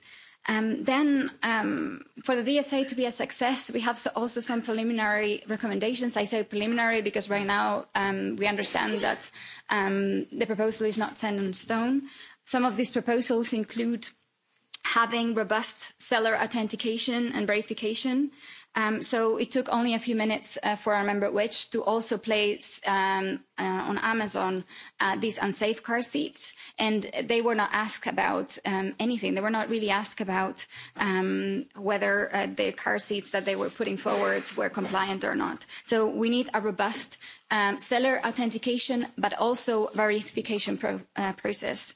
Um, then um, for the DSA to be a success, we have also some preliminary recommendations. I say preliminary because right now um, we understand that um, the proposal is not set in stone. Some of these proposals include having robust seller authentication and verification, Um, so it took only a few minutes uh, for our member which to also place um, uh, on Amazon uh, these unsafe car seats, and they were not asked about um, anything. They were not really asked about um, whether uh, the car seats that they were putting forward were compliant or not. So we need a robust um, seller authentication, but also verification pro- uh, process.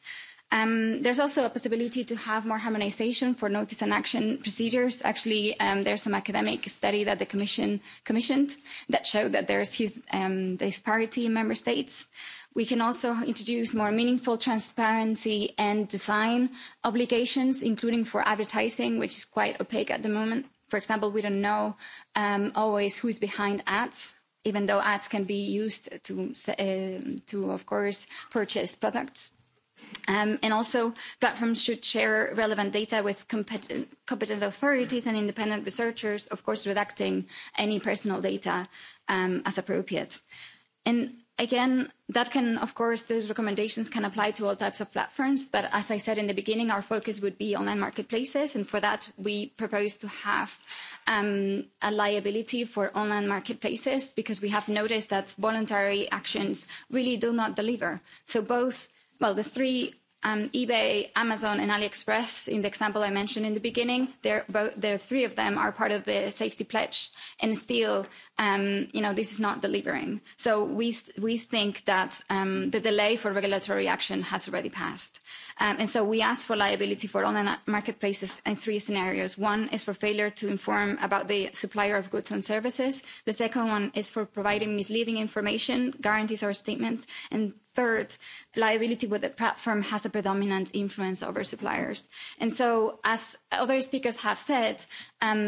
Um, there's also a possibility to have more harmonization for notice and action procedures. Actually, um, there's some academic study that the Commission commissioned that showed that there's huge um, disparity in member states. We can also introduce more meaningful transparency and design obligations, including for advertising, which is quite opaque at the moment. For example, we don't know um, always who's behind ads even though ads can be used to, uh, to of course, purchase products. Um, and also, platforms should share relevant data with competent, competent authorities and independent researchers, of course, redacting any personal data um, as appropriate. And again, that can, of course, those recommendations can apply to all types of platforms. But as I said in the beginning, our focus would be online marketplaces. And for that, we propose to have um, a liability for online marketplaces because we have noticed that voluntary actions really do not deliver. So both well, the three um, eBay, Amazon, and AliExpress, in the example I mentioned in the beginning, they're both, the three of them are part of the safety pledge, and still, um, you know, this is not delivering. So we we think that um, the delay for regulatory action has already passed, um, and so we ask for liability for online marketplaces in three scenarios. One is for failure to inform about the supplier of goods and services. The second one is for providing misleading information, guarantees or statements, and third liability where the platform has a predominant influence over suppliers. And so as other speakers have said, um,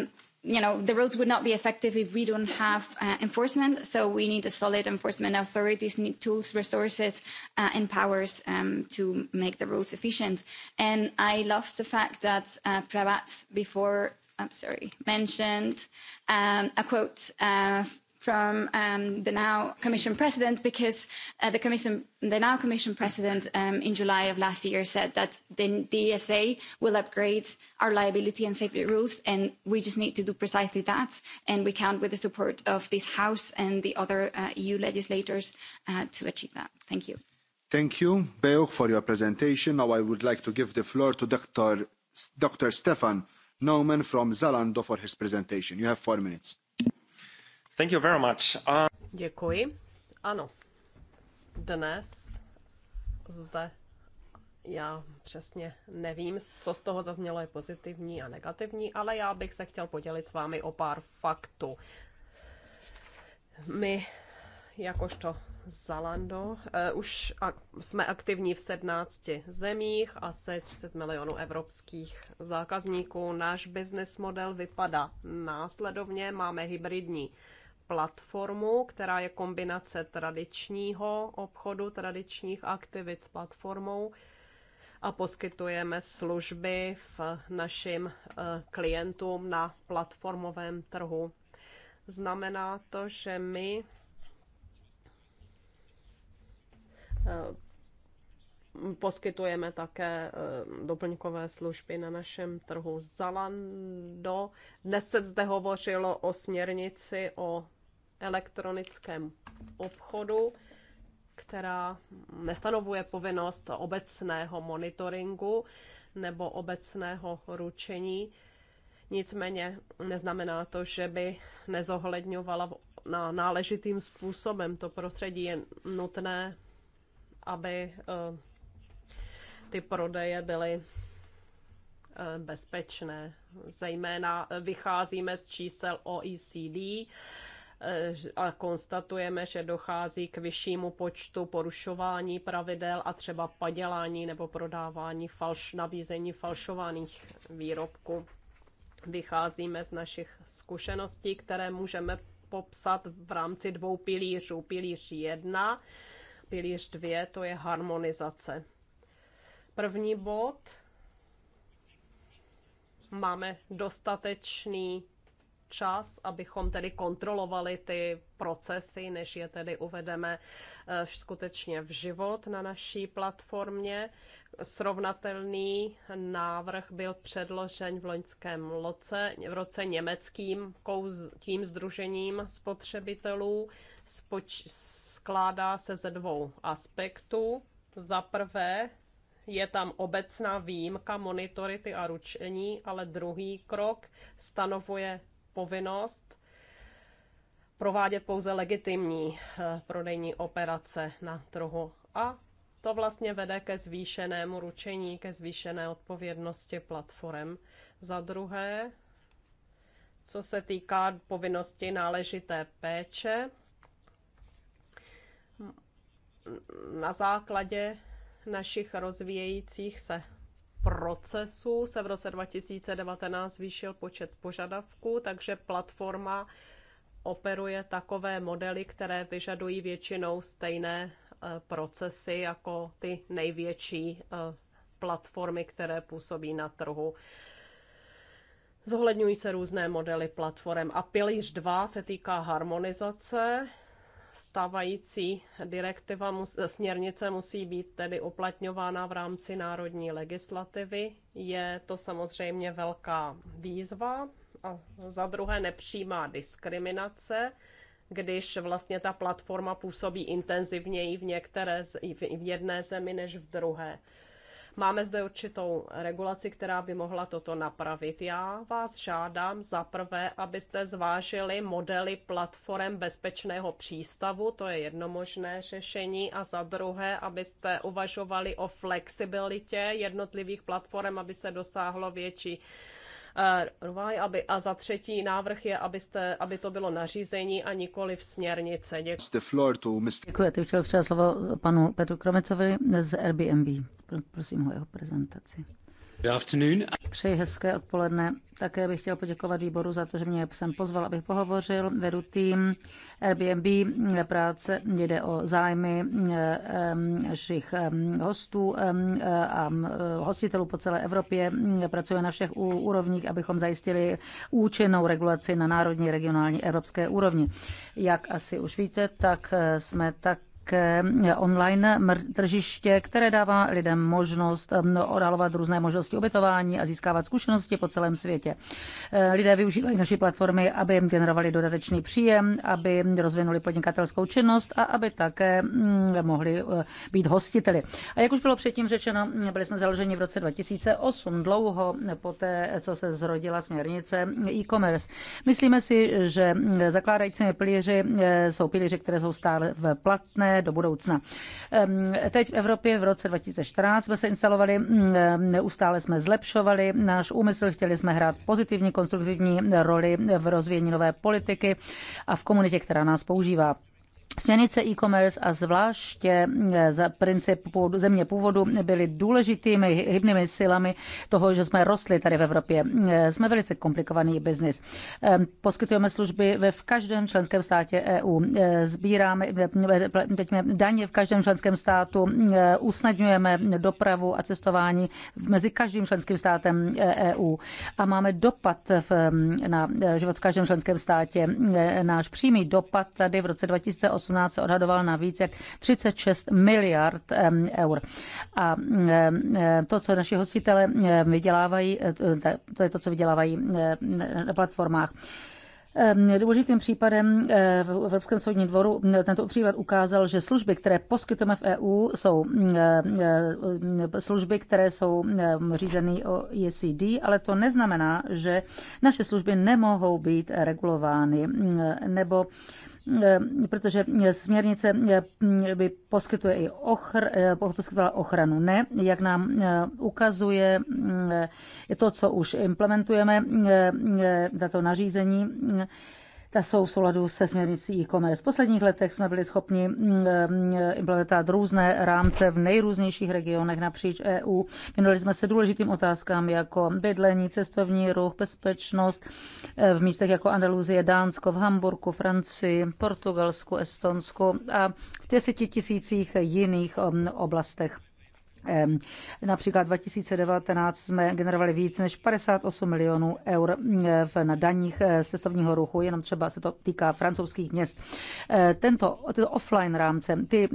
you know the rules would not be effective if we don't have uh, enforcement so we need a solid enforcement authorities need tools resources uh, and powers um, to make the rules efficient and i love the fact that uh, pravat before i'm sorry mentioned um, a quote uh, from um, the now Commission President because uh, the, commission, the now Commission President um, in July of last year said that the, ESA will upgrade our liability and safety rules, and we just need to do precisely that. And we count with the support of this House and the other uh, EU legislators uh, to achieve that. Thank you. Thank you, Beog, for your presentation. Now I would like to give the floor to Dr. S Dr. Stefan Naumann from Zalando for his presentation. You have four minutes. Thank you very much. Uh... Děkuji. Ano, dnes zde já přesně nevím, co z toho zaznělo je pozitivní a negativní, ale já bych se chtěl podělit s vámi o pár faktů. My, jakožto Zalando, Uh, už ak- jsme aktivní v 17 zemích a se 30 milionů evropských zákazníků. Náš business model vypadá následovně. Máme hybridní uh, platformu, která je kombinace tradičního obchodu, tradičních aktivit s platformou a poskytujeme služby v našim eh, klientům na platformovém trhu. Znamená to, že my eh, poskytujeme také eh, doplňkové služby na našem trhu Zalando. Dnes se zde hovořilo o směrnici o elektronickém obchodu, která nestanovuje povinnost obecného monitoringu nebo obecného ručení. Nicméně neznamená to, že by nezohledňovala na náležitým způsobem to prostředí. Je nutné, aby eh, ty prodeje byly eh, bezpečné. Zejména eh, vycházíme z čísel OECD, a konstatujeme, že dochází k vyššímu počtu porušování pravidel a třeba padělání nebo prodávání falš, nabízení falšovaných výrobků. Vycházíme z našich zkušeností, které můžeme popsat v rámci dvou pilířů. Pilíř jedna, pilíř dvě. to je harmonizace. První bod, máme dostatečný čas, abychom tedy kontrolovali ty procesy, než je tedy uvedeme eh, skutečně v život na naší platformě. Srovnatelný návrh byl předložen v loňském loce, v roce německým tím združením spotřebitelů. Spoč, skládá se ze dvou aspektů. Za prvé je tam obecná výjimka monitority a ručení, ale druhý krok stanovuje povinnost provádět pouze legitimní eh, prodejní operace na trhu. A to vlastně vede ke zvýšenému ručení, ke zvýšené odpovědnosti platform. Za druhé, co se týká povinnosti náležité péče, na základě našich rozvíjejících se Procesu se v roce 2019 zvýšil počet požadavků, takže platforma operuje takové modely, které vyžadují většinou stejné e, procesy jako ty největší e, platformy, které působí na trhu. Zohledňují se různé modely platform a pilíř 2 se týká harmonizace stávající direktiva směrnice musí být tedy uplatňována v rámci národní legislativy. Je to samozřejmě velká výzva a za druhé nepřímá diskriminace, když vlastně ta platforma působí intenzivněji v některé, v jedné zemi než v druhé. Máme zde určitou regulaci, která by mohla toto napravit. Já vás žádám za prvé, abyste zvážili modely platform bezpečného přístavu, to je jedno možné řešení, a za druhé, abyste uvažovali o flexibilitě jednotlivých platform, aby se dosáhlo větší Eh, aby, a za třetí návrh je, abyste, aby to bylo nařízení a nikoli v směrnice. Děkuji. Děkuji. Teď chtěl třeba slovo panu Petru Kromecovi z Airbnb. Prosím ho jeho prezentaci. Přeji hezké odpoledne. Také bych chtěl poděkovat výboru za to, že mě jsem pozval, abych pohovořil. Vedu tým Airbnb, práce jde o zájmy ehm, našich ehm, hostů ehm, eh, a eh, hostitelů po celé Evropě. Pracuje na všech úrovních, abychom zajistili účinnou regulaci na národní, regionální, evropské úrovni. Jak asi už víte, tak eh, jsme tak také eh, online tržiště, které dává lidem možnost hm, odhalovat různé možnosti ubytování a získávat zkušenosti po celém světě. Eh, lidé využívají naší platformy, aby generovali dodatečný příjem, aby rozvinuli podnikatelskou činnost a aby také hm, mohli eh, být hostiteli. A jak už bylo předtím řečeno, byli jsme založeni v roce 2008, dlouho poté, co se zrodila směrnice e-commerce. Myslíme si, že hm, zakládajícími pilíři jsou pilíři, které jsou stále platné, do budoucna. Teď v Evropě v roce 2014 jsme se instalovali, neustále jsme zlepšovali náš úmysl, chtěli jsme hrát pozitivní, konstruktivní roli v rozvíjení nové politiky a v komunitě, která nás používá. Směrnice e-commerce a zvláště eh, za princip původu, země původu byly důležitými hybnými silami toho, že jsme rostli tady v Evropě. Eh, jsme velice komplikovaný biznis. Ehm, poskytujeme služby ve v každém členském státě EU. Eh, sbíráme, platíme daně v každém členském státu, usnadňujeme dopravu a cestování mezi každým členským státem EU e a máme dopad v, ehm, na život v každém členském státě. Náš přímý dopad tady v roce 2008 2018 se odhadoval na víc jak 36 miliard eur. A to, co naši hostitele vydělávají, e, e, to je to, co vydělávají na platformách. Důležitým případem e, v Evropském soudním dvoru tento případ ukázal, že služby, které poskytujeme v EU, jsou služby, které jsou řízeny o ECD, ale to neznamená, že naše služby nemohou být regulovány nebo Eh, protože eh, směrnice eh, by poskytuje i ochr, poskytovala ochranu. Ne, jak nám ukazuje mm, to, co už implementujeme, tato nařízení, ta jsou v souladu se směrnicí e-commerce. V posledních letech jsme byli schopni mm, mm, implementovat různé rámce v nejrůznějších regionech napříč EU. Věnovali jsme se důležitým otázkám jako bydlení, cestovní ruch, bezpečnost e, v místech jako Andaluzie, Dánsko, v Hamburgu, Francii, Portugalsku, Estonsku a v deseti tisících jiných mm, oblastech. Například 2019 jsme generovali víc než 58 milionů eur na daních eh, z cestovního ruchu, jenom třeba se to týká francouzských měst. Eh, tento, tento offline rámce ty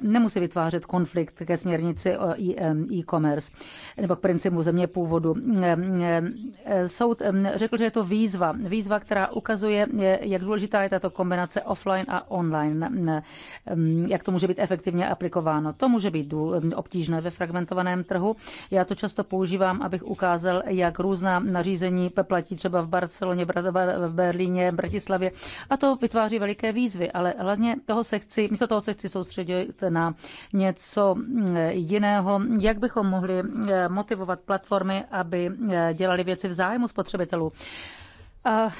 nemusí vytvářet konflikt ke směrnici o e-commerce nebo k principu země původu. Eh, soud řekl, že je to výzva, výzva, která ukazuje, jak důležitá je tato kombinace offline a online, jak to může být efektivně aplikováno. To může být obtížné obtížné ve fragmentovaném trhu. Já to často používám, abych ukázal, jak různá nařízení platí třeba v Barceloně, v Berlíně, v Bratislavě. A to vytváří veliké výzvy, ale hlavně toho se chci, místo toho se chci soustředit na něco eh, jiného. Jak bychom mohli eh, motivovat platformy, aby eh, dělali věci v zájmu spotřebitelů? A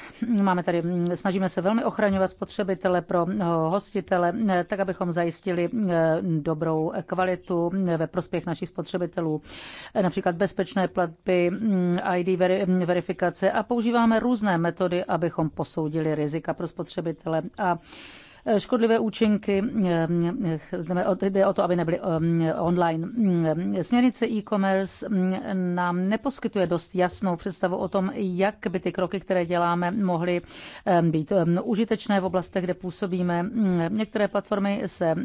máme tady, mm, snažíme se velmi ochraňovat spotřebitele pro eh, hostitele, eh, tak abychom zajistili eh, dobrou kvalitu ve prospěch našich spotřebitelů, například bezpečné platby, mm, ID mm, verifikace a používáme různé metody, abychom posoudili rizika pro spotřebitele. A škodlivé účinky, eh, eh, jde o to, aby nebyly eh, online. Směrnice e-commerce mm, nám neposkytuje dost jasnou představu o tom, jak by ty kroky, které děláme, mohly být užitečné v oblastech, kde působíme. Některé platformy se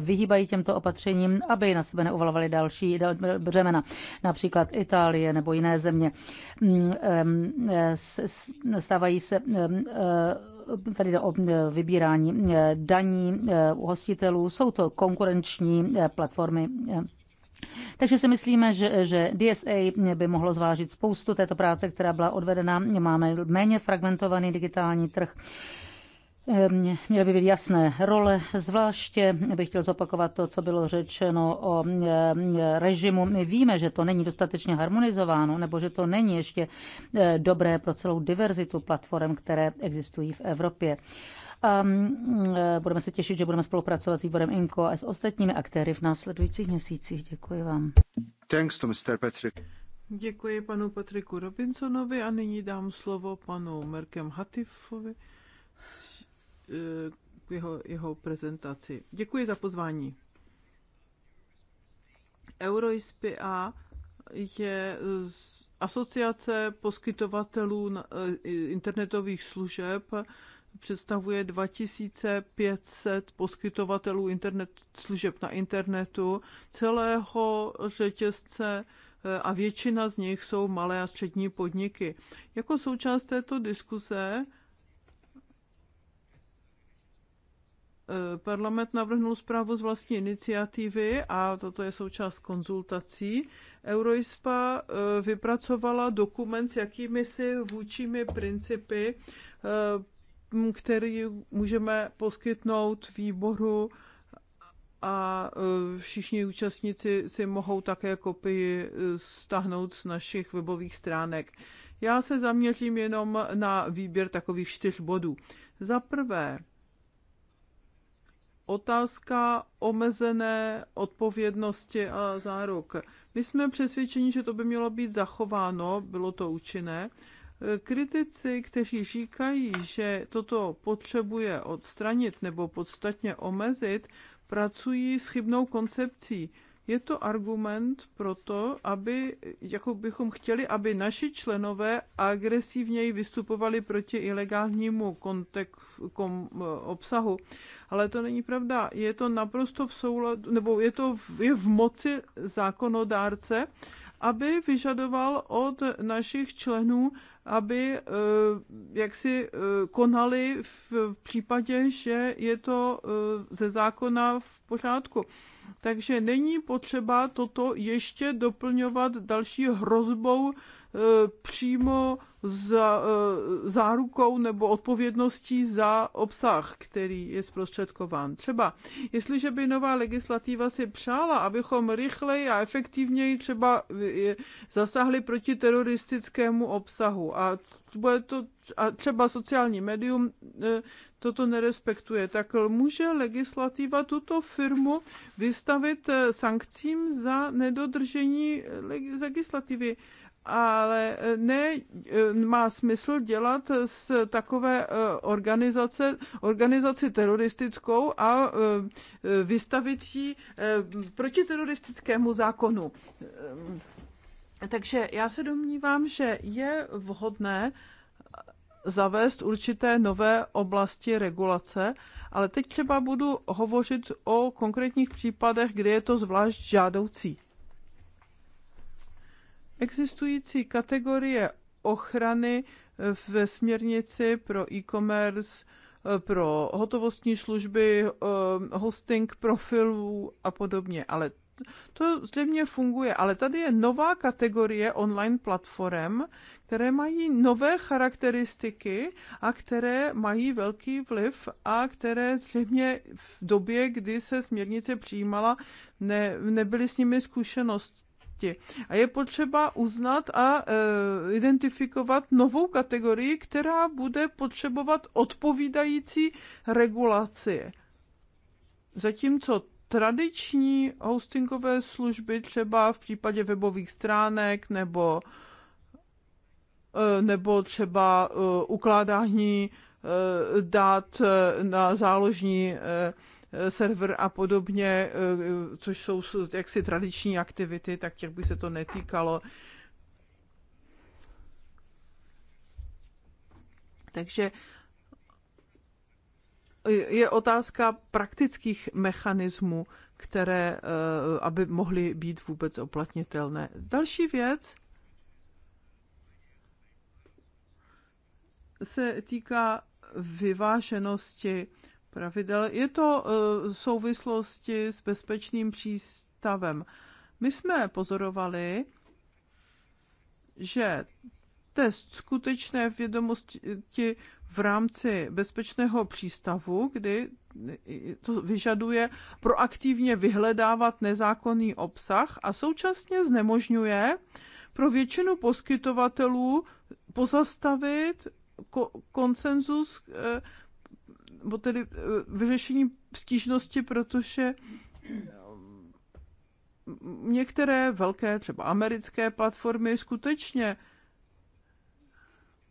vyhýbají těmto opatřením, aby na sebe neuvalovaly další břemena, například Itálie nebo jiné země. Mm, stávají se tady jde o e, vybírání e, daní e, u hostitelů, jsou to konkurenční platformy. Takže si myslíme, že, že DSA by mohlo zvážit spoustu této práce, která byla odvedena. Máme méně fragmentovaný digitální trh Měly by být jasné role, zvláště bych chtěl zopakovat to, co bylo řečeno o e, e, režimu. My víme, že to není dostatečně harmonizováno, nebo že to není ještě e, dobré pro celou diverzitu platform, které existují v Evropě. A budeme se těšit, že budeme spolupracovat s výborem INCO a s ostatními aktéry v následujících měsících. Děkuji vám. Thanks to Mr. Patrick. Děkuji panu Patriku Robinsonovi a nyní dám slovo panu Merkem Hatifovi k jeho, jeho prezentaci. Děkuji za pozvání. Euroispia je asociace poskytovatelů eh, internetových služeb, představuje 2500 poskytovatelů internet, služeb na internetu celého řetězce eh, a většina z nich jsou malé a střední podniky. Jako součást této diskuse Eh, Parlament navrhnul zprávu z vlastní iniciativy a toto je součást konzultací. Euroispa eh, vypracovala dokument s jakými si vůčími principy, eh, který můžeme poskytnout výboru a všichni účastníci si mohou také kopii stáhnout z našich webových stránek. Já se zaměřím jenom na výběr takových čtyř bodů. Za prvé, otázka omezené odpovědnosti a záruk. My jsme přesvědčeni, že to by mělo být zachováno, bylo to účinné. Kritici, kteří říkají, že toto potřebuje odstranit nebo podstatně omezit, pracují s chybnou koncepcí je to argument pro to, aby, jako bychom chtěli, aby naši členové agresivněji vystupovali proti ilegálnímu kontek, kom, obsahu. Ale to není pravda. Je to naprosto v souladu, nebo je to v, je v moci zákonodárce, aby vyžadoval od našich členů aby eh, jak si eh, konali v případě, že je to eh, ze zákona v pořádku. Takže není potřeba toto ještě doplňovat další hrozbou Eh, přímo za, eh, zárukou nebo odpovědností za obsah, který je zprostředkován. Třeba, jestliže by nová legislativa si přála, abychom rychleji a efektivněji třeba eh, zasahli proti teroristickému obsahu a bude to a třeba sociální médium toto nerespektuje, tak může legislativa tuto firmu vystavit sankcím za nedodržení legislativy ale eh, ne, eh, má smysl dělat z takové eh, organizace, organizaci teroristickou a vystavit ji protiteroristickému zákonu. Takže já se domnívám, že je vhodné zavést určité nové oblasti regulace, ale teď třeba budu hovořit o konkrétních případech, kde je to zvlášť žádoucí existující kategorie ochrany eh, ve směrnici pro e-commerce, eh, pro hotovostní služby, eh, hosting profilů a podobně. Ale to zřejmě funguje, ale tady je nová kategorie online platform, které mají nové charakteristiky a které mají velký vliv a které zřejmě v době, kdy se směrnice přijímala, ne, nebyly s nimi zkušenosti činnosti. A je potřeba uznat a e, identifikovat novou kategorii, která bude potřebovat odpovídající regulaci. Zatímco tradiční hostingové služby, třeba v případě webových stránek nebo, e, nebo třeba e, ukládání e, dát na záložní server a podobně, eh, což jsou jaksi tradiční aktivity, tak těch by se to netýkalo. Takže je otázka praktických mechanismů, které eh, aby mohly být vůbec oplatnitelné. Další věc se týká vyváženosti pravidel. Je to e, v souvislosti s bezpečným přístavem. My jsme pozorovali, že test skutečné vědomosti v rámci bezpečného přístavu, kdy to vyžaduje proaktivně vyhledávat nezákonný obsah a současně znemožňuje pro většinu poskytovatelů pozastavit konsenzus e, tedy e, vyřešení stížnosti, protože e, některé velké, třeba americké platformy skutečně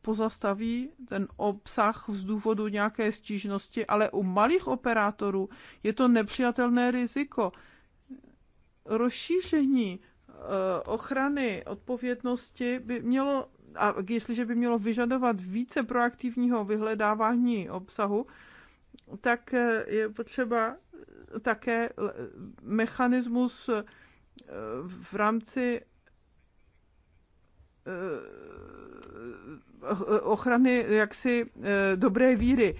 pozastaví ten obsah z důvodu nějaké stížnosti, ale u malých operátorů je to nepřijatelné riziko. Rozšíření e, ochrany odpovědnosti by mělo, a jestliže by mělo vyžadovat více proaktivního vyhledávání obsahu, tak eh, je potřeba také eh, mechanismus eh, v rámci ochrany jaksi dobré víry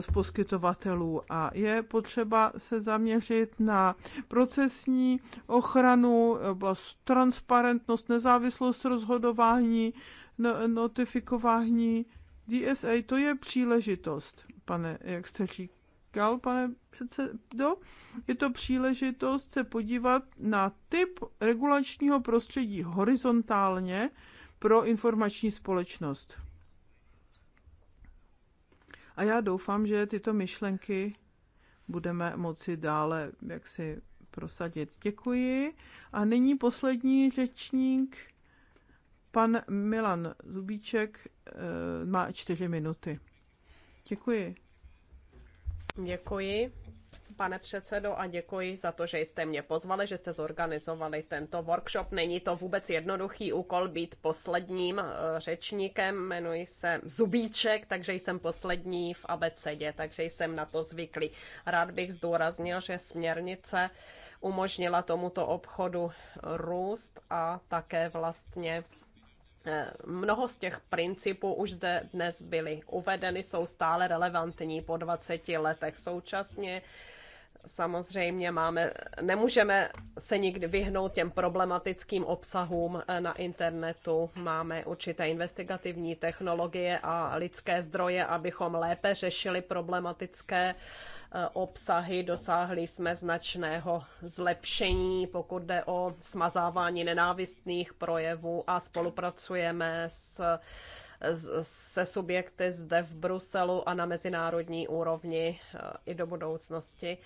z poskytovatelů a je potřeba se zaměřit na procesní ochranu, transparentnost, nezávislost rozhodování, no, notifikování DSA to je příležitost, pane, jak jste říkal, pane předsedo, je to příležitost se podívat na typ regulačního prostředí horizontálně pro informační společnost. A já doufám, že tyto myšlenky budeme moci dále jaksi prosadit. Děkuji. A nyní poslední řečník, pan Milan Zubíček Eh, má čtyři minuty. Děkuji. Děkuji, pane předsedo, a děkuji za to, že jste mě pozvali, že jste zorganizovali tento workshop. Není to vůbec jednoduchý úkol být posledním eh, řečníkem. Jmenuji se Zubíček, takže jsem poslední v abecedě, takže jsem na to zvyklý. Rád bych zdůraznil, že směrnice umožnila tomuto obchodu růst a také vlastně Eh, mnoho z těch principů už zde dnes byly uvedeny, jsou stále relevantní po 20 letech současně. Samozřejmě máme, nemůžeme se nikdy vyhnout těm problematickým obsahům eh, na internetu. Máme určité investigativní technologie a lidské zdroje, abychom lépe řešili problematické uh, Eh, obsahy. Dosáhli jsme značného zlepšení, pokud jde o smazávání nenávistných projevů a spolupracujeme s se subjekty zde v Bruselu a na mezinárodní úrovni eh, i do budoucnosti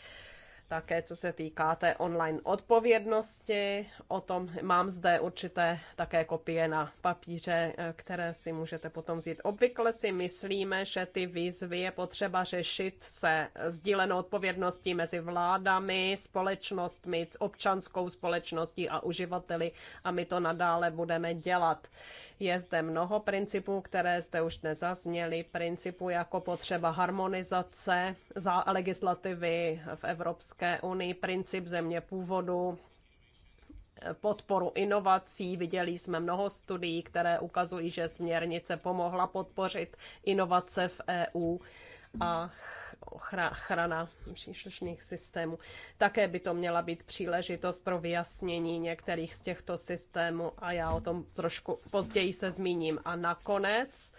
také co se týká té online odpovědnosti. O tom mám zde určité také kopie na papíře, eh, které si můžete potom vzít. Obvykle si myslíme, že ty výzvy je potřeba řešit se sdílenou odpovědností mezi vládami, společnostmi, s občanskou společností a uživateli a my to nadále budeme dělat. Je zde mnoho principů, které zde už nezazněly, principů jako potřeba harmonizace za legislativy v Evropské Evropské unii, princip země původu, podporu inovací. Viděli jsme mnoho studií, které ukazují, že směrnice pomohla podpořit inovace v EU a ochrana příslušných systémů. Také by to měla být příležitost pro vyjasnění některých z těchto systémů a já o tom trošku později se zmíním. A nakonec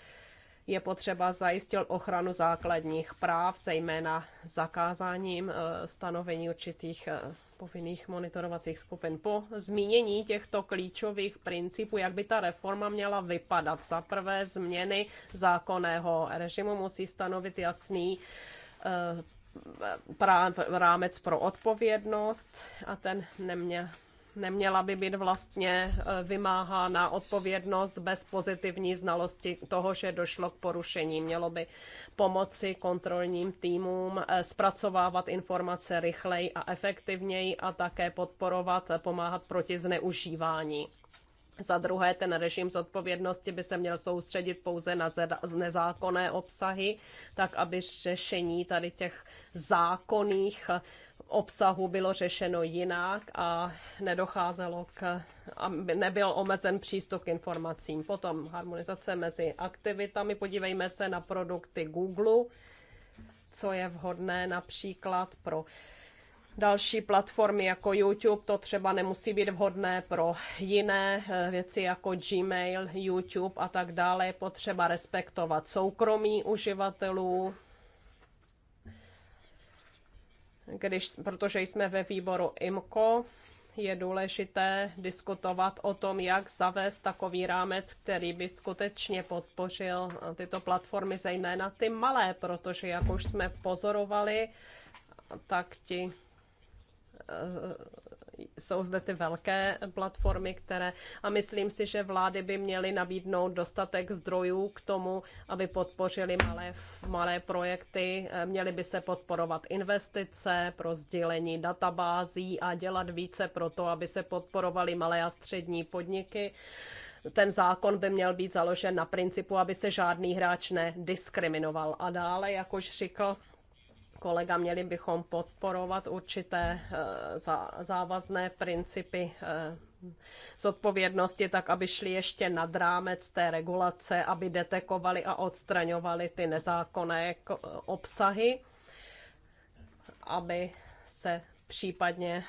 je potřeba zajistit ochranu základních práv, zejména zakázáním eh, stanovení určitých eh, povinných monitorovacích skupin. Po zmínění těchto klíčových principů, jak by ta reforma měla vypadat? Za prvé změny zákonného režimu musí stanovit jasný eh, rámec pro odpovědnost a ten neměl neměla by být vlastně eh, vymáhána odpovědnost bez pozitivní znalosti toho, že došlo k porušení. Mělo by pomoci kontrolním týmům eh, zpracovávat informace rychleji a efektivněji a také podporovat, eh, pomáhat proti zneužívání. Za druhé, ten režim zodpovědnosti by se měl soustředit pouze na nezákonné obsahy, tak aby řešení tady těch zákonných obsahu bylo řešeno jinak a nedocházelo k, aby nebyl omezen přístup k informacím. Potom harmonizace mezi aktivitami. Podívejme se na produkty Google, co je vhodné například pro další platformy jako YouTube, to třeba nemusí být vhodné pro jiné eh, věci jako Gmail, YouTube a tak dále. Je potřeba respektovat soukromí uživatelů, když, protože jsme ve výboru IMCO, je důležité diskutovat o tom, jak zavést takový rámec, který by skutečně podpořil eh, tyto platformy, zejména ty malé, protože jak už jsme pozorovali, tak ti Eh, jsou zde ty velké platformy, které a myslím si, že vlády by měly nabídnout dostatek zdrojů k tomu, aby podpořili malé, malé projekty, eh, měly by se podporovat investice pro sdílení databází a dělat více pro to, aby se podporovaly malé a střední podniky ten zákon by měl být založen na principu, aby se žádný hráč nediskriminoval. A dále, jak už říkal kolega, měli bychom podporovat určité eh, závazné principy eh, zodpovědnosti, tak aby šli ještě nad rámec té regulace, aby detekovali a odstraňovali ty nezákonné eh, obsahy, aby se případně.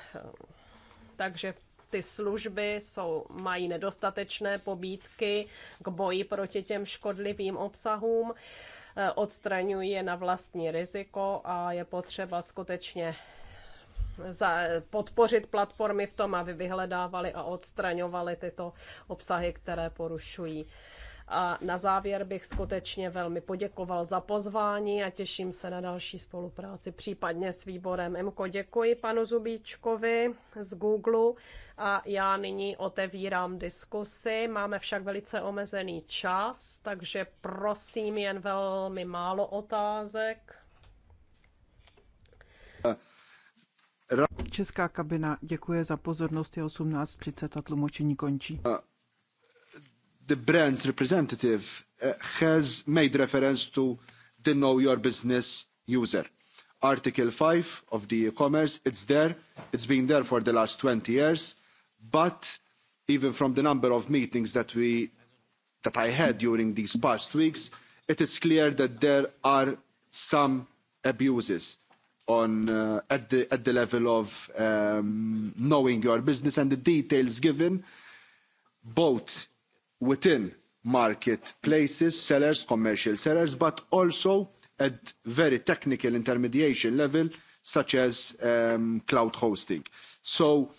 Takže ty služby jsou, mají nedostatečné pobídky k boji proti těm škodlivým obsahům. Eh, odstraňují je na vlastní riziko a je potřeba skutečně za, podpořit platformy v tom, aby vyhledávali a odstraňovali tyto obsahy, které porušují a na závěr bych skutečně velmi poděkoval za pozvání a těším se na další spolupráci, případně s výborem MKO. Děkuji panu Zubíčkovi z Google a já nyní otevírám diskusy. Máme však velice omezený čas, takže prosím jen velmi málo otázek. Česká kabina děkuje za pozornost, je 18.30 a tlumočení končí the brand's representative uh, has made reference to the know your business user. Article 5 of the e-commerce, it's there. It's been there for the last 20 years. But even from the number of meetings that, we, that I had during these past weeks, it is clear that there are some abuses on, uh, at, the, at the level of um, knowing your business and the details given both within marketplaces, sellers, commercial sellers, but also at very technical intermediation level, such as um, cloud hosting. So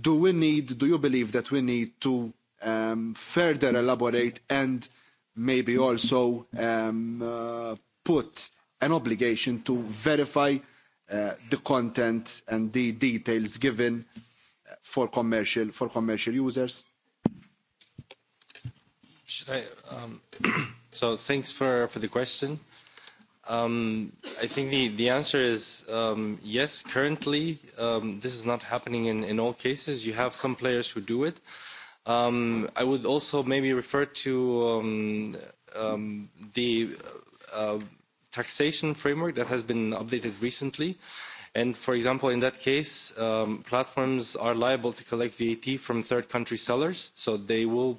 do we need, do you believe that we need to um, further elaborate and maybe also um, uh, put an obligation to verify uh, the content and the details given uh, for commercial, for commercial users? Should I? Um, so thanks for, for the question. Um, I think the, the answer is um, yes, currently um, this is not happening in, in all cases. You have some players who do it. Um, I would also maybe refer to um, um, the uh, uh taxation framework that has been updated recently. And for example, in that case, um, platforms are liable to collect VAT from third country sellers, so they will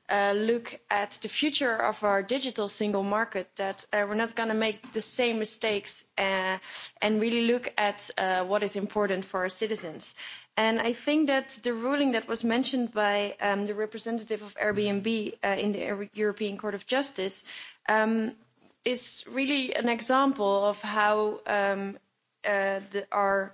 Uh, look at the future of our digital single market, that uh, we're not going to make the same mistakes uh, and really look at what is important for our citizens. And I think that the ruling that was mentioned by um, the representative of Airbnb uh, in the European Court of Justice um, is really an example of how um, uh, the, our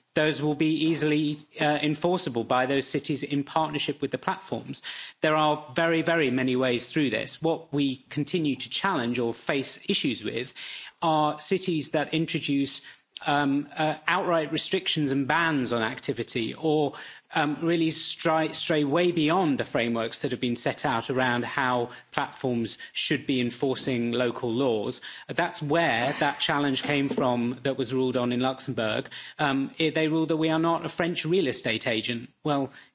those will be easily uh, enforceable by those cities in partnership with the platforms. There are very, very many ways through this. What we continue to challenge or face issues with are cities that introduce um, uh, outright restrictions and bans on activity or um, really stray, stray way beyond the frameworks that have been set out around how platforms should be enforcing local laws. That's where that challenge came from that was ruled on in Luxembourg. Um, it, they ruled that we are not a French real estate agent. Well,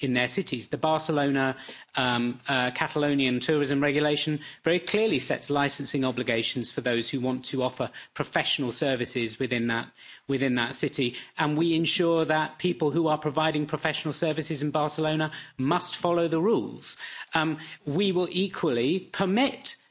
in their cities. The Barcelona um, uh, Catalonian tourism regulation very clearly sets licensing obligations for those who want to offer professional services within that, within that city. And we ensure that people who are providing professional services in Barcelona must follow the rules. Um, we will equally permit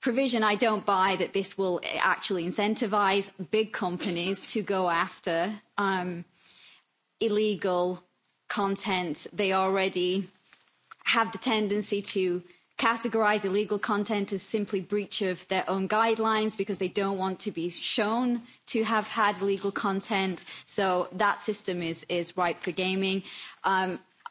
provision, I don't buy that this will actually incentivize big companies to go after um, illegal content. They already have the tendency to categorize illegal content as simply breach of their own guidelines because they don't want to be shown to have had illegal content. So that system is, is ripe for gaming. Um,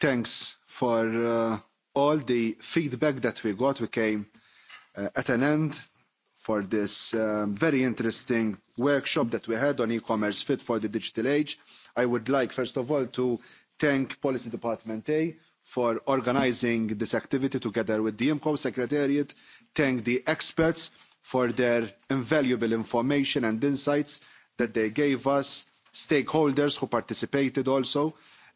thanks for uh, all the feedback that we got. We came uh, at an end for this uh, very interesting workshop that we had on e-commerce fit for the digital age. I would like, first of all, to thank Policy Department A for organising this activity together with the IMCO Secretariat, thank the experts for their invaluable information and insights that they gave us, stakeholders who participated also, uh,